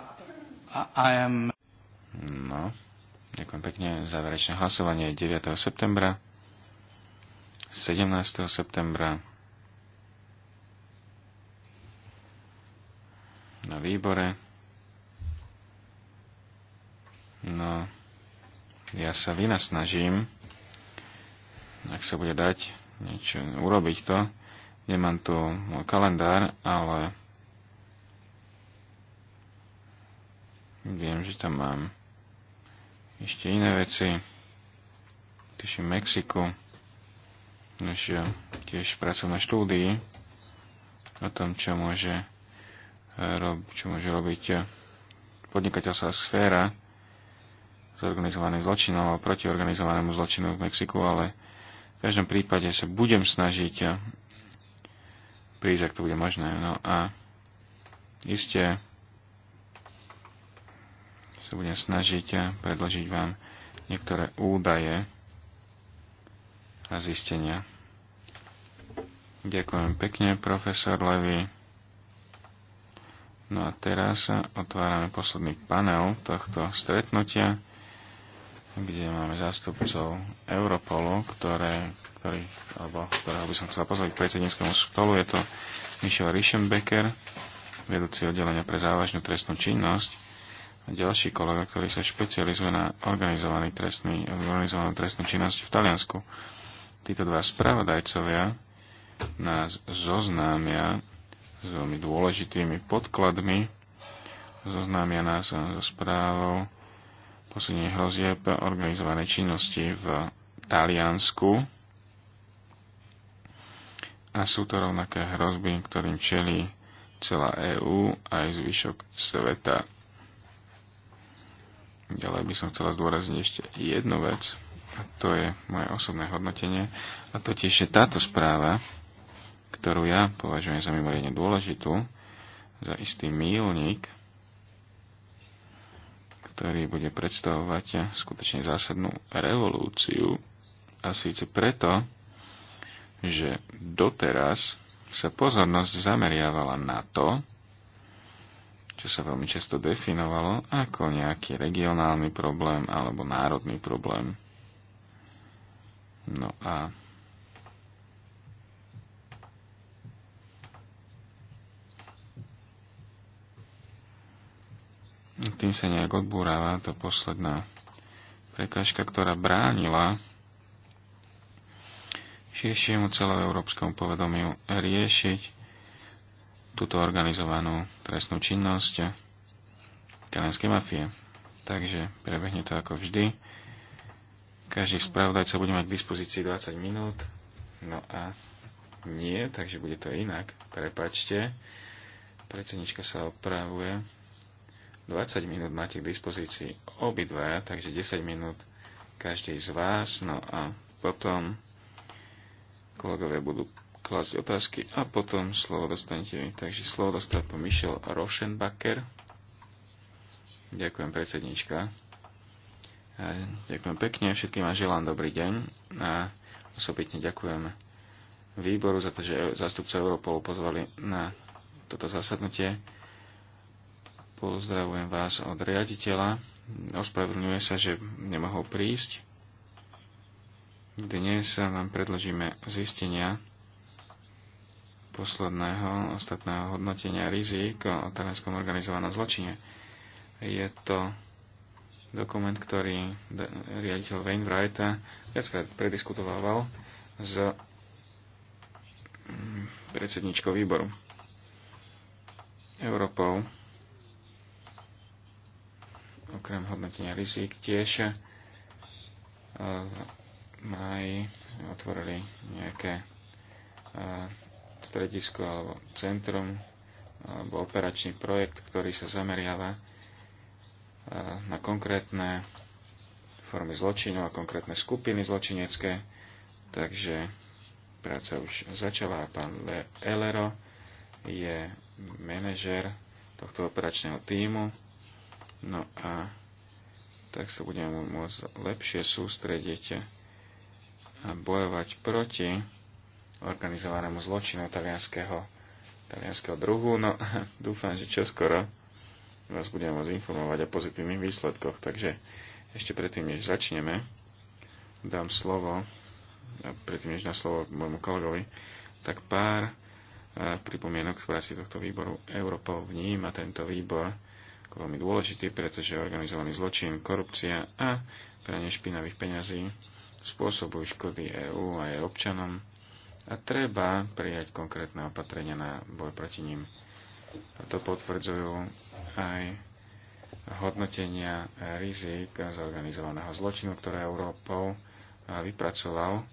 Speaker 3: a, I am... No, ďakujem pekne. Záverečné hlasovanie je 9. septembra, 17. septembra na výbore ja sa vynasnažím, ak sa bude dať niečo urobiť to. Nemám tu môj kalendár, ale viem, že tam mám ešte iné veci. Tuším Mexiku. Než ja tiež pracujem na štúdii o tom, čo môže, eh, čo môže robiť eh, podnikateľská sféra s zločinov zločinom alebo proti organizovanému zločinu v Mexiku, ale v každom prípade sa budem snažiť eh, prísť, ak to bude možné. No a iste sa budem snažiť eh, predložiť vám niektoré údaje a zistenia. Ďakujem pekne, profesor Levy. No a teraz otvárame posledný panel tohto stretnutia kde máme zástupcov Europolu, ktoré, ktorý, alebo, ktorého by som chcel pozvať k predsedníckému stolu. Je to Michel Rischenbecker, vedúci oddelenia pre závažnú trestnú činnosť a ďalší kolega, ktorý sa špecializuje na organizovaný trestný, organizovanú trestnú činnosť v Taliansku. Títo dva spravodajcovia nás zoznámia s veľmi dôležitými podkladmi, zoznámia nás so správou posunie hrozieb organizovanej činnosti v Taliansku. A sú to rovnaké hrozby, ktorým čelí celá EÚ aj zvyšok sveta. Ďalej by som chcela zdôrazniť ešte jednu vec, a to je moje osobné hodnotenie, a to tiež je táto správa, ktorú ja považujem za mimoriadne dôležitú, za istý mílnik, ktorý bude predstavovať skutočne zásadnú revolúciu a síce preto, že doteraz sa pozornosť zameriavala na to, čo sa veľmi často definovalo ako nejaký regionálny problém alebo národný problém. No a Tým sa nejak odbúrava to posledná prekážka, ktorá bránila širšiemu celoeurópskemu povedomiu riešiť túto organizovanú trestnú činnosť italianskej mafie. Takže prebehne to ako vždy. Každý spravodajca bude mať k dispozícii 20 minút. No a nie, takže bude to inak. Prepačte. Predsednička sa opravuje. 20 minút máte k dispozícii obidva, takže 10 minút každý z vás, no a potom kolegovia budú klásť otázky a potom slovo dostanete Takže slovo dostal po Michel Rošenbacher. Ďakujem, predsednička. A ďakujem pekne, všetkým a želám dobrý deň a osobitne ďakujem výboru za to, že zástupca Europolu pozvali na toto zasadnutie pozdravujem vás od riaditeľa. Ospravedlňuje sa, že nemohol prísť. Dnes vám predložíme zistenia posledného ostatného hodnotenia rizik o talianskom organizovanom zločine. Je to dokument, ktorý riaditeľ Wainwrighta viackrát prediskutoval s mm, predsedničkou výboru Európou okrem hodnotenia rizik tiež e, aj otvorili nejaké e, stredisko alebo centrum alebo operačný projekt, ktorý sa zameriava e, na konkrétne formy zločinov a konkrétne skupiny zločinecké. Takže práca už začala a pán Elero je manažer tohto operačného týmu No a tak sa budeme môcť lepšie sústrediť a bojovať proti organizovanému zločinu talianského, talianského druhu. No a dúfam, že čoskoro vás budeme môcť informovať o pozitívnych výsledkoch. Takže ešte predtým, než začneme, dám slovo, a predtým, než na slovo môjmu kolegovi, tak pár pripomienok v práci tohto výboru. Europol vníma tento výbor ako veľmi dôležitý, pretože organizovaný zločin, korupcia a pranie špinavých peňazí spôsobujú škody EÚ a jej občanom a treba prijať konkrétne opatrenia na boj proti ním. A to potvrdzujú aj hodnotenia rizik zorganizovaného zločinu, ktoré Európou vypracoval.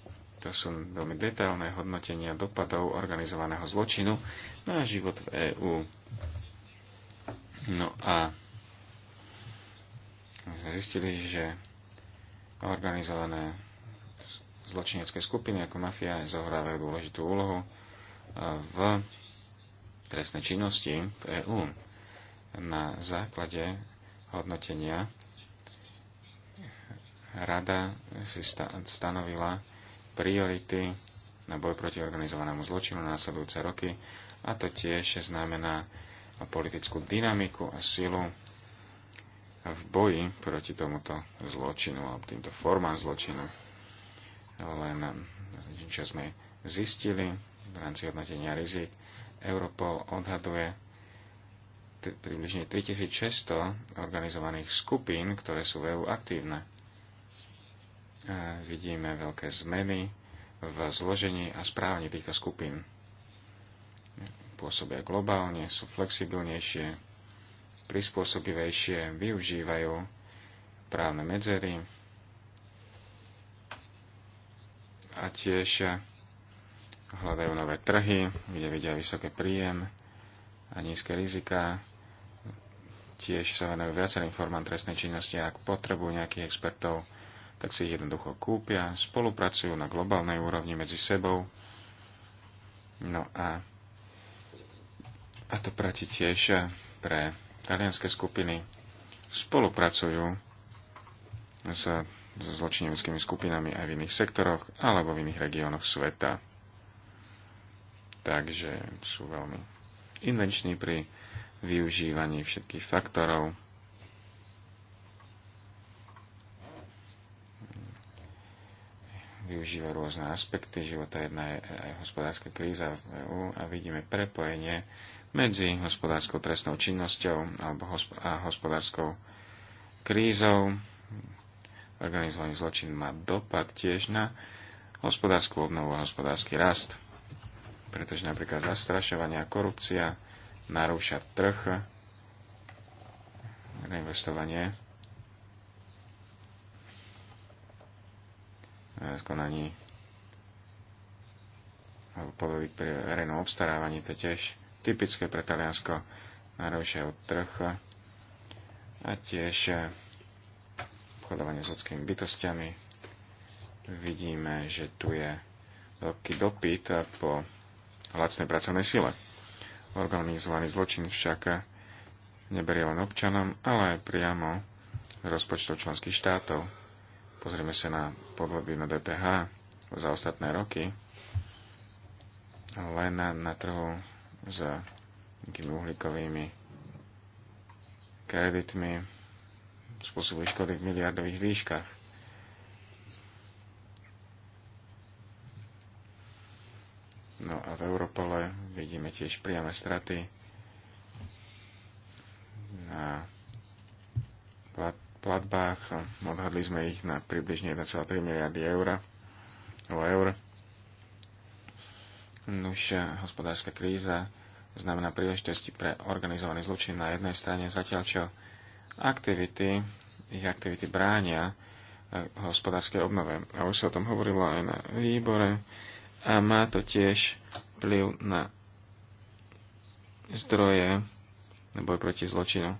Speaker 3: To sú veľmi detailné hodnotenia dopadov organizovaného zločinu na život v EÚ. No a sme zistili, že organizované zločinecké skupiny ako mafia zohrávajú dôležitú úlohu e, v trestnej činnosti v EÚ. Na základe hodnotenia rada si stanovila priority na boj proti organizovanému zločinu na následujúce roky a to tiež znamená a politickú dynamiku a silu v boji proti tomuto zločinu alebo týmto formám zločinu. Len čo sme zistili v rámci hodnotenia rizik, Europol odhaduje približne 3600 organizovaných skupín, ktoré sú v EU aktívne. vidíme veľké zmeny v zložení a správaní týchto skupín pôsobia globálne, sú flexibilnejšie, prispôsobivejšie, využívajú právne medzery a tiež hľadajú nové trhy, kde vidia vysoké príjem a nízke rizika. Tiež sa venujú viacerým formám trestnej činnosti a ak potrebujú nejakých expertov, tak si ich jednoducho kúpia, spolupracujú na globálnej úrovni medzi sebou. No a a to prati tiež pre talianské skupiny, spolupracujú s, so zločineckými skupinami aj v iných sektoroch alebo v iných regiónoch sveta. Takže sú veľmi invenční pri využívaní všetkých faktorov. Využíva rôzne aspekty života. Jedna je aj hospodárska kríza v EU a vidíme prepojenie medzi hospodárskou trestnou činnosťou alebo hospodárskou krízou. Organizovaný zločin má dopad tiež na hospodárskú obnovu a hospodársky rast, pretože napríklad zastrašovanie a korupcia narúša trh, reinvestovanie eh, skonaní alebo podoby pri verejnom obstarávaní to tiež typické pre Taliansko, od trh a tiež eh, obchodovanie s ľudskými bytostiami. Vidíme, že tu je veľký dopyt eh, po lacnej pracovnej sile. Organizovaný zločin však eh, neberie len občanom, ale aj priamo rozpočtov členských štátov. Pozrieme sa na podvody na DPH za ostatné roky. Len na, na trhu s nejakými uhlíkovými kreditmi spôsobuje škody v miliardových výškach. No a v Europole vidíme tiež priame straty na platbách. Odhadli sme ich na približne 1,3 miliardy eur. eur. Nuž eh, hospodárska kríza znamená príležitosti pre organizovaný zločin na jednej strane, zatiaľ čo aktivity, ich aktivity bránia eh, hospodárskej obnove. A už sa o tom hovorilo aj na výbore a má to tiež vplyv na zdroje na boj proti zločinu.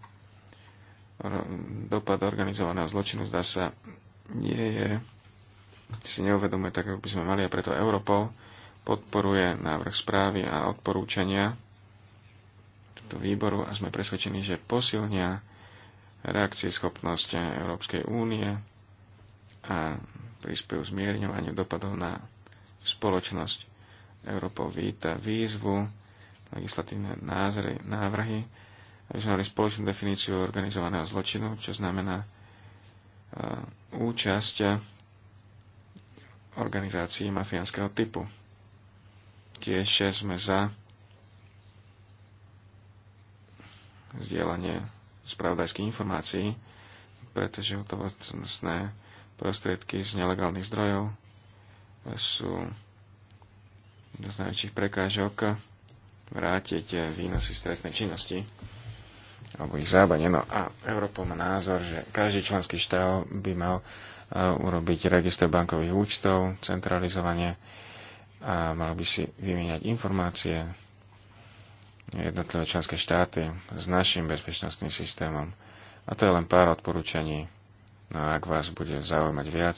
Speaker 3: Dopad organizovaného zločinu zdá sa nie je, si neuvedomuje tak, ako by sme mali a preto Europol podporuje návrh správy a odporúčania tohto výboru a sme presvedčení, že posilnia schopnosť Európskej únie a príspev zmierňovaniu dopadov na spoločnosť. Európov víta výzvu, legislatívne názory, návrhy, aby sme mali spoločnú definíciu organizovaného zločinu, čo znamená e, účasť organizácií mafiánskeho typu. Tiež sme za zdieľanie spravodajských informácií, pretože hotovostné prostriedky z nelegálnych zdrojov sú do z najväčších prekážok vrátiť výnosy z trestnej činnosti alebo ich zábanie. No a Európa má názor, že každý členský štát by mal e, urobiť register bankových účtov, centralizovanie a mal by si vymieňať informácie jednotlivé členské štáty s našim bezpečnostným systémom. A to je len pár odporúčaní. No a ak vás bude zaujímať viac,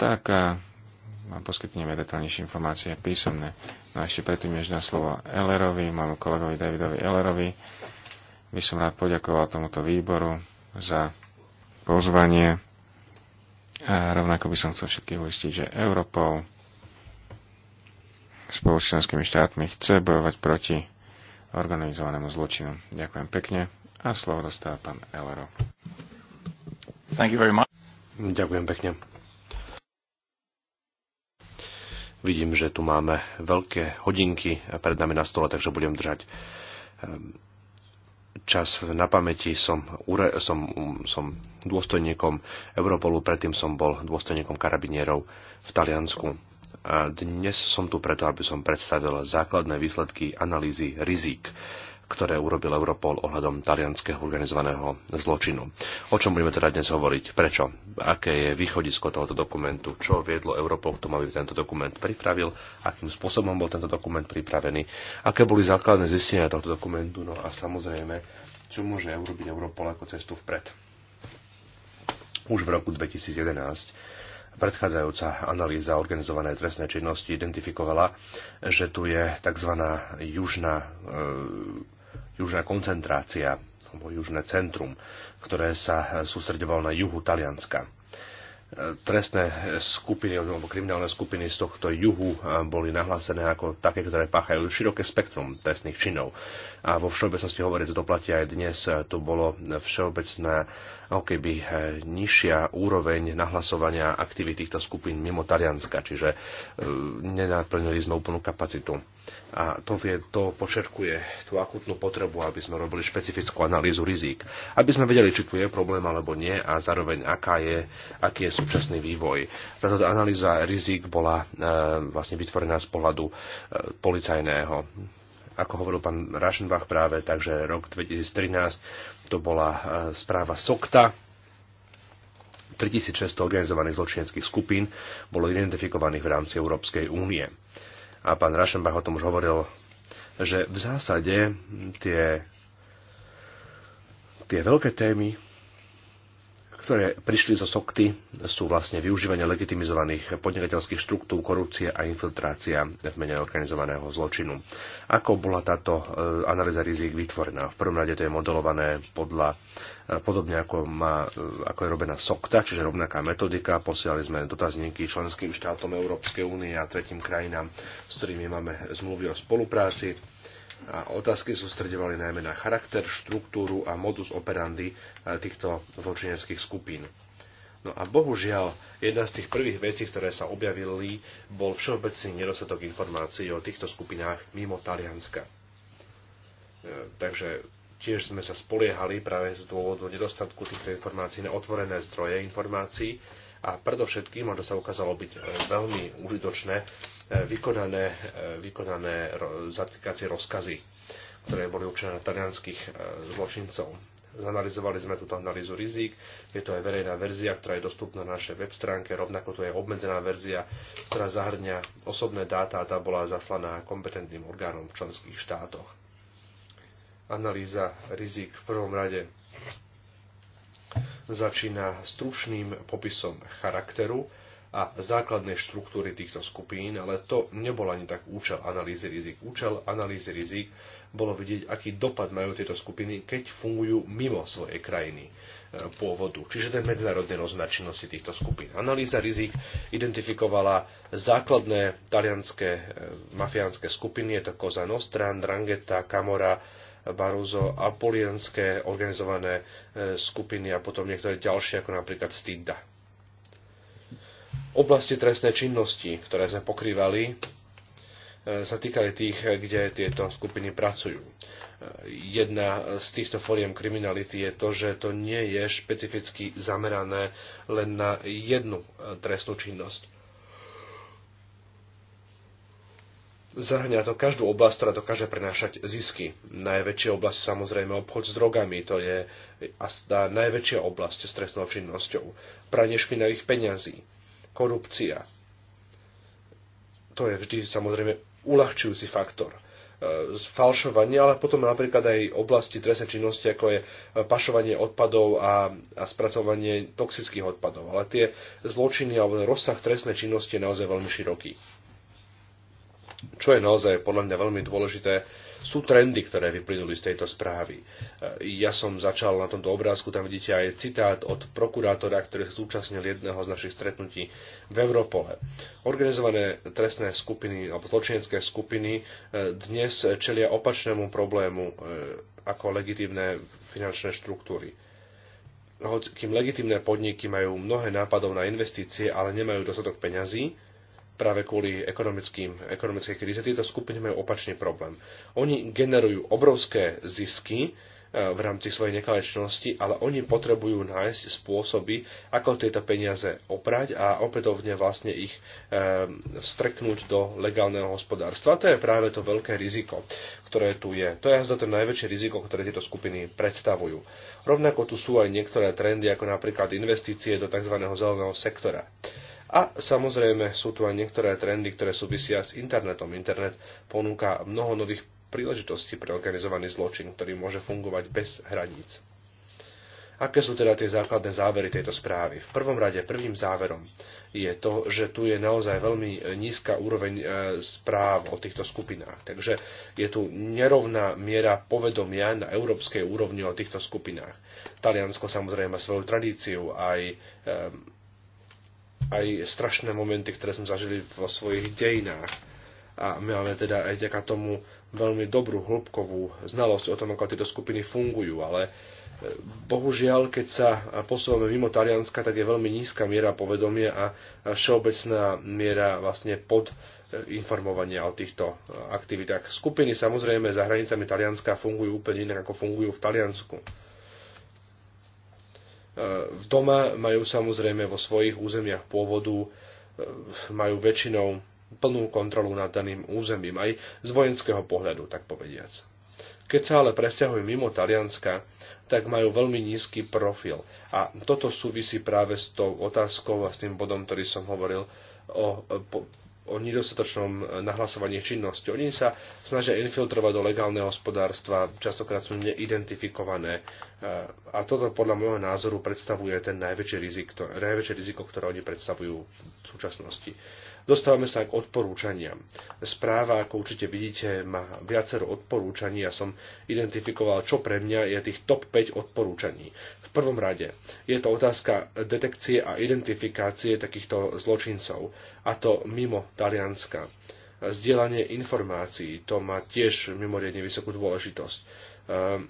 Speaker 3: tak vám poskytneme detaľnejšie informácie písomné. No a ešte predtým, než na slovo Ellerovi, môjmu kolegovi Davidovi Ellerovi, by som rád poďakoval tomuto výboru za pozvanie. A rovnako by som chcel všetkých uistiť, že Europol spolu s členskými štátmi chce bojovať proti organizovanému zločinu. Ďakujem pekne a slovo dostáva pán Elero. Thank you very much. Ďakujem pekne. Vidím, že
Speaker 2: tu máme veľké hodinky pred nami na stole, takže budem držať ehm, čas na pamäti. Som, ure, som, um, som dôstojníkom Europolu, predtým som bol dôstojníkom karabinierov v Taliansku dnes som tu preto, aby som predstavil základné výsledky analýzy rizík ktoré urobil Europol ohľadom talianského organizovaného zločinu. O čom budeme teda dnes hovoriť? Prečo? Aké je východisko tohoto dokumentu? Čo viedlo Europol k tomu, aby tento dokument pripravil? Akým spôsobom bol tento dokument pripravený? Aké boli základné zistenia tohto dokumentu? No a samozrejme, čo môže urobiť Europol ako cestu vpred? Už v roku 2011 Predchádzajúca analýza organizovanej trestnej činnosti identifikovala, že tu je tzv. južná, e, južná koncentrácia alebo južné centrum, ktoré sa sústredovalo na juhu Talianska e, trestné skupiny alebo kriminálne skupiny z tohto juhu e, boli nahlásené ako také, ktoré páchajú široké spektrum trestných činov a vo všeobecnosti hovoriac doplatia aj dnes, To bolo všeobecná ako keby eh, nižšia úroveň nahlasovania aktivít týchto skupín mimo Talianska, čiže eh, nenaplnili sme úplnú kapacitu. A to, vie, to počerkuje tú akutnú potrebu, aby sme robili špecifickú analýzu rizík, aby sme vedeli, či tu je problém alebo nie a zároveň aká je, aký je súčasný vývoj. Táto analýza rizik bola e, vlastne vytvorená z pohľadu e, policajného ako hovoril pán Rašenbach práve, takže rok 2013 to bola e, správa SOKTA, 3600 organizovaných zločineckých skupín bolo identifikovaných v rámci Európskej únie. A pán Rašenbach o tom už hovoril, že v zásade tie, tie veľké témy ktoré prišli zo SOKTY, sú vlastne využívanie legitimizovaných podnikateľských štruktúr, korupcie a infiltrácia v mene organizovaného zločinu. Ako bola táto e, analýza rizik vytvorená? V prvom rade to je modelované podľa e, podobne ako, má, e, ako je robená SOKTA, čiže rovnaká metodika. Posielali sme dotazníky členským štátom Európskej únie a tretím krajinám, s ktorými máme zmluvy o spolupráci a otázky sústredovali najmä na charakter, štruktúru a modus operandi e, týchto zločineckých skupín. No a bohužiaľ, jedna z tých prvých vecí, ktoré sa objavili, bol všeobecný nedostatok informácií o týchto skupinách mimo Talianska. E, takže tiež sme sa spoliehali práve z dôvodu nedostatku týchto informácií na otvorené zdroje informácií, a predovšetkým, a to sa ukázalo byť e, veľmi užitočné, e, vykonané, e, vykonané zatýkacie rozkazy, ktoré boli určené na talianských zločincov. Zanalizovali sme túto analýzu rizik, je to aj verejná verzia, ktorá je dostupná na našej web stránke, rovnako to je obmedzená verzia, ktorá zahrňa osobné dáta a tá bola zaslaná kompetentným orgánom v členských štátoch. Analýza rizik v prvom rade Začína stručným popisom charakteru a základnej štruktúry týchto skupín, ale to nebol ani tak účel analýzy rizik. Účel analýzy rizik bolo vidieť, aký dopad majú tieto skupiny, keď fungujú mimo svojej krajiny e, pôvodu. Čiže ten medzinárodný rozmer činnosti týchto skupín. Analýza rizik identifikovala základné talianské e, mafiánske skupiny, je to Koza Nostra, Drangheta, Camora, Baruzo a organizované e, skupiny a potom niektoré ďalšie, ako napríklad Stida. Oblasti trestnej činnosti, ktoré sme pokrývali, e, sa týkali tých, kde tieto skupiny pracujú. E, jedna z týchto fóriem kriminality je to, že to nie je špecificky zamerané len na jednu trestnú činnosť Zahrňa to každú oblasť, ktorá dokáže prenášať zisky. Najväčšia oblasť samozrejme obchod s drogami, to je tá najväčšia oblasť s trestnou činnosťou. Pranie špinavých peňazí, korupcia. To je vždy samozrejme uľahčujúci faktor e, falšovanie, ale potom napríklad aj oblasti trestnej činnosti, ako je e, pašovanie odpadov a, a spracovanie toxických odpadov. Ale tie zločiny alebo rozsah trestnej činnosti je naozaj veľmi široký čo je naozaj podľa mňa veľmi dôležité, sú trendy, ktoré vyplynuli z tejto správy. E, ja som začal na tomto obrázku, tam vidíte aj citát od prokurátora, ktorý sa zúčastnil jedného z našich stretnutí v Europole. Organizované trestné skupiny alebo zločinecké skupiny e, dnes čelia opačnému problému e, ako legitívne finančné štruktúry. Hoď, kým legitímne podniky majú mnohé nápadov na investície, ale nemajú dostatok peňazí, práve kvôli ekonomickej kríze, tieto skupiny majú opačný problém. Oni generujú obrovské zisky e, v rámci svojej nekalečnosti, ale oni potrebujú nájsť spôsoby, ako tieto peniaze oprať a opätovne vlastne ich e, vstreknúť do legálneho hospodárstva. To je práve to veľké riziko, ktoré tu je. To je za to najväčšie riziko, ktoré tieto skupiny predstavujú. Rovnako tu sú aj niektoré trendy, ako napríklad investície do tzv. zeleného sektora a samozrejme sú tu aj niektoré trendy, ktoré súvisia s internetom. Internet ponúka mnoho nových príležitostí pre organizovaný zločin, ktorý môže fungovať bez hraníc. Aké sú teda tie základné závery tejto správy? V prvom rade, prvým záverom je to, že tu je naozaj veľmi nízka úroveň e, správ o týchto skupinách. Takže je tu nerovná miera povedomia na európskej úrovni o týchto skupinách. Taliansko samozrejme má svoju tradíciu, aj e, aj strašné momenty, ktoré sme zažili vo svojich dejinách. A my máme teda aj vďaka tomu veľmi dobrú hĺbkovú znalosť o tom, ako tieto skupiny fungujú, ale e, bohužiaľ, keď sa posúvame mimo Talianska, tak je veľmi nízka miera povedomia a všeobecná miera vlastne pod e, informovania o týchto e, aktivitách. Skupiny samozrejme za hranicami Talianska fungujú úplne inak, ako fungujú v Taliansku v doma, majú samozrejme vo svojich územiach pôvodu, e, majú väčšinou plnú kontrolu nad daným územím, aj z vojenského pohľadu, tak povediac. Keď sa ale presťahujú mimo Talianska, tak majú veľmi nízky profil. A toto súvisí práve s tou otázkou a s tým bodom, ktorý som hovoril o o nedostatočnom e, nahlasovaní činnosti. Oni sa snažia infiltrovať do legálneho hospodárstva, častokrát sú neidentifikované. E, A toto podľa môjho názoru predstavuje ten najväčší riziko, najväčšie riziko, ktoré oni predstavujú v súčasnosti. Dostávame sa k odporúčaniam. Správa, ako určite vidíte, má viacero odporúčaní a ja som identifikoval, čo pre mňa je tých top 5 odporúčaní. V prvom rade je to otázka detekcie a identifikácie takýchto zločincov, a to mimo Talianska. Zdieľanie informácií, to má tiež mimoriadne vysokú dôležitosť. Ehm,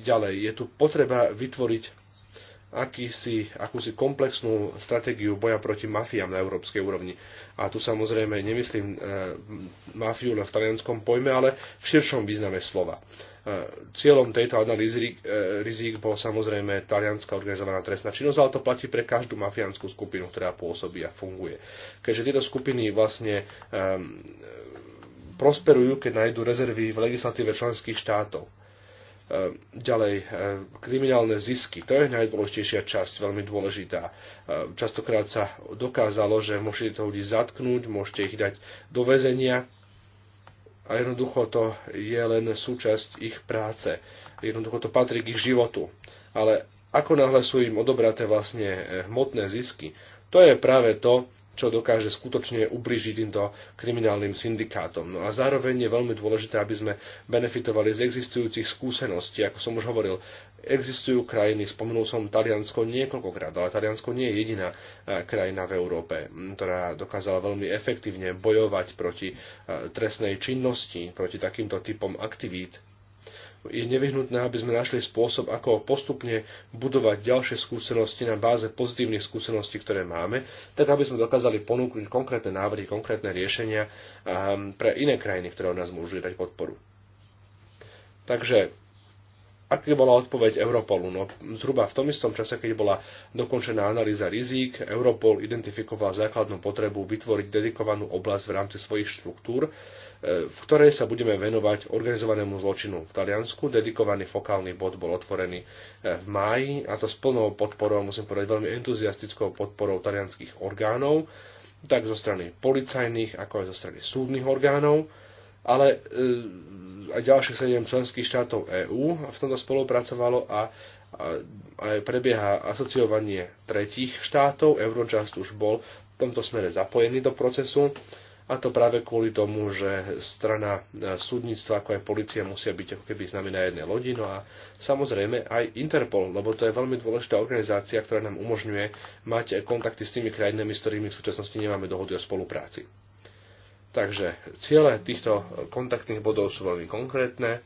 Speaker 2: ďalej, je tu potreba vytvoriť akýsi, akúsi komplexnú stratégiu boja proti mafiám na európskej úrovni. A tu samozrejme nemyslím e, mafiu len v talianskom pojme, ale v širšom význame slova. E, cieľom tejto analýzy e, rizík bol samozrejme talianská organizovaná trestná činnosť, ale to platí pre každú mafiánsku skupinu, ktorá pôsobí a funguje. Keďže tieto skupiny vlastne e, prosperujú, keď nájdú rezervy v legislatíve členských štátov Ehm, ďalej, ehm, kriminálne zisky, to je najdôležitejšia časť, veľmi dôležitá. Ehm, častokrát sa dokázalo, že môžete to ľudí zatknúť, môžete ich dať do väzenia a jednoducho to je len súčasť ich práce. Jednoducho to patrí k ich životu. Ale ako náhle sú im odobraté vlastne hmotné zisky, to je práve to, čo dokáže skutočne ubližiť týmto kriminálnym syndikátom. No a zároveň je veľmi dôležité, aby sme benefitovali z existujúcich skúseností. Ako som už hovoril, existujú krajiny, spomenul som Taliansko niekoľkokrát, ale Taliansko nie je jediná e, krajina v Európe, ktorá dokázala veľmi efektívne bojovať proti e, trestnej činnosti, proti takýmto typom aktivít je nevyhnutné, aby sme našli spôsob, ako postupne budovať ďalšie skúsenosti na báze pozitívnych skúseností, ktoré máme, tak aby sme dokázali ponúknuť konkrétne návrhy, konkrétne riešenia ehm, pre iné krajiny, ktoré od nás môžu dať podporu. Takže Aká bola odpoveď Europolu? No, zhruba v tom istom čase, keď bola dokončená analýza rizík, Europol identifikoval základnú potrebu vytvoriť dedikovanú oblasť v rámci svojich štruktúr, v ktorej sa budeme venovať organizovanému zločinu v Taliansku. Dedikovaný fokálny bod bol otvorený eh, v máji a to s plnou podporou, musím povedať, veľmi entuziastickou podporou talianských orgánov, tak zo strany policajných, ako aj zo strany súdnych orgánov ale eh, aj ďalších sedem členských štátov EÚ v tomto spolupracovalo a aj prebieha asociovanie tretích štátov. Eurojust už bol v tomto smere zapojený do procesu a to práve kvôli tomu, že strana e, súdnictva ako aj policia musia byť ako keby znamená na jednej lodi. No a samozrejme aj Interpol, lebo to je veľmi dôležitá organizácia, ktorá nám umožňuje mať kontakty s tými krajinami, s ktorými v súčasnosti nemáme dohody o spolupráci. Takže ciele týchto kontaktných bodov sú veľmi konkrétne.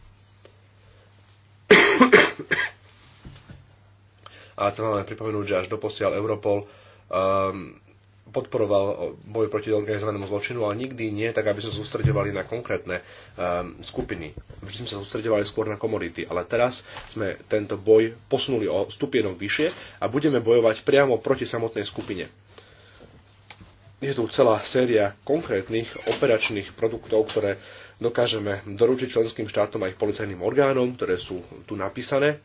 Speaker 2: A chcem vám pripomenúť, že až doposiaľ Europol um, podporoval boj proti organizovanému zločinu, ale nikdy nie tak, aby sme sústredovali na konkrétne um, skupiny. Vždy sme sa sústredovali skôr na komodity, ale teraz sme tento boj posunuli o stupienok vyššie a budeme bojovať priamo proti samotnej skupine. Je tu celá séria konkrétnych operačných produktov, ktoré dokážeme doručiť členským štátom a ich policajným orgánom, ktoré sú tu napísané.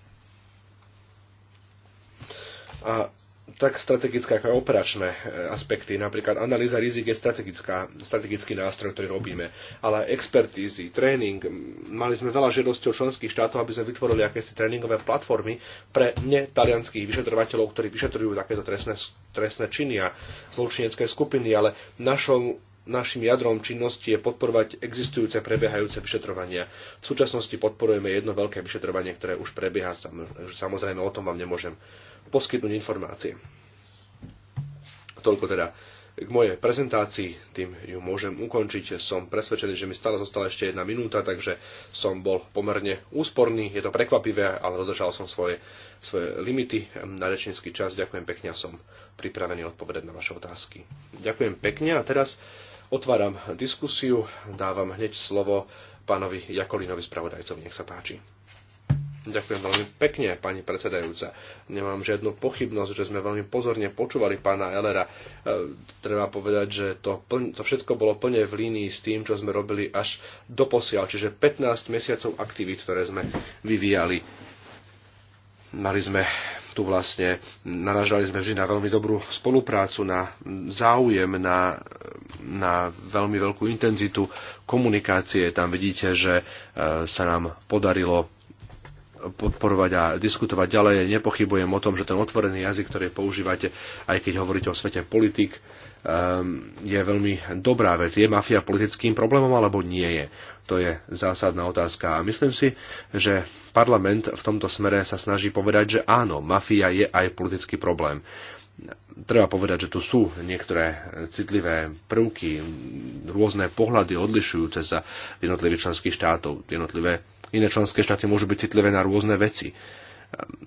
Speaker 2: A tak strategické ako aj operačné e, aspekty. Napríklad analýza rizik je strategická, strategický nástroj, ktorý robíme. Ale expertízy, tréning, mali sme veľa žiadostí od členských štátov, aby sme vytvorili akési tréningové platformy pre netalianských vyšetrovateľov, ktorí vyšetrujú takéto trestné, trestné činy a zločinecké skupiny. Ale našou Našim jadrom činnosti je podporovať existujúce prebiehajúce vyšetrovania. V súčasnosti podporujeme jedno veľké vyšetrovanie, ktoré už prebieha. Samozrejme, o tom vám nemôžem poskytnúť informácie. Toľko teda k mojej prezentácii, tým ju môžem ukončiť. Som presvedčený, že mi stále zostala ešte jedna minúta, takže som bol pomerne úsporný. Je to prekvapivé, ale dodržal som svoje, svoje limity na rečnícky čas. Ďakujem pekne a som pripravený odpovedať na vaše otázky. Ďakujem pekne a teraz otváram diskusiu. Dávam hneď slovo pánovi Jakolinovi spravodajcovi. Nech sa páči. Ďakujem veľmi pekne, pani predsedajúca. Nemám žiadnu pochybnosť, že sme veľmi pozorne počúvali pána Elera. E, treba povedať, že to, pln, to všetko bolo plne v línii s tým, čo sme robili až do posiaľ, čiže 15 mesiacov aktivít, ktoré sme vyvíjali. Mali sme tu vlastne, naražali sme vždy na veľmi dobrú spoluprácu, na záujem, na, na veľmi veľkú intenzitu komunikácie. Tam vidíte, že e, sa nám podarilo podporovať a diskutovať ďalej. Nepochybujem o tom, že ten otvorený jazyk, ktorý používate, aj keď hovoríte o svete politik, ehm, je veľmi dobrá vec. Je mafia politickým problémom alebo nie je? To je zásadná otázka. A myslím si, že parlament v tomto smere sa snaží povedať, že áno, mafia je aj politický problém treba povedať, že tu sú niektoré citlivé prvky, rôzne pohľady odlišujúce sa v jednotlivých členských štátov. Jednotlivé iné členské štáty môžu byť citlivé na rôzne veci.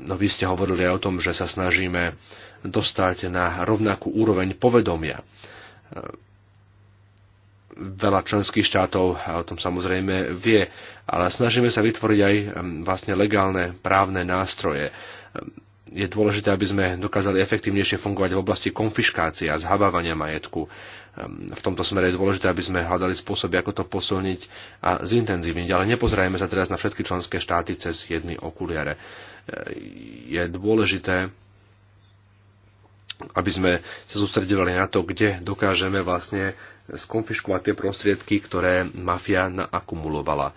Speaker 2: No vy ste hovorili aj o tom, že sa snažíme dostať na rovnakú úroveň povedomia. Veľa členských štátov o tom samozrejme vie, ale snažíme sa vytvoriť aj mm, vlastne legálne právne nástroje je dôležité, aby sme dokázali efektívnejšie fungovať v oblasti konfiškácie a zhabávania majetku. Ehm, v tomto smere je dôležité, aby sme hľadali spôsoby, ako to posilniť a zintenzívniť. Ale nepozerajme sa teraz na všetky členské štáty cez jedny okuliare. Ehm, je dôležité, aby sme sa sústredovali na to, kde dokážeme vlastne skonfiškovať tie prostriedky, ktoré mafia naakumulovala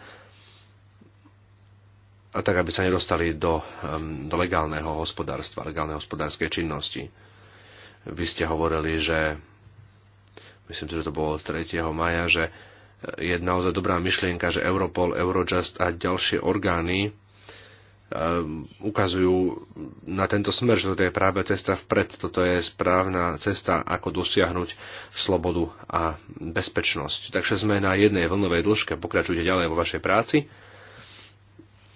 Speaker 2: a tak aby sa nedostali do, do legálneho hospodárstva, legálnej hospodárskej činnosti. Vy ste hovorili, že myslím že to bolo 3. maja, že eh, je naozaj dobrá myšlienka, že Europol, Eurojust a ďalšie orgány ukazujú na tento smer, že toto je práve cesta vpred, toto je správna cesta, ako dosiahnuť slobodu a bezpečnosť. Takže sme na jednej vlnovej dĺžke, pokračujte ďalej vo vašej práci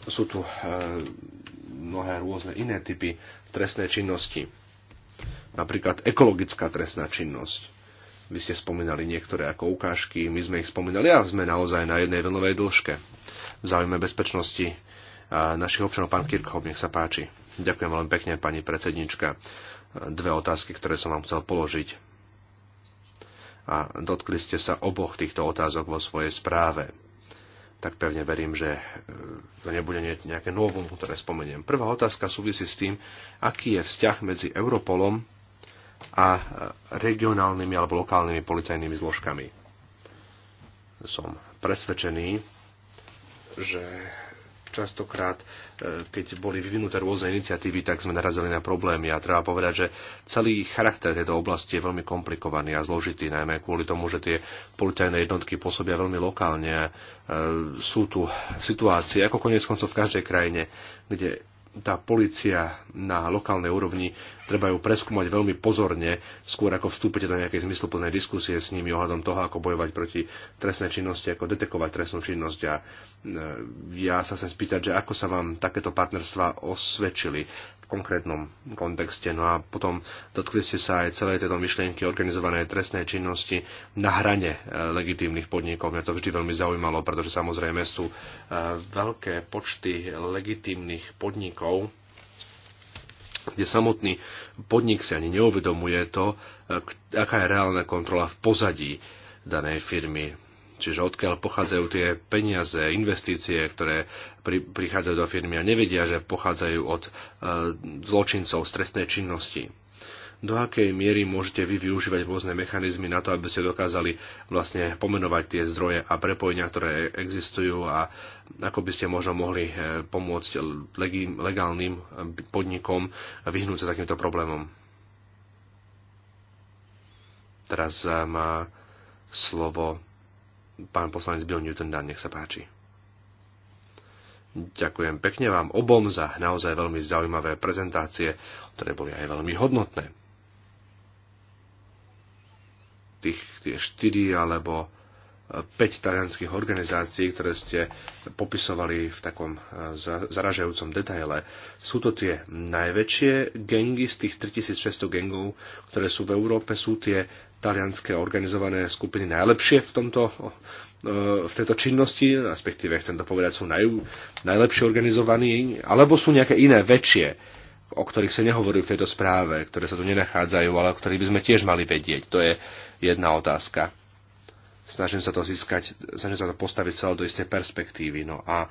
Speaker 2: sú tu e, mnohé rôzne iné typy trestnej činnosti. Napríklad ekologická trestná činnosť. Vy ste spomínali niektoré ako ukážky, my sme ich spomínali a sme naozaj na jednej vlnovej dĺžke. V záujme bezpečnosti e, našich občanov, pán Kirchhoff, nech sa páči. Ďakujem veľmi pekne, pani predsednička. Dve otázky, ktoré som vám chcel položiť. A dotkli ste sa oboch týchto otázok vo svojej správe tak pevne verím, že e, to nebude nejaké novum, ktoré spomeniem. Prvá otázka súvisí s tým, aký je vzťah medzi Europolom a e, regionálnymi alebo lokálnymi policajnými zložkami. Som presvedčený, že častokrát, e, keď boli vyvinuté rôzne iniciatívy, tak sme narazili na problémy a treba povedať, že celý charakter tejto oblasti je veľmi komplikovaný a zložitý, najmä kvôli tomu, že tie policajné jednotky pôsobia veľmi lokálne. E, sú tu situácie, ako konec koncov v každej krajine, kde tá policia na lokálnej úrovni, treba ju preskúmať veľmi pozorne, skôr ako vstúpite do nejakej zmysluplnej diskusie s nimi ohľadom toho, ako bojovať proti trestnej činnosti, ako detekovať trestnú činnosť. A e, ja sa chcem spýtať, že ako sa vám takéto partnerstva osvedčili, konkrétnom kontexte. No a potom dotkli ste sa aj celej tejto myšlienky organizovanej trestnej činnosti na hrane e, legitímnych podnikov. Mňa to vždy veľmi zaujímalo, pretože samozrejme sú e, veľké počty legitímnych podnikov, kde samotný podnik si ani neuvedomuje to, e, aká je reálna kontrola v pozadí danej firmy. Čiže odkiaľ pochádzajú tie peniaze, investície, ktoré pri, prichádzajú do firmy a nevedia, že pochádzajú od e, zločincov z trestnej činnosti. Do akej miery môžete vy využívať rôzne mechanizmy na to, aby ste dokázali vlastne pomenovať tie zdroje a prepojenia, ktoré existujú a ako by ste možno mohli e, pomôcť legálnym e, podnikom vyhnúť sa takýmto problémom. Teraz e, má slovo Pán poslanec Bill Newton dá, nech sa páči. Ďakujem pekne vám obom za naozaj veľmi zaujímavé prezentácie, ktoré boli aj veľmi hodnotné. Tých tie štyri alebo 5 talianských organizácií, ktoré ste popisovali v takom e, zaražajúcom detaile. Sú to tie najväčšie gengy z tých 3600 gengov, ktoré sú v Európe, sú tie talianské organizované skupiny najlepšie v, tomto, e, v tejto činnosti, respektíve chcem to povedať, sú naj, najlepšie organizovaní, alebo sú nejaké iné väčšie, o ktorých sa nehovorí v tejto správe, ktoré sa tu nenachádzajú, ale o ktorých by sme tiež mali vedieť. To je jedna otázka snažím sa to získať, snažím sa to postaviť celé do istej perspektívy. No a e,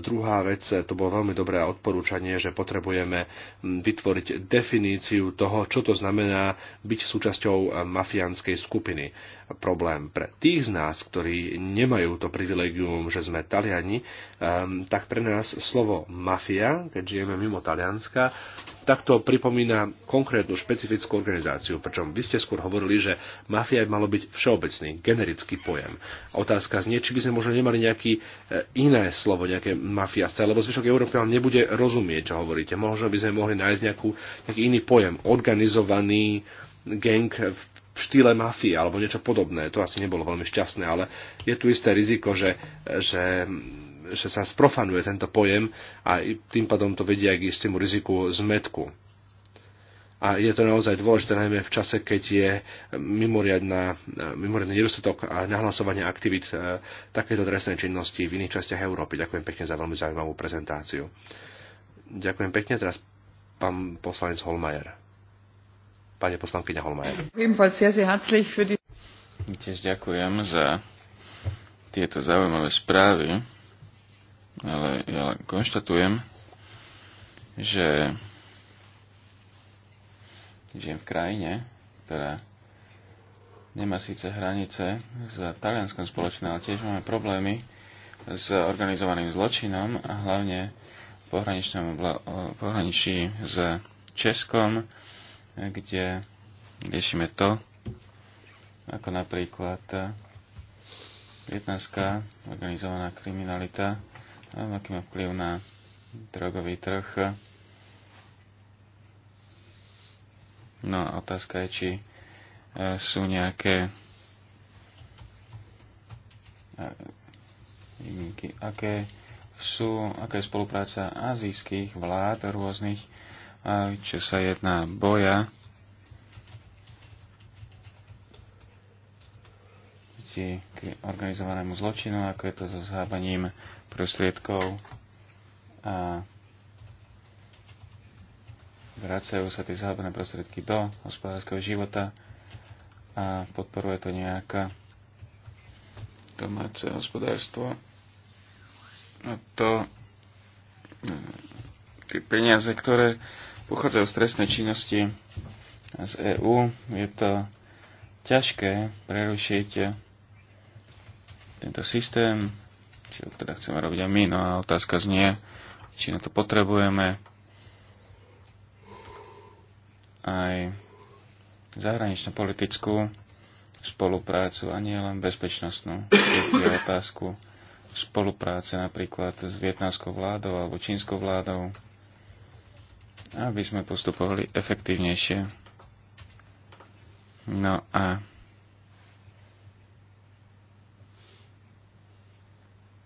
Speaker 2: druhá vec, e, to bolo veľmi dobré odporúčanie, že potrebujeme vytvoriť definíciu toho, čo to znamená byť súčasťou e, mafiánskej skupiny problém pre tých z nás, ktorí nemajú to privilegium, že sme Taliani, ehm, tak pre nás slovo mafia, keď žijeme mimo Talianska, tak to pripomína konkrétnu špecifickú organizáciu, pričom vy ste skôr hovorili, že mafia by malo byť všeobecný, generický pojem. Otázka znie, či by sme možno nemali nejaké eh, iné slovo, nejaké mafiaste, lebo zvyšok Európy vám nebude rozumieť, čo hovoríte. Možno by sme mohli nájsť nejakú, nejaký iný pojem, organizovaný gang v štýle mafie alebo niečo podobné. To asi nebolo veľmi šťastné, ale je tu isté riziko, že, že, že sa sprofanuje tento pojem a tým pádom to vedia k istému riziku zmetku. A je to naozaj dôležité, najmä v čase, keď je mimoriadný nedostatok a nahlasovania aktivít e, takéto trestnej činnosti v iných častiach Európy. Ďakujem pekne za veľmi zaujímavú prezentáciu. Ďakujem pekne. Teraz pán poslanec Holmajer. Pani poslankyňa
Speaker 3: Holmajer. Tiež ďakujem za tieto zaujímavé správy, ale ja konštatujem, že žijem v krajine, ktorá nemá síce hranice s talianskom spoločným, ale tiež máme problémy s organizovaným zločinom a hlavne v pohraničnom pohraničí s Českom, kde riešime to, ako napríklad vietnamská organizovaná kriminalita, aký má vplyv na drogový trh. No a otázka je, či e, sú nejaké e, aké sú, aké je spolupráca azijských vlád rôznych a čo sa jedná boja proti organizovanému zločinu, ako je to so zhábaním prostriedkov a vracajú sa tie zhábané prostriedky do hospodárskeho života a podporuje to nejaká domáce hospodárstvo. A to e, tie peniaze, ktoré pochádzajú z trestnej činnosti z EÚ, je to ťažké prerušiť tento systém, čo teda chceme robiť aj my, no a otázka znie, či na to potrebujeme aj zahraničnú politickú spoluprácu a nie len bezpečnostnú. Je otázku spolupráce napríklad s vietnamskou vládou alebo čínskou vládou aby sme postupovali efektívnejšie. No a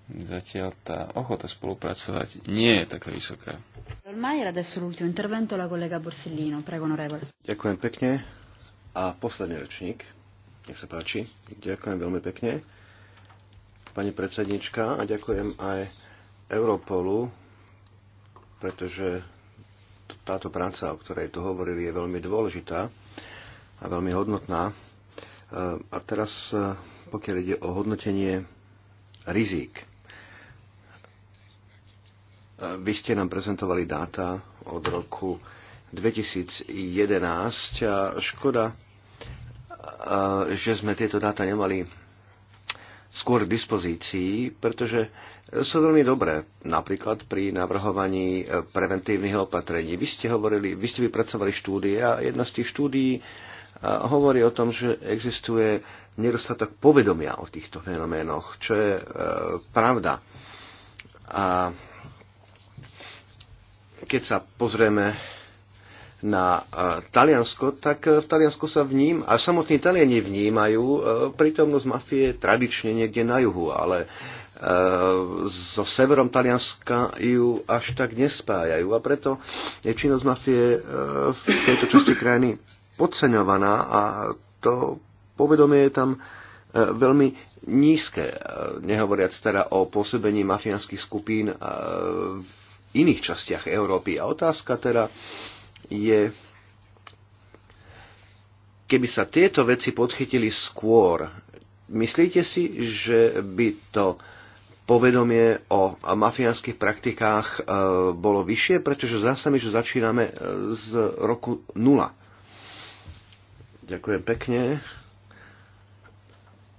Speaker 3: zatiaľ tá ochota spolupracovať nie je taká vysoká. Ďakujem pekne.
Speaker 1: A posledný rečník, nech sa páči. Ďakujem veľmi pekne. Pani predsednička, a ďakujem aj Europolu, pretože táto práca, o ktorej tu hovorili, je veľmi dôležitá a veľmi hodnotná. E, a teraz, e, pokiaľ ide o hodnotenie rizík, e, vy ste nám prezentovali dáta od roku 2011 a škoda, že sme tieto dáta nemali skôr k dispozícii, pretože sú veľmi dobré, napríklad pri navrhovaní e, preventívnych opatrení. Vy ste, hovorili, vy ste vypracovali štúdie a jedna z tých štúdií e, hovorí o tom, že existuje nedostatok povedomia o týchto fenoménoch, čo je e, pravda. A keď sa pozrieme na eh, Taliansko, tak eh, v Taliansku sa vním, a samotní Taliani vnímajú eh, prítomnosť mafie tradične niekde na juhu, ale so severom Talianska ju až tak nespájajú a preto je činnosť mafie v tejto časti krajiny podceňovaná a to povedomie je tam veľmi nízke, nehovoriac teda o pôsobení mafiánskych skupín v iných častiach Európy. A otázka teda je, keby sa tieto veci podchytili skôr, myslíte si, že by to povedomie o mafiánskych praktikách e, bolo vyššie, pretože zdá sa mi, že začíname e, z roku 0. Ďakujem pekne.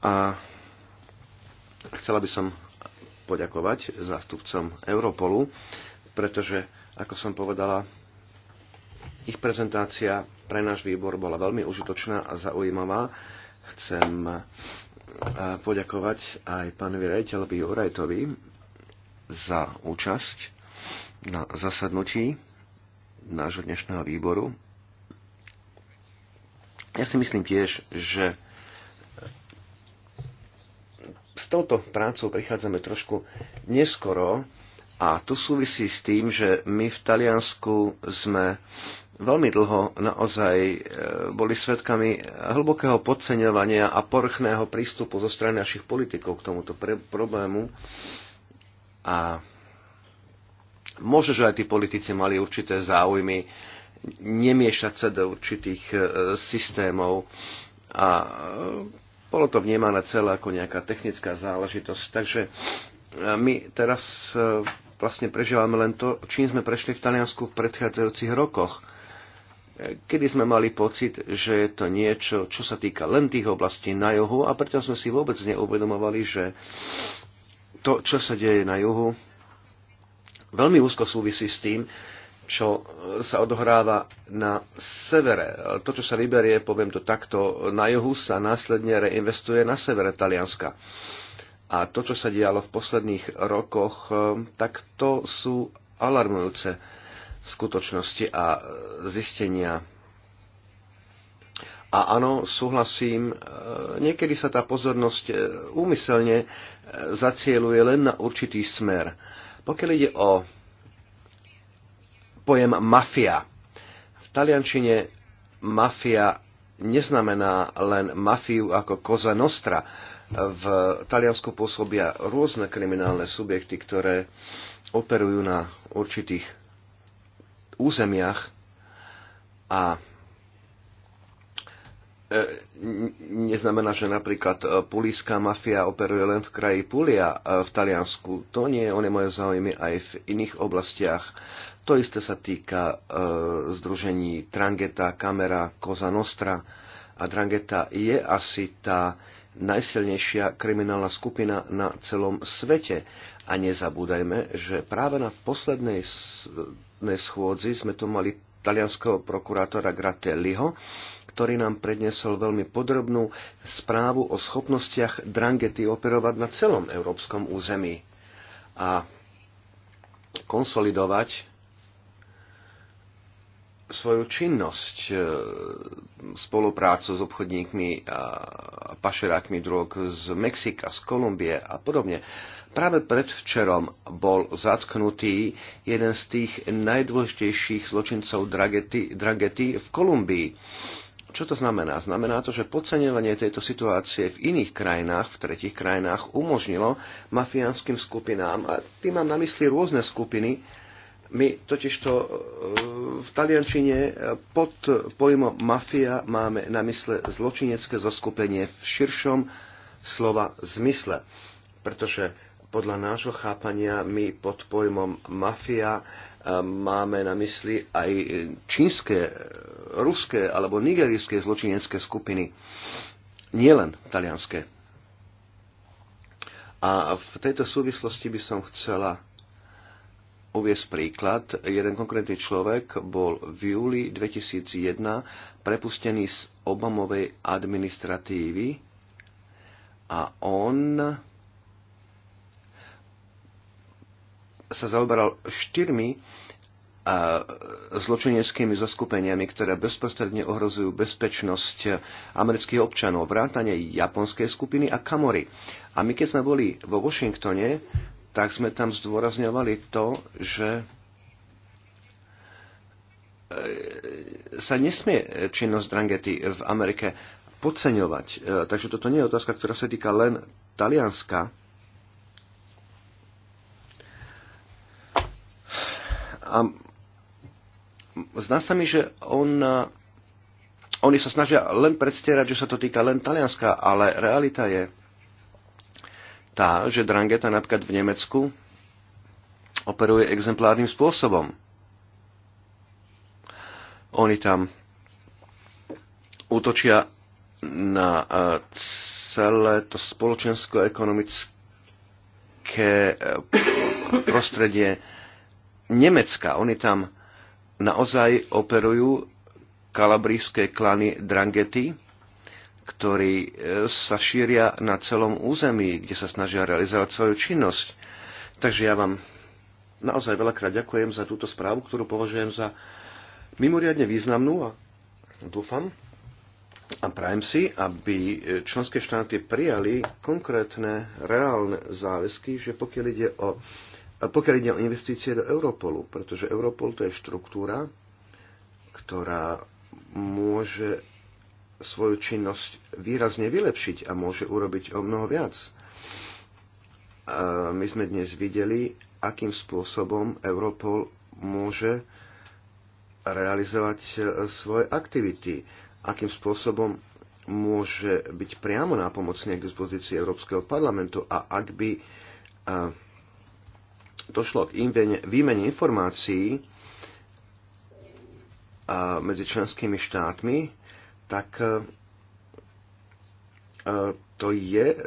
Speaker 1: A chcela by som poďakovať zástupcom Europolu, pretože, ako som povedala, ich prezentácia pre náš výbor bola veľmi užitočná a zaujímavá. Chcem e, poďakovať aj pánovi rejiteľovi Jurajtovi za účasť na zasadnutí nášho dnešného výboru. Ja si myslím tiež, že s touto prácou prichádzame trošku neskoro a to súvisí s tým, že my v Taliansku sme veľmi dlho naozaj e, boli svetkami hlbokého podceňovania a porchného prístupu zo strany našich politikov k tomuto problému. A môže, že aj tí politici mali určité záujmy nemiešať sa do určitých e, systémov a e, bolo to vnímané celé ako nejaká technická záležitosť. Takže my teraz vlastne prežívame len to, čím sme prešli v Taliansku v predchádzajúcich rokoch kedy sme mali pocit, že je to niečo, čo sa týka len tých oblastí na juhu a preto sme si vôbec neuvedomovali, že to, čo sa deje na juhu, veľmi úzko súvisí s tým, čo sa odohráva na severe. To, čo sa vyberie, poviem to takto, na juhu sa následne reinvestuje na severe Talianska. A to, čo sa dialo v posledných rokoch, eh, tak to sú alarmujúce skutočnosti a e, zistenia. A áno, súhlasím, e, niekedy sa tá pozornosť e, úmyselne zacieluje len na určitý smer. Pokiaľ ide o pojem mafia, v taliančine mafia neznamená len mafiu ako koza nostra. V Taliansku pôsobia rôzne kriminálne subjekty, ktoré operujú na určitých územiach a e, neznamená, že napríklad e, pulíská mafia operuje len v kraji Pulia e, v Taliansku. To nie, oni majú záujmy aj v iných oblastiach. To isté sa týka e, združení Trangeta, Kamera, Koza Nostra. A Drangeta je asi tá najsilnejšia kriminálna skupina na celom svete. A nezabúdajme, že práve na poslednej parlamentnej schôdzi sme tu mali talianského prokurátora Gratelliho, ktorý nám predniesol veľmi podrobnú správu o schopnostiach Drangety operovať na celom európskom území a konsolidovať svoju činnosť, e, spoluprácu s obchodníkmi a pašerákmi drog z Mexika, z Kolumbie a podobne. Práve predvčerom bol zatknutý jeden z tých najdôležitejších zločincov Dragety, Dragety v Kolumbii. Čo to znamená? Znamená to, že podceňovanie tejto situácie v iných krajinách, v tretich krajinách umožnilo mafiánskym skupinám, a tým mám na mysli rôzne skupiny, my totižto e, v taliančine e, pod pojmom mafia máme na mysle zločinecké zoskupenie v širšom slova zmysle, pretože podľa nášho chápania my pod pojmom mafia e, máme na mysli aj čínske, ruské alebo nigerijské zločinecké skupiny, nielen talianské. A v tejto súvislosti by som chcela uviesť príklad. Jeden konkrétny človek bol v júli 2001 prepustený z Obamovej administratívy a on sa zaoberal štyrmi a zločineckými zaskupeniami, ktoré bezprostredne ohrozujú bezpečnosť amerických občanov, vrátane japonskej skupiny a kamory. A my keď sme boli vo Washingtone, tak sme tam zdôrazňovali to, že e, sa nesmie činnosť drangety v Amerike podceňovať. E, takže toto nie je otázka, ktorá sa týka len Talianska, A zdá sa mi, že on, e, oni sa snažia len predstierať, že sa to týka len Talianska, ale realita je tá, že Drangeta napríklad v Nemecku operuje exemplárnym spôsobom. Oni tam útočia na e, celé to spoločensko-ekonomické e, prostredie Nemecka. Oni tam naozaj operujú kalabrijské klany Drangety, ktorí e, sa šíria na celom území, kde sa snažia realizovať svoju činnosť. Takže ja vám naozaj veľakrát ďakujem za túto správu, ktorú považujem za mimoriadne významnú a dúfam a prajem si, aby členské štáty prijali konkrétne reálne záväzky, že pokiaľ ide o pokiaľ ide o investície do Europolu, pretože Europol to je štruktúra, ktorá môže svoju činnosť výrazne vylepšiť a môže urobiť o mnoho viac. My sme dnes videli, akým spôsobom Europol môže realizovať e, svoje aktivity, akým spôsobom môže byť priamo nápomocný k dispozícii Európskeho parlamentu a ak by došlo k výmene informácií medzi členskými štátmi, tak e, e, to je e,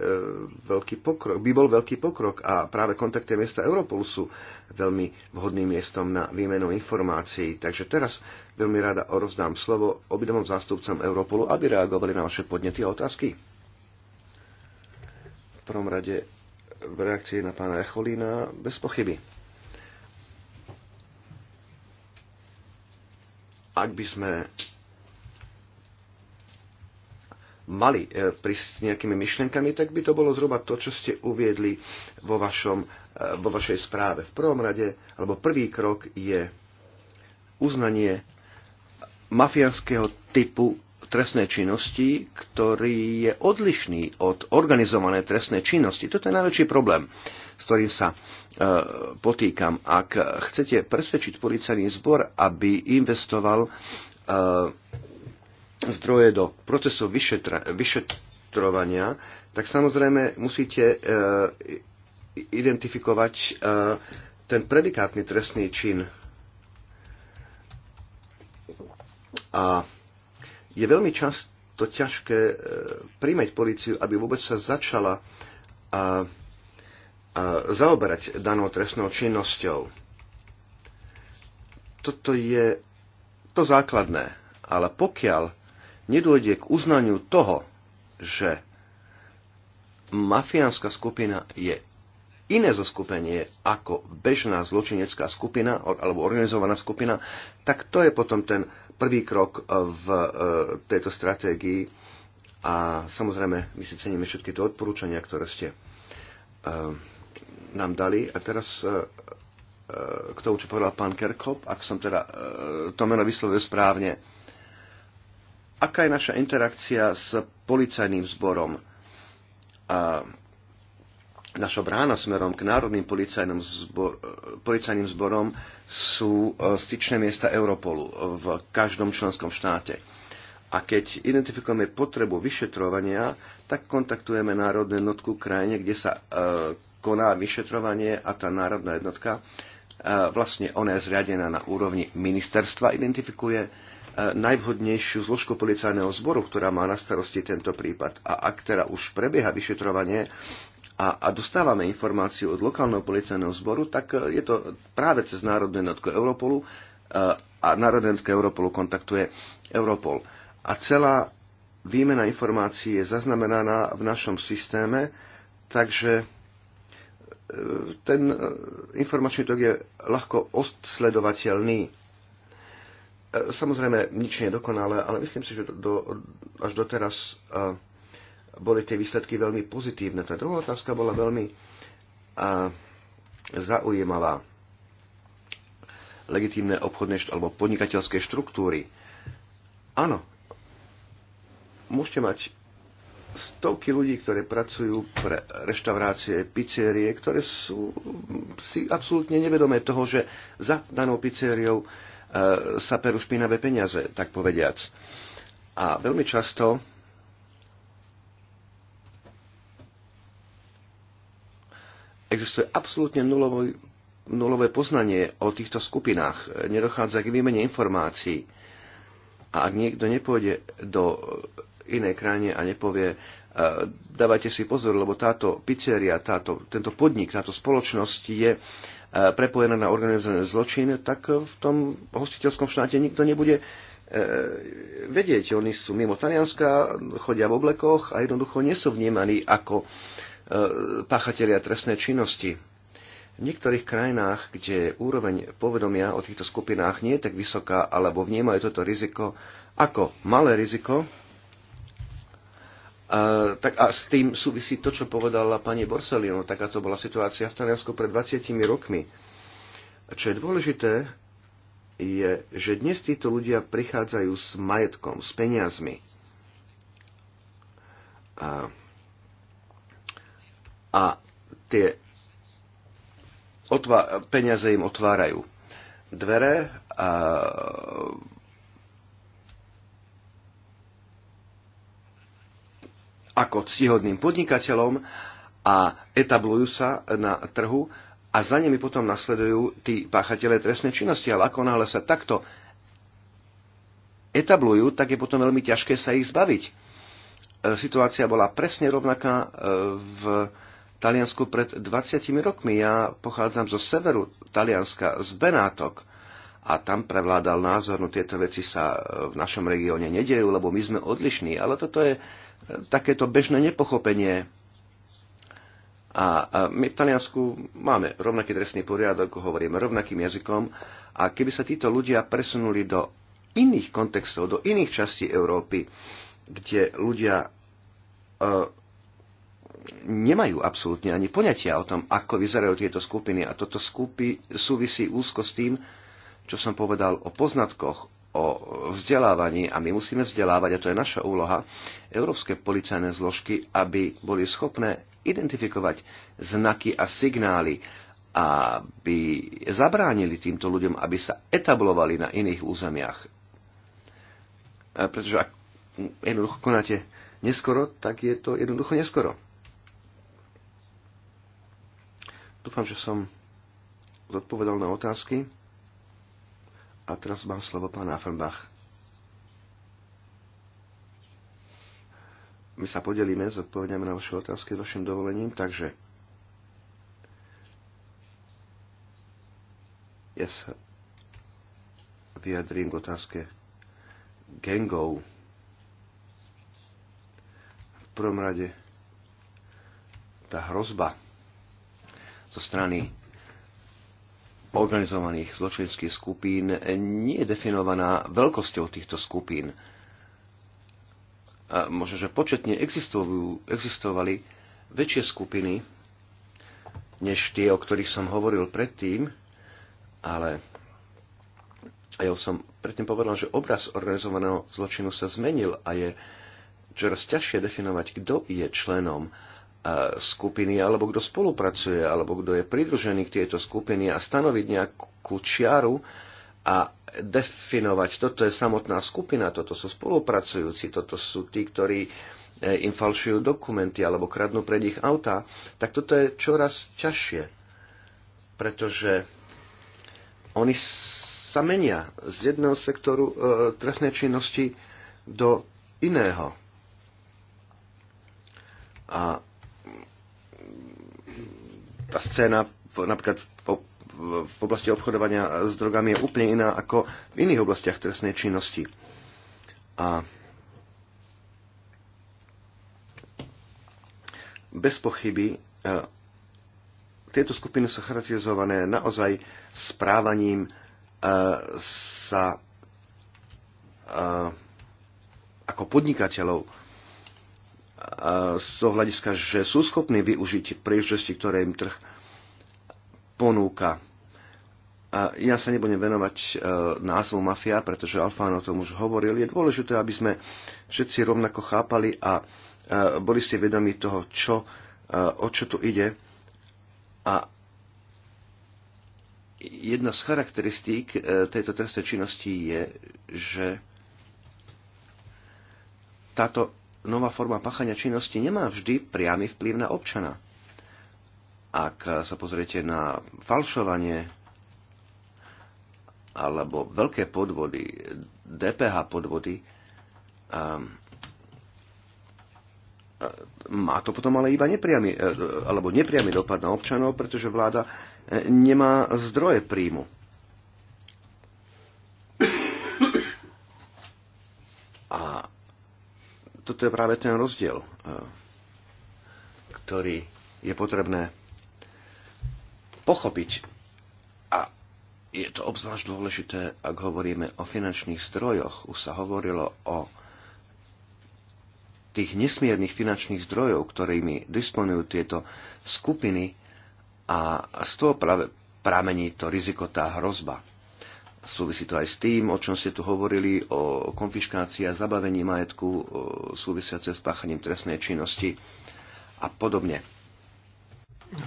Speaker 1: veľký pokrok, by bol veľký pokrok a práve kontakty miesta Europolu sú veľmi vhodným miestom na výmenu informácií. Takže teraz veľmi rada rozdám slovo obidvom zástupcom Europolu, aby reagovali na vaše podnety a otázky. V prvom rade v reakcii na pána Echolína bez pochyby. Ak by sme mali e, prísť s nejakými myšlenkami, tak by to bolo zhruba to, čo ste uviedli vo, vašom, e, vo vašej správe. V prvom rade, alebo prvý krok je uznanie mafiánskeho typu trestnej činnosti, ktorý je odlišný od organizované trestnej činnosti. Toto je najväčší problém, s ktorým sa e, potýkam. Ak chcete presvedčiť policajný zbor, aby investoval e, zdroje do procesu vyšetra, vyšetrovania, tak samozrejme musíte e, identifikovať e, ten predikátny trestný čin. A je veľmi často ťažké e, príjmeť políciu, aby vôbec sa začala a, a zaoberať danou trestnou činnosťou. Toto je to základné, ale pokiaľ nedôjde k uznaniu toho, že mafiánska skupina je iné zoskupenie ako bežná zločinecká skupina alebo organizovaná skupina, tak to je potom ten prvý krok v e, tejto stratégii a samozrejme my si ceníme všetky tie odporúčania, ktoré ste e, nám dali. A teraz e, k tomu, čo povedal pán Kerkop, ak som teda to meno vyslovil správne. Aká je naša interakcia s policajným zborom? A naša brána smerom k národným policajným, zbor, policajným zborom sú e, styčné miesta Europolu v každom členskom štáte. A keď identifikujeme potrebu vyšetrovania, tak kontaktujeme národnú jednotku krajine, kde sa e, koná vyšetrovanie a tá národná jednotka, e, vlastne ona je zriadená na úrovni ministerstva, identifikuje e, najvhodnejšiu zložku policajného zboru, ktorá má na starosti tento prípad. A ak teda už prebieha vyšetrovanie, a, a dostávame informáciu od lokálneho policajného zboru, tak e, je to práve cez Národnú jednotku Europolu e, a národné jednotku Europolu kontaktuje Europol. A celá výmena informácií je zaznamenaná v našom systéme, takže e, ten informačný tok je ľahko odsledovateľný. Samozrejme, nič nie je dokonalé, ale myslím si, že do, až doteraz boli tie výsledky veľmi pozitívne. Tá druhá otázka bola veľmi a, zaujímavá. Legitímne obchodné alebo podnikateľské štruktúry. Áno, môžete mať stovky ľudí, ktoré pracujú pre reštaurácie, pizzerie, ktoré sú si absolútne nevedomé toho, že za danou pizzeriou e, sa perú špinavé peniaze, tak povediac. A veľmi často existuje absolútne nulové, nulové poznanie o týchto skupinách. Nedochádza k výmene informácií. A ak niekto nepôjde do inej krajine a nepovie, e, dávajte si pozor, lebo táto pizzeria, táto, tento podnik, táto spoločnosť je e, prepojená na organizovaný zločin, tak v tom hostiteľskom štáte nikto nebude e, vedieť. Oni sú mimo Talianska, chodia v oblekoch a jednoducho nie sú vnímaní ako E, páchatelia trestnej činnosti. V niektorých krajinách, kde úroveň povedomia o týchto skupinách nie je tak vysoká alebo vnímajú toto riziko ako malé riziko, a, e, tak a s tým súvisí to, čo povedala pani Borsellino. Taká to bola situácia v Taliansku pred 20 rokmi. Čo je dôležité, je, že dnes títo ľudia prichádzajú s majetkom, s peniazmi. A a tie otvá- peniaze im otvárajú dvere a ako ctihodným podnikateľom a etablujú sa na trhu a za nimi potom nasledujú tí páchatelé trestnej činnosti. Ale ako náhle sa takto etablujú, tak je potom veľmi ťažké sa ich zbaviť. E, situácia bola presne rovnaká e, v Taliansku pred 20 rokmi. Ja pochádzam zo severu Talianska, z Benátok. A tam prevládal názor, no tieto veci sa e, v našom regióne nedejú, lebo my sme odlišní. Ale toto je e, takéto bežné nepochopenie. A my v Taliansku máme rovnaký trestný poriadok, hovoríme rovnakým jazykom. A keby sa títo ľudia presunuli do iných kontextov, do iných častí Európy, kde ľudia e, nemajú absolútne ani poňatia o tom, ako vyzerajú tieto skupiny. A toto skupy súvisí úzko s tým, čo som povedal o poznatkoch, o vzdelávaní a my musíme vzdelávať, a to je naša úloha, európske policajné zložky, aby boli schopné identifikovať znaky a signály, aby zabránili týmto ľuďom, aby sa etablovali na iných územiach. Pretože ak jednoducho konáte neskoro, tak je to jednoducho neskoro. Dúfam, že som zodpovedal na otázky. A teraz mám slovo pán Affenbach. My sa podelíme, zodpovedáme na vaše otázky s vašim dovolením, takže ja sa vyjadrím k otázke gengov. V prvom rade tá hrozba, zo strany organizovaných zločinských skupín nie je definovaná veľkosťou týchto skupín. A možno, že početne existovali väčšie skupiny, než tie, o ktorých som hovoril predtým, ale ja som predtým povedal, že obraz organizovaného zločinu sa zmenil a je čoraz ťažšie definovať, kto je členom uh, skupiny, alebo kto spolupracuje, alebo kto je pridružený k tejto skupiny a stanoviť nejakú čiaru a definovať, toto je samotná skupina, toto sú spolupracujúci, toto sú tí, ktorí e, im falšujú dokumenty alebo kradnú pred ich autá, tak toto je čoraz ťažšie, pretože oni sa menia z jedného sektoru e, trestnej činnosti do iného. A tá scéna napríklad v oblasti obchodovania s drogami je úplne iná ako v iných oblastiach trestnej činnosti. A bez pochyby e, tieto skupiny sú charakterizované naozaj správaním e, sa e, ako podnikateľov z toho hľadiska, že sú schopní využiť príležitosti, ktoré im trh ponúka. A ja sa nebudem venovať e, názvu mafia, pretože Alfán o tom už hovoril. Je dôležité, aby sme všetci rovnako chápali a e, boli si vedomi toho, čo, e, o čo tu ide. A jedna z charakteristík e, tejto trestnej činnosti je, že táto nová forma páchania činnosti nemá vždy priamy vplyv na občana. Ak sa pozriete na falšovanie alebo veľké podvody, DPH podvody, um, má to potom ale iba nepriamy, e, alebo nepriamy dopad na občanov, pretože vláda e, nemá zdroje príjmu. toto je práve ten rozdiel, e, ktorý je potrebné pochopiť. A je to obzvlášť dôležité, ak hovoríme o finančných zdrojoch. Už sa hovorilo o tých nesmiernych finančných zdrojov, ktorými disponujú tieto skupiny a z toho práve pramení to riziko, tá hrozba. Súvisí to aj s tým, o čom ste tu hovorili, o konfiškácii a zabavení majetku súvisiace s páchaním trestnej činnosti a podobne.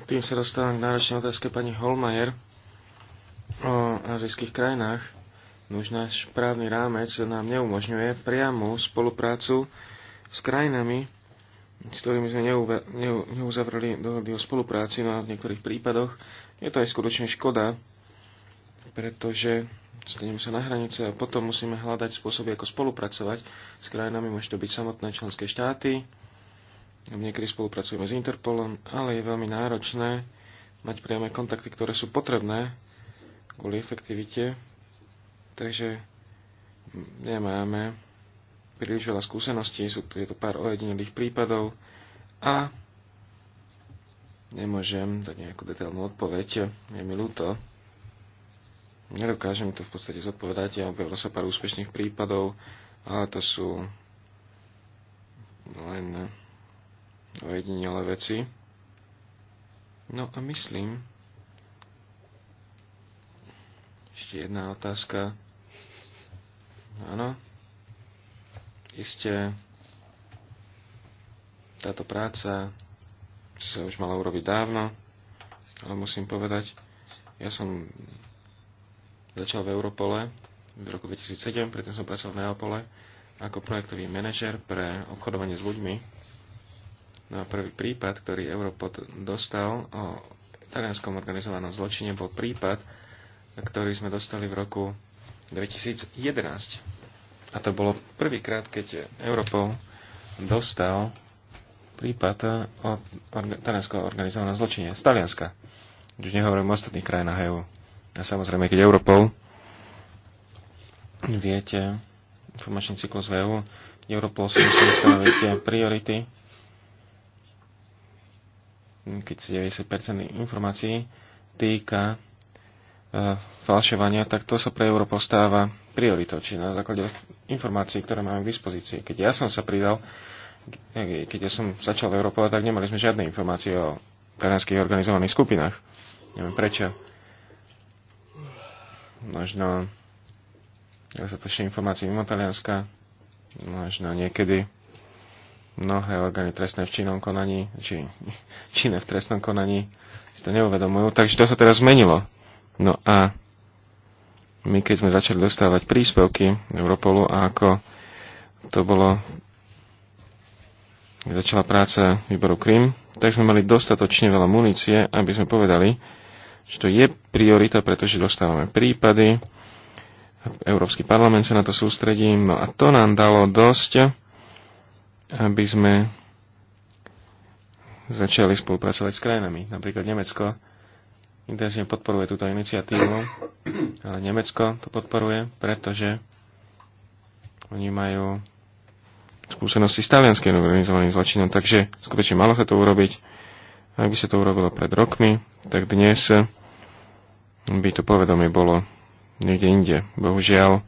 Speaker 3: Tým sa dostávam k náročnej otázke pani Holmajer o azijských krajinách. Už náš právny rámec nám neumožňuje priamu spoluprácu s krajinami, s ktorými sme neu, neuzavreli dohody o spolupráci, no a v niektorých prípadoch je to aj skutočne škoda, pretože dostaneme sa na hranice a potom musíme hľadať spôsoby, ako spolupracovať s krajinami. Môže to byť samotné členské štáty, niekedy spolupracujeme s Interpolom, ale je veľmi náročné mať priame kontakty, ktoré sú potrebné kvôli efektivite. Takže nemáme príliš veľa skúseností, sú tu, je to pár ojedinelých prípadov a nemôžem dať nejakú detailnú odpoveď, je mi ľúto. Nedokážem to v podstate zodpovedať. Ja objavil sa pár úspešných prípadov, ale to sú len ojedinelé veci. No a myslím, ešte jedna otázka. Áno. Isté, táto práca sa už mala urobiť dávno, ale musím povedať, ja som Začal v Europole v roku 2007, predtým som pracoval v Neapole ako projektový manažer pre obchodovanie s ľuďmi. No a prvý prípad, ktorý Europod dostal o talianskom organizovanom zločine, bol prípad, ktorý sme dostali v roku 2011. A to bolo prvýkrát, keď Europol dostal prípad od talianského organizovaného zločine z Talianska. Už nehovorím o ostatných krajinách EU. A samozrejme, keď Europol, viete, informačný cyklus v EU, Europol si musí stanoviť eh, priority, keď si 90% informácií týka eh, falšovania, tak to sa pre Europol stáva prioritou, či na základe informácií, ktoré máme k dispozícii. Keď ja som sa pridal, eh, keď ja som začal v Europole, tak nemali sme žiadne informácie o kanadských organizovaných skupinách. Neviem prečo možno dostatočne informácií mimo Talianska, možno niekedy mnohé orgány trestné v činnom konaní, či činné v trestnom konaní si to neuvedomujú, takže to sa teraz zmenilo. No a my keď sme začali dostávať príspevky Europolu a ako to bolo, začala práca výboru Krym, tak sme mali dostatočne veľa munície, aby sme povedali, že to je priorita, pretože dostávame prípady. Európsky parlament sa na to sústredí. No a to nám dalo dosť, aby sme začali spolupracovať s krajinami. Napríklad Nemecko intenzívne podporuje túto iniciatívu, ale Nemecko to podporuje, pretože oni majú skúsenosti s talianským organizovaným zločinom, takže skutočne malo sa to urobiť. Ak by sa to urobilo pred rokmi, tak dnes by to povedomie bolo niekde inde. Bohužiaľ,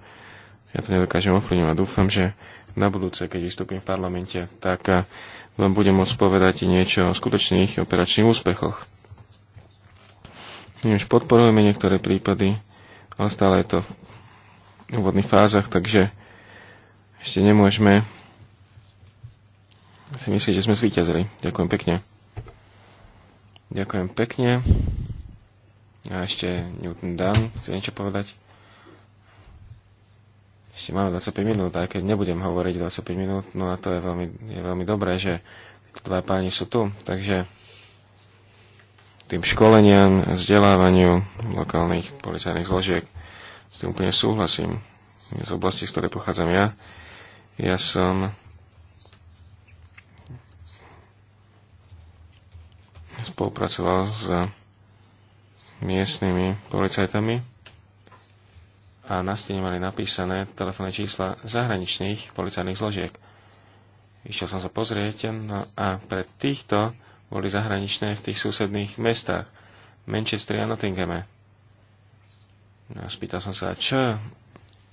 Speaker 3: ja to nedokážem a Dúfam, že na budúce, keď vystúpim v parlamente, tak vám budem môcť povedať niečo o skutočných operačných úspechoch. My už podporujeme niektoré prípady, ale stále je to v úvodných fázach, takže ešte nemôžeme si myslieť, že sme zvíťazili. Ďakujem pekne. Ďakujem pekne. A ešte Newton Dan chce niečo povedať. Ešte máme 25 minút, aj keď nebudem hovoriť 25 minút, no a to je veľmi, je veľmi dobré, že títo dva páni sú tu, takže tým školeniam, vzdelávaniu lokálnych policajných zložiek s tým úplne súhlasím. Z oblasti, z ktorej pochádzam ja, ja som spolupracoval s miestnymi policajtami a na stene mali napísané telefónne čísla zahraničných policajných zložiek. Išiel som sa pozrieť no a pre týchto boli zahraničné v tých susedných mestách Manchester a Nottinghame. No a spýtal som sa, čo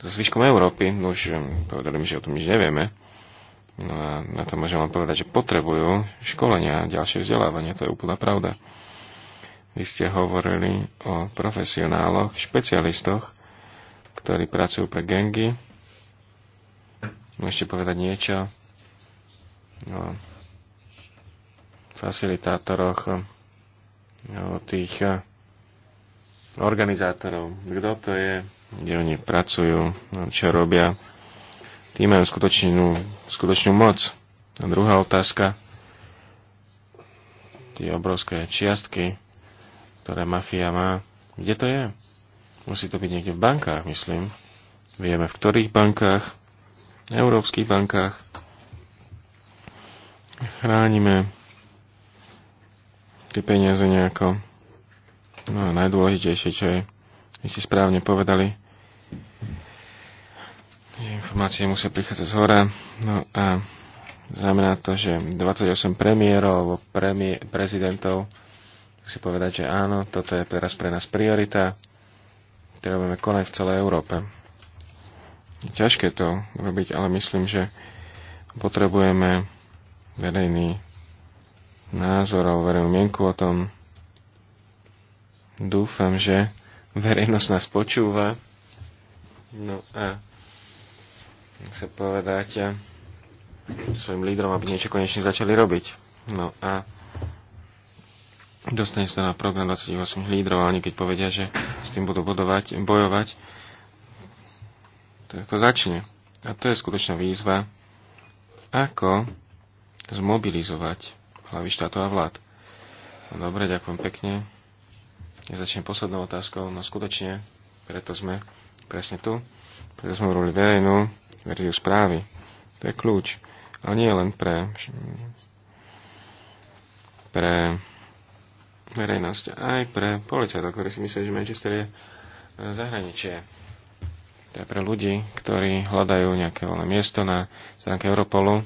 Speaker 3: so zvyškom Európy, no už um, povedali mi, že o tom nič nevieme. No a na to môžem len povedať, že potrebujú školenia, a ďalšie vzdelávanie, to je úplná pravda. Vy ste hovorili o profesionáloch, špecialistoch, ktorí pracujú pre gengy. Môžete povedať niečo o facilitátoroch, o tých eh, organizátorov, kto to je, kde oni pracujú, čo robia tí majú skutočnú, skutočnú moc. A druhá otázka, tie obrovské čiastky, ktoré mafia má, kde to je? Musí to byť niekde v bankách, myslím. Vieme, v ktorých bankách, v európskych bankách. Chránime tie peniaze nejako. No a najdôležitejšie, čo je, vy ste správne povedali, Informácie musia prichádzať z hora. No a znamená to, že 28 premiérov alebo premiér, prezidentov musí povedať, že áno, toto je teraz pre nás priorita, ktorú budeme konať v celej Európe. Je ťažké to robiť, ale myslím, že potrebujeme verejný názor alebo verejnú mienku o tom. Dúfam, že verejnosť nás počúva. No a jak sa povedať, eh, svojim lídrom, aby niečo konečne začali robiť. No a dostane sa na program 28 lídrov a oni keď povedia, že s tým budú budovať, bojovať, tak to začne. A to je skutočná výzva, ako zmobilizovať hlavy štátu a vlád. No dobre, ďakujem pekne. Ja začnem poslednou otázkou, no skutočne, preto sme presne tu pre sme verejnú verziu správy. To je kľúč. A nie len pre, pre verejnosť, aj pre policajtov, ktorí si myslia, že Manchester je e, zahraničie. To je pre ľudí, ktorí hľadajú nejaké voľné miesto na stránke Europolu.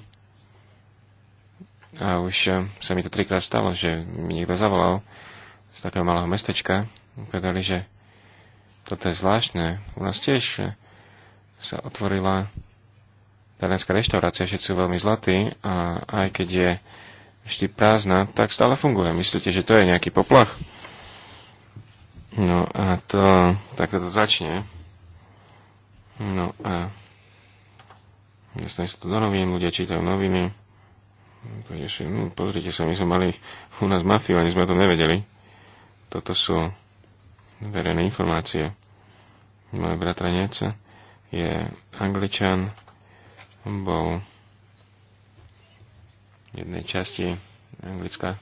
Speaker 3: A už e, sa mi to trikrát stalo, že mi niekto zavolal z takého malého mestečka. Povedali, že toto je zvláštne. U nás tiež e, sa otvorila talianská reštaurácia, všetci sú veľmi zlatí a aj keď je vždy prázdna, tak stále funguje. Myslíte, že to je nejaký poplach? No a to, takto to začne. No a dostane sa to do novín, ľudia čítajú noviny. no, pozrite sa, my sme mali u nás mafiu, ani sme to nevedeli. Toto sú verejné informácie. Moje bratranec je angličan, bol v jednej časti Anglicka,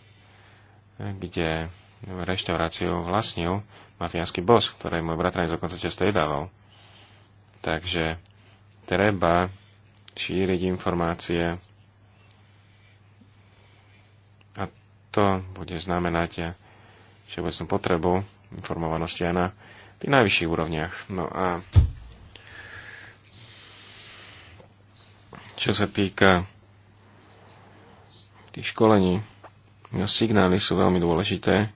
Speaker 3: kde reštauráciu vlastnil mafiánsky bos, ktorý môj bratranec dokonca často jedával. Takže treba šíriť informácie a to bude znamenať všeobecnú potrebu informovanosti aj na tých najvyšších úrovniach. No a Čo sa týka tých školení, no signály sú veľmi dôležité.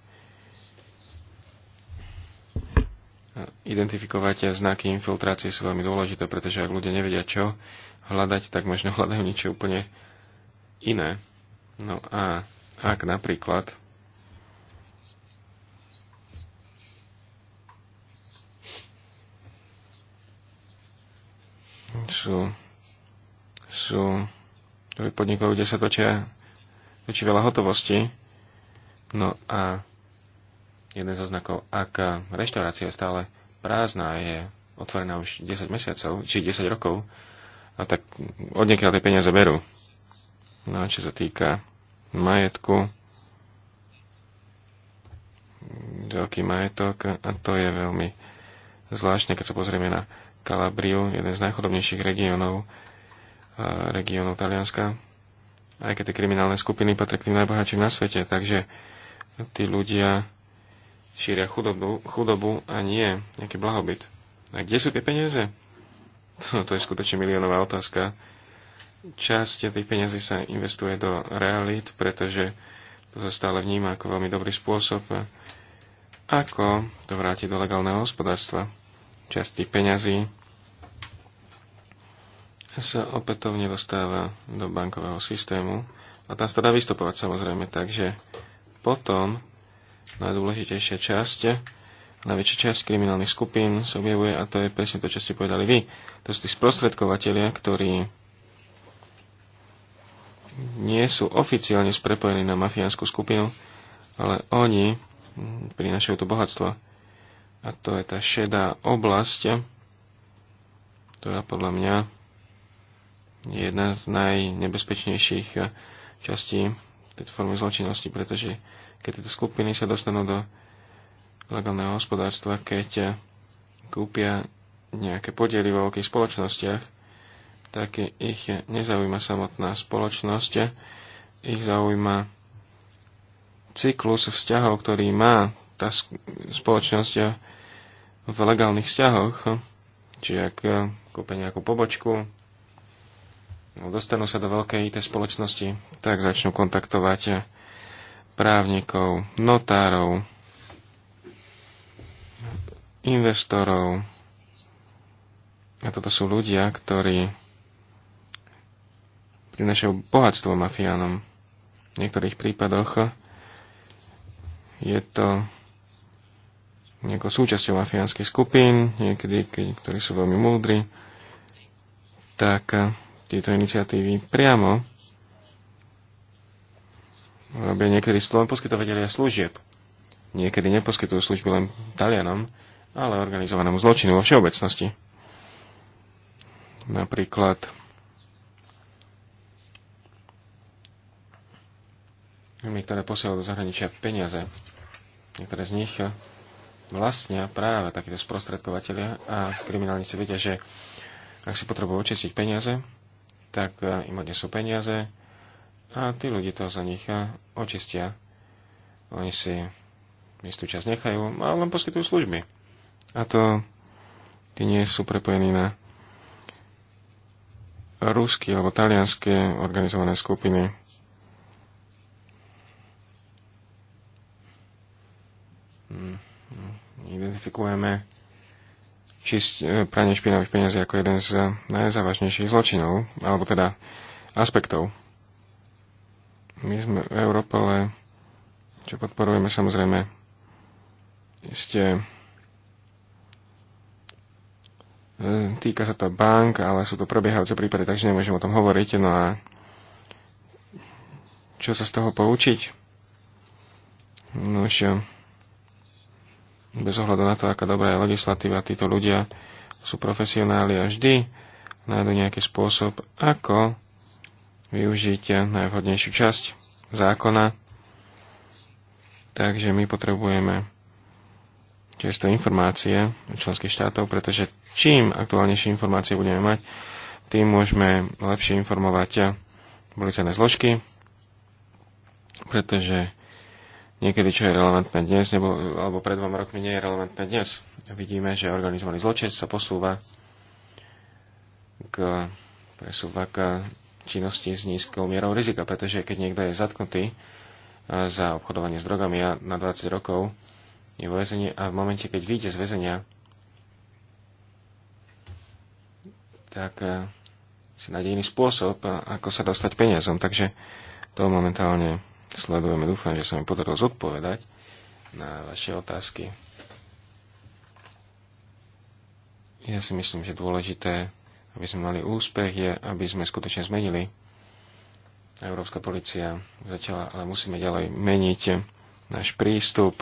Speaker 3: Identifikovať znaky infiltrácie sú veľmi dôležité, pretože ak ľudia nevedia čo hľadať, tak možno hľadajú niečo úplne iné. No a ak napríklad sú sú, ktorí podnikajú, kde sa točia, točí veľa hotovosti. No a jeden zo znakov, ak reštaurácia je stále prázdna, je otvorená už 10 mesiacov, či 10 rokov, a tak od tie peniaze berú. No a čo sa týka majetku, veľký majetok, a to je veľmi zvláštne, keď sa pozrieme na Kalabriu, jeden z najchodobnejších regiónov regiónov Talianska, aj keď tie kriminálne skupiny patria k tým najbohatším na svete, takže tí ľudia šíria chudobu, chudobu a nie nejaký blahobyt. A kde sú tie peniaze? To, to je skutočne miliónová otázka. Časť tých peniazí sa investuje do realít, pretože to sa stále vníma ako veľmi dobrý spôsob, ako to vrátiť do legálneho hospodárstva. Časť tých peňazí sa opätovne dostáva do bankového systému a tam sa dá vystupovať samozrejme, takže potom najdôležitejšia časť, najväčšia časť kriminálnych skupín sa objavuje a to je presne to, čo ste povedali vy. To sú tí sprostredkovateľia, ktorí nie sú oficiálne sprepojení na mafiánsku skupinu, ale oni prinášajú to bohatstvo. A to je tá šedá oblasť, ktorá podľa mňa je jedna z najnebezpečnejších eh, častí tejto formy zločinnosti, pretože keď tieto skupiny sa dostanú do legálneho hospodárstva, keď eh, kúpia nejaké podiely vo veľkých spoločnostiach, tak ich nezaujíma samotná spoločnosť, eh, ich zaujíma cyklus vzťahov, ktorý má tá spoločnosť v legálnych vzťahoch, čiže ak kúpe nejakú pobočku, No, dostanú sa do veľkej IT spoločnosti, tak začnú kontaktovať právnikov, notárov, investorov. A toto sú ľudia, ktorí prinašajú bohatstvo mafiánom. V niektorých prípadoch je to nejakou súčasťou mafiánskych skupín, niekedy, ktorí sú veľmi múdri, tak tieto iniciatívy priamo robia niekedy len poskytovateľia služieb. Niekedy neposkytujú služby len Talianom, ale organizovanému zločinu vo všeobecnosti. Napríklad firmy, ktoré posielajú do zahraničia peniaze. Niektoré z nich vlastnia práve takíto sprostredkovateľia a kriminálnici vedia, že ak si potrebujú očistiť peniaze, tak e, im odnesú peniaze a tí ľudia to za nich e, očistia. Oni si istú časť nechajú ale len poskytujú služby. A to tí nie sú prepojení na ruské alebo talianské organizované skupiny. Hm, hm, identifikujeme čist, e, pranie špinavých peniazí ako jeden z e, najzávažnejších zločinov, alebo teda aspektov. My sme v Európole, čo podporujeme samozrejme, ste e, týka sa to bank, ale sú to prebiehajúce prípady, takže nemôžem o tom hovoriť. No a čo sa z toho poučiť? No čo, bez ohľadu na to, aká dobrá je legislatíva, títo ľudia sú profesionáli a vždy nájdu nejaký spôsob, ako využiť najvhodnejšiu časť zákona. Takže my potrebujeme čisté informácie členských štátov, pretože čím aktuálnejšie informácie budeme mať, tým môžeme lepšie informovať policajné zložky, pretože niekedy, čo je relevantné dnes, nebo, alebo pred dvoma rokmi nie je relevantné dnes. Vidíme, že organizovaný zločin sa posúva k, presúva k činnosti s nízkou mierou rizika, pretože keď niekto je zatknutý e, za obchodovanie s drogami a na 20 rokov je vo väzení a v momente, keď vyjde z väzenia, tak e, si nájde iný spôsob, ako sa dostať peniazom. Takže to momentálne sledujeme. Dúfam, že sa mi podarilo zodpovedať na vaše otázky. Ja si myslím, že dôležité, aby sme mali úspech, je, aby sme skutočne zmenili. Európska policia začala, ale musíme ďalej meniť náš prístup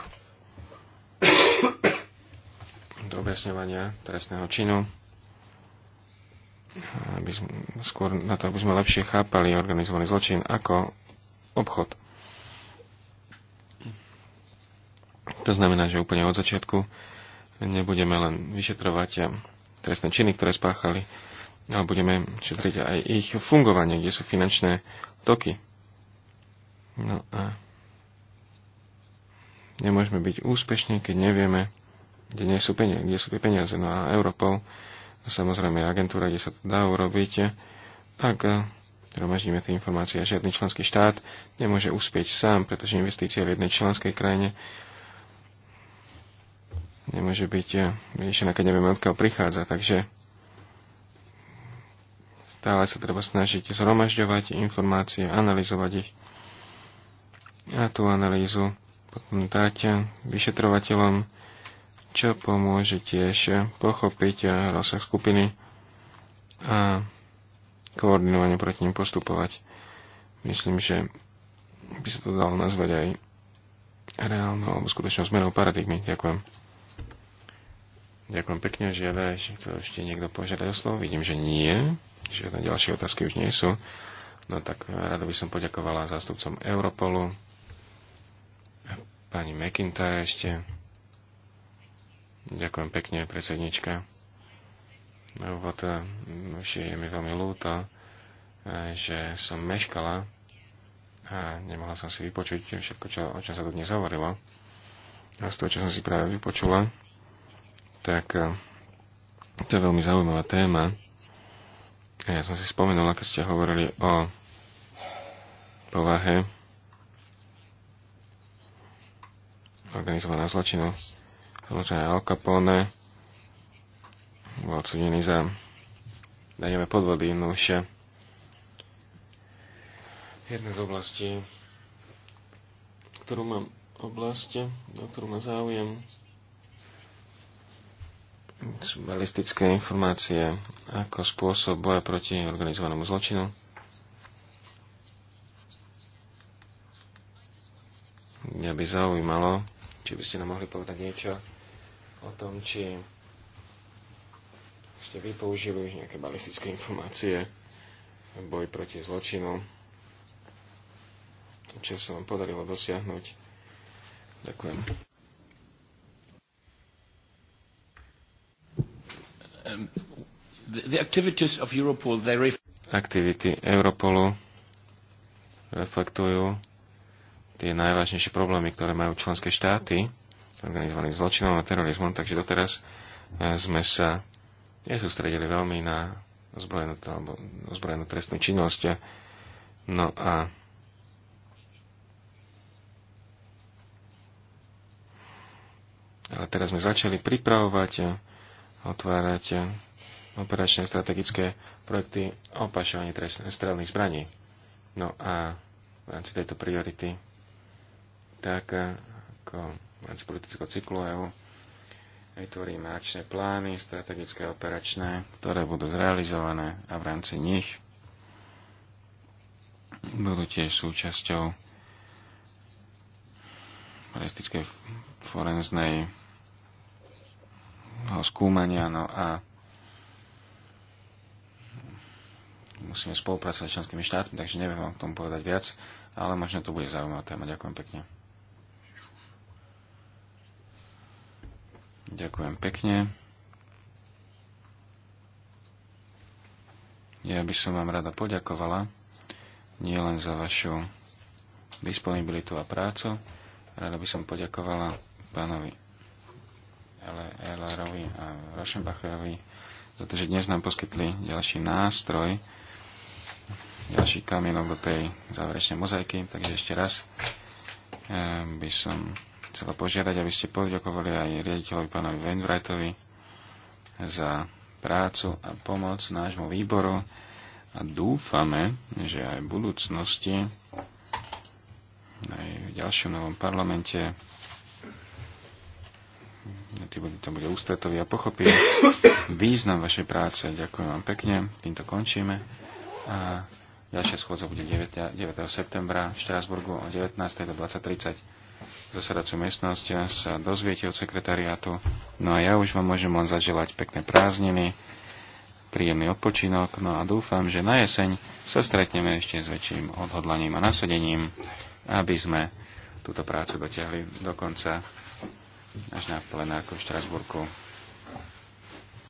Speaker 3: do objasňovania trestného činu, aby sme, skôr na to, aby sme lepšie chápali organizovaný zločin ako obchod. To znamená, že úplne od začiatku nebudeme len vyšetrovať trestné činy, ktoré spáchali, ale budeme šetriť aj ich fungovanie, kde sú finančné toky. No a nemôžeme byť úspešní, keď nevieme, kde, nie sú peniaze, kde sú tie peniaze. No a Europol, samozrejme agentúra, kde sa to dá urobiť, ak Romaždíme tie informácie a žiadny členský štát nemôže uspieť sám, pretože investícia v jednej členskej krajine nemôže byť eh, vyriešená, keď nevieme, odkiaľ prichádza. Takže stále sa treba snažiť zhromažďovať informácie, analyzovať ich a tú analýzu potom dať eh, vyšetrovateľom, čo pomôže tiež eh, pochopiť rozsah skupiny a koordinovane proti ním postupovať. Myslím, že by sa to dalo nazvať aj reálnou alebo skutočnou zmenou paradigmy. Ďakujem. Ďakujem pekne, žiada, chcel ešte niekto požiadať o slovo. Vidím, že nie. Žiadne ďalšie otázky už nie sú. No tak e, rado by som poďakovala zástupcom Europolu, pani McIntyre ešte. Ďakujem pekne, predsednička. Úvod e, už je mi veľmi ľúto, e, že som meškala a nemohla som si vypočuť všetko, čo, o čom sa tu dnes hovorilo. A z toho, čo som si práve vypočula, tak eh, to je veľmi zaujímavá téma. Ja som si spomenul, ako ste hovorili o povahe organizovaného zločinu. Samozrejme Al Capone bol odsudený za daňové podvody, no už jedna z oblastí, ktorú mám oblasti, na ktorú ma záujem, sú balistické informácie ako spôsob boja proti organizovanému zločinu. Mňa by zaujímalo, či by ste nám mohli povedať niečo o tom, či ste vy použili už nejaké balistické informácie v boji proti zločinu, čo sa vám podarilo dosiahnuť. Ďakujem. Aktivity Europolu reflektujú tie najvážnejšie problémy, ktoré majú členské štáty organizované zločinom a terorizmom, takže doteraz eh, sme sa nesústredili veľmi na ozbrojenú, alebo ozbrojenú trestnú činnosť. No a ale teraz sme začali pripravovať otvárať operačné strategické projekty opašovanie pašovaní strelných zbraní. No a v rámci tejto priority, tak ako v rámci politického cyklu EU, vytvoríme akčné plány, strategické operačné, ktoré budú zrealizované a v rámci nich budú tiež súčasťou realistickej forenznej No, skúmania. No a musíme spolupracovať s členskými štátmi, takže neviem vám k tomu povedať viac, ale možno to bude zaujímavá téma. Ďakujem pekne. Ďakujem pekne. Ja by som vám rada poďakovala nielen za vašu disponibilitu a prácu, rada by som poďakovala pánovi Ehlerovi a Rošenbacherovi za to, že dnes nám poskytli ďalší nástroj, ďalší kamienok do tej záverečnej mozaiky. Takže ešte raz eh, by som chcel požiadať, aby ste poďakovali aj riaditeľovi pánovi Wainwrightovi za prácu a pomoc nášmu výboru a dúfame, že aj v budúcnosti aj v ďalšom novom parlamente tam mhm. bude ústretový a pochopí význam vašej práce. Ďakujem vám pekne, týmto končíme. A ďalšia schôdza bude 9. 9. septembra v Štrásburgu o 19. do 20.30. Zasadacú miestnosť sa dozviete od sekretariátu. No a ja už vám môžem len zaželať pekné prázdniny, príjemný odpočinok, no a dúfam, že na jeseň sa stretneme ešte s väčším odhodlaním a nasadením, aby sme túto prácu dotiahli do konca až na plenárku v Štrasburku.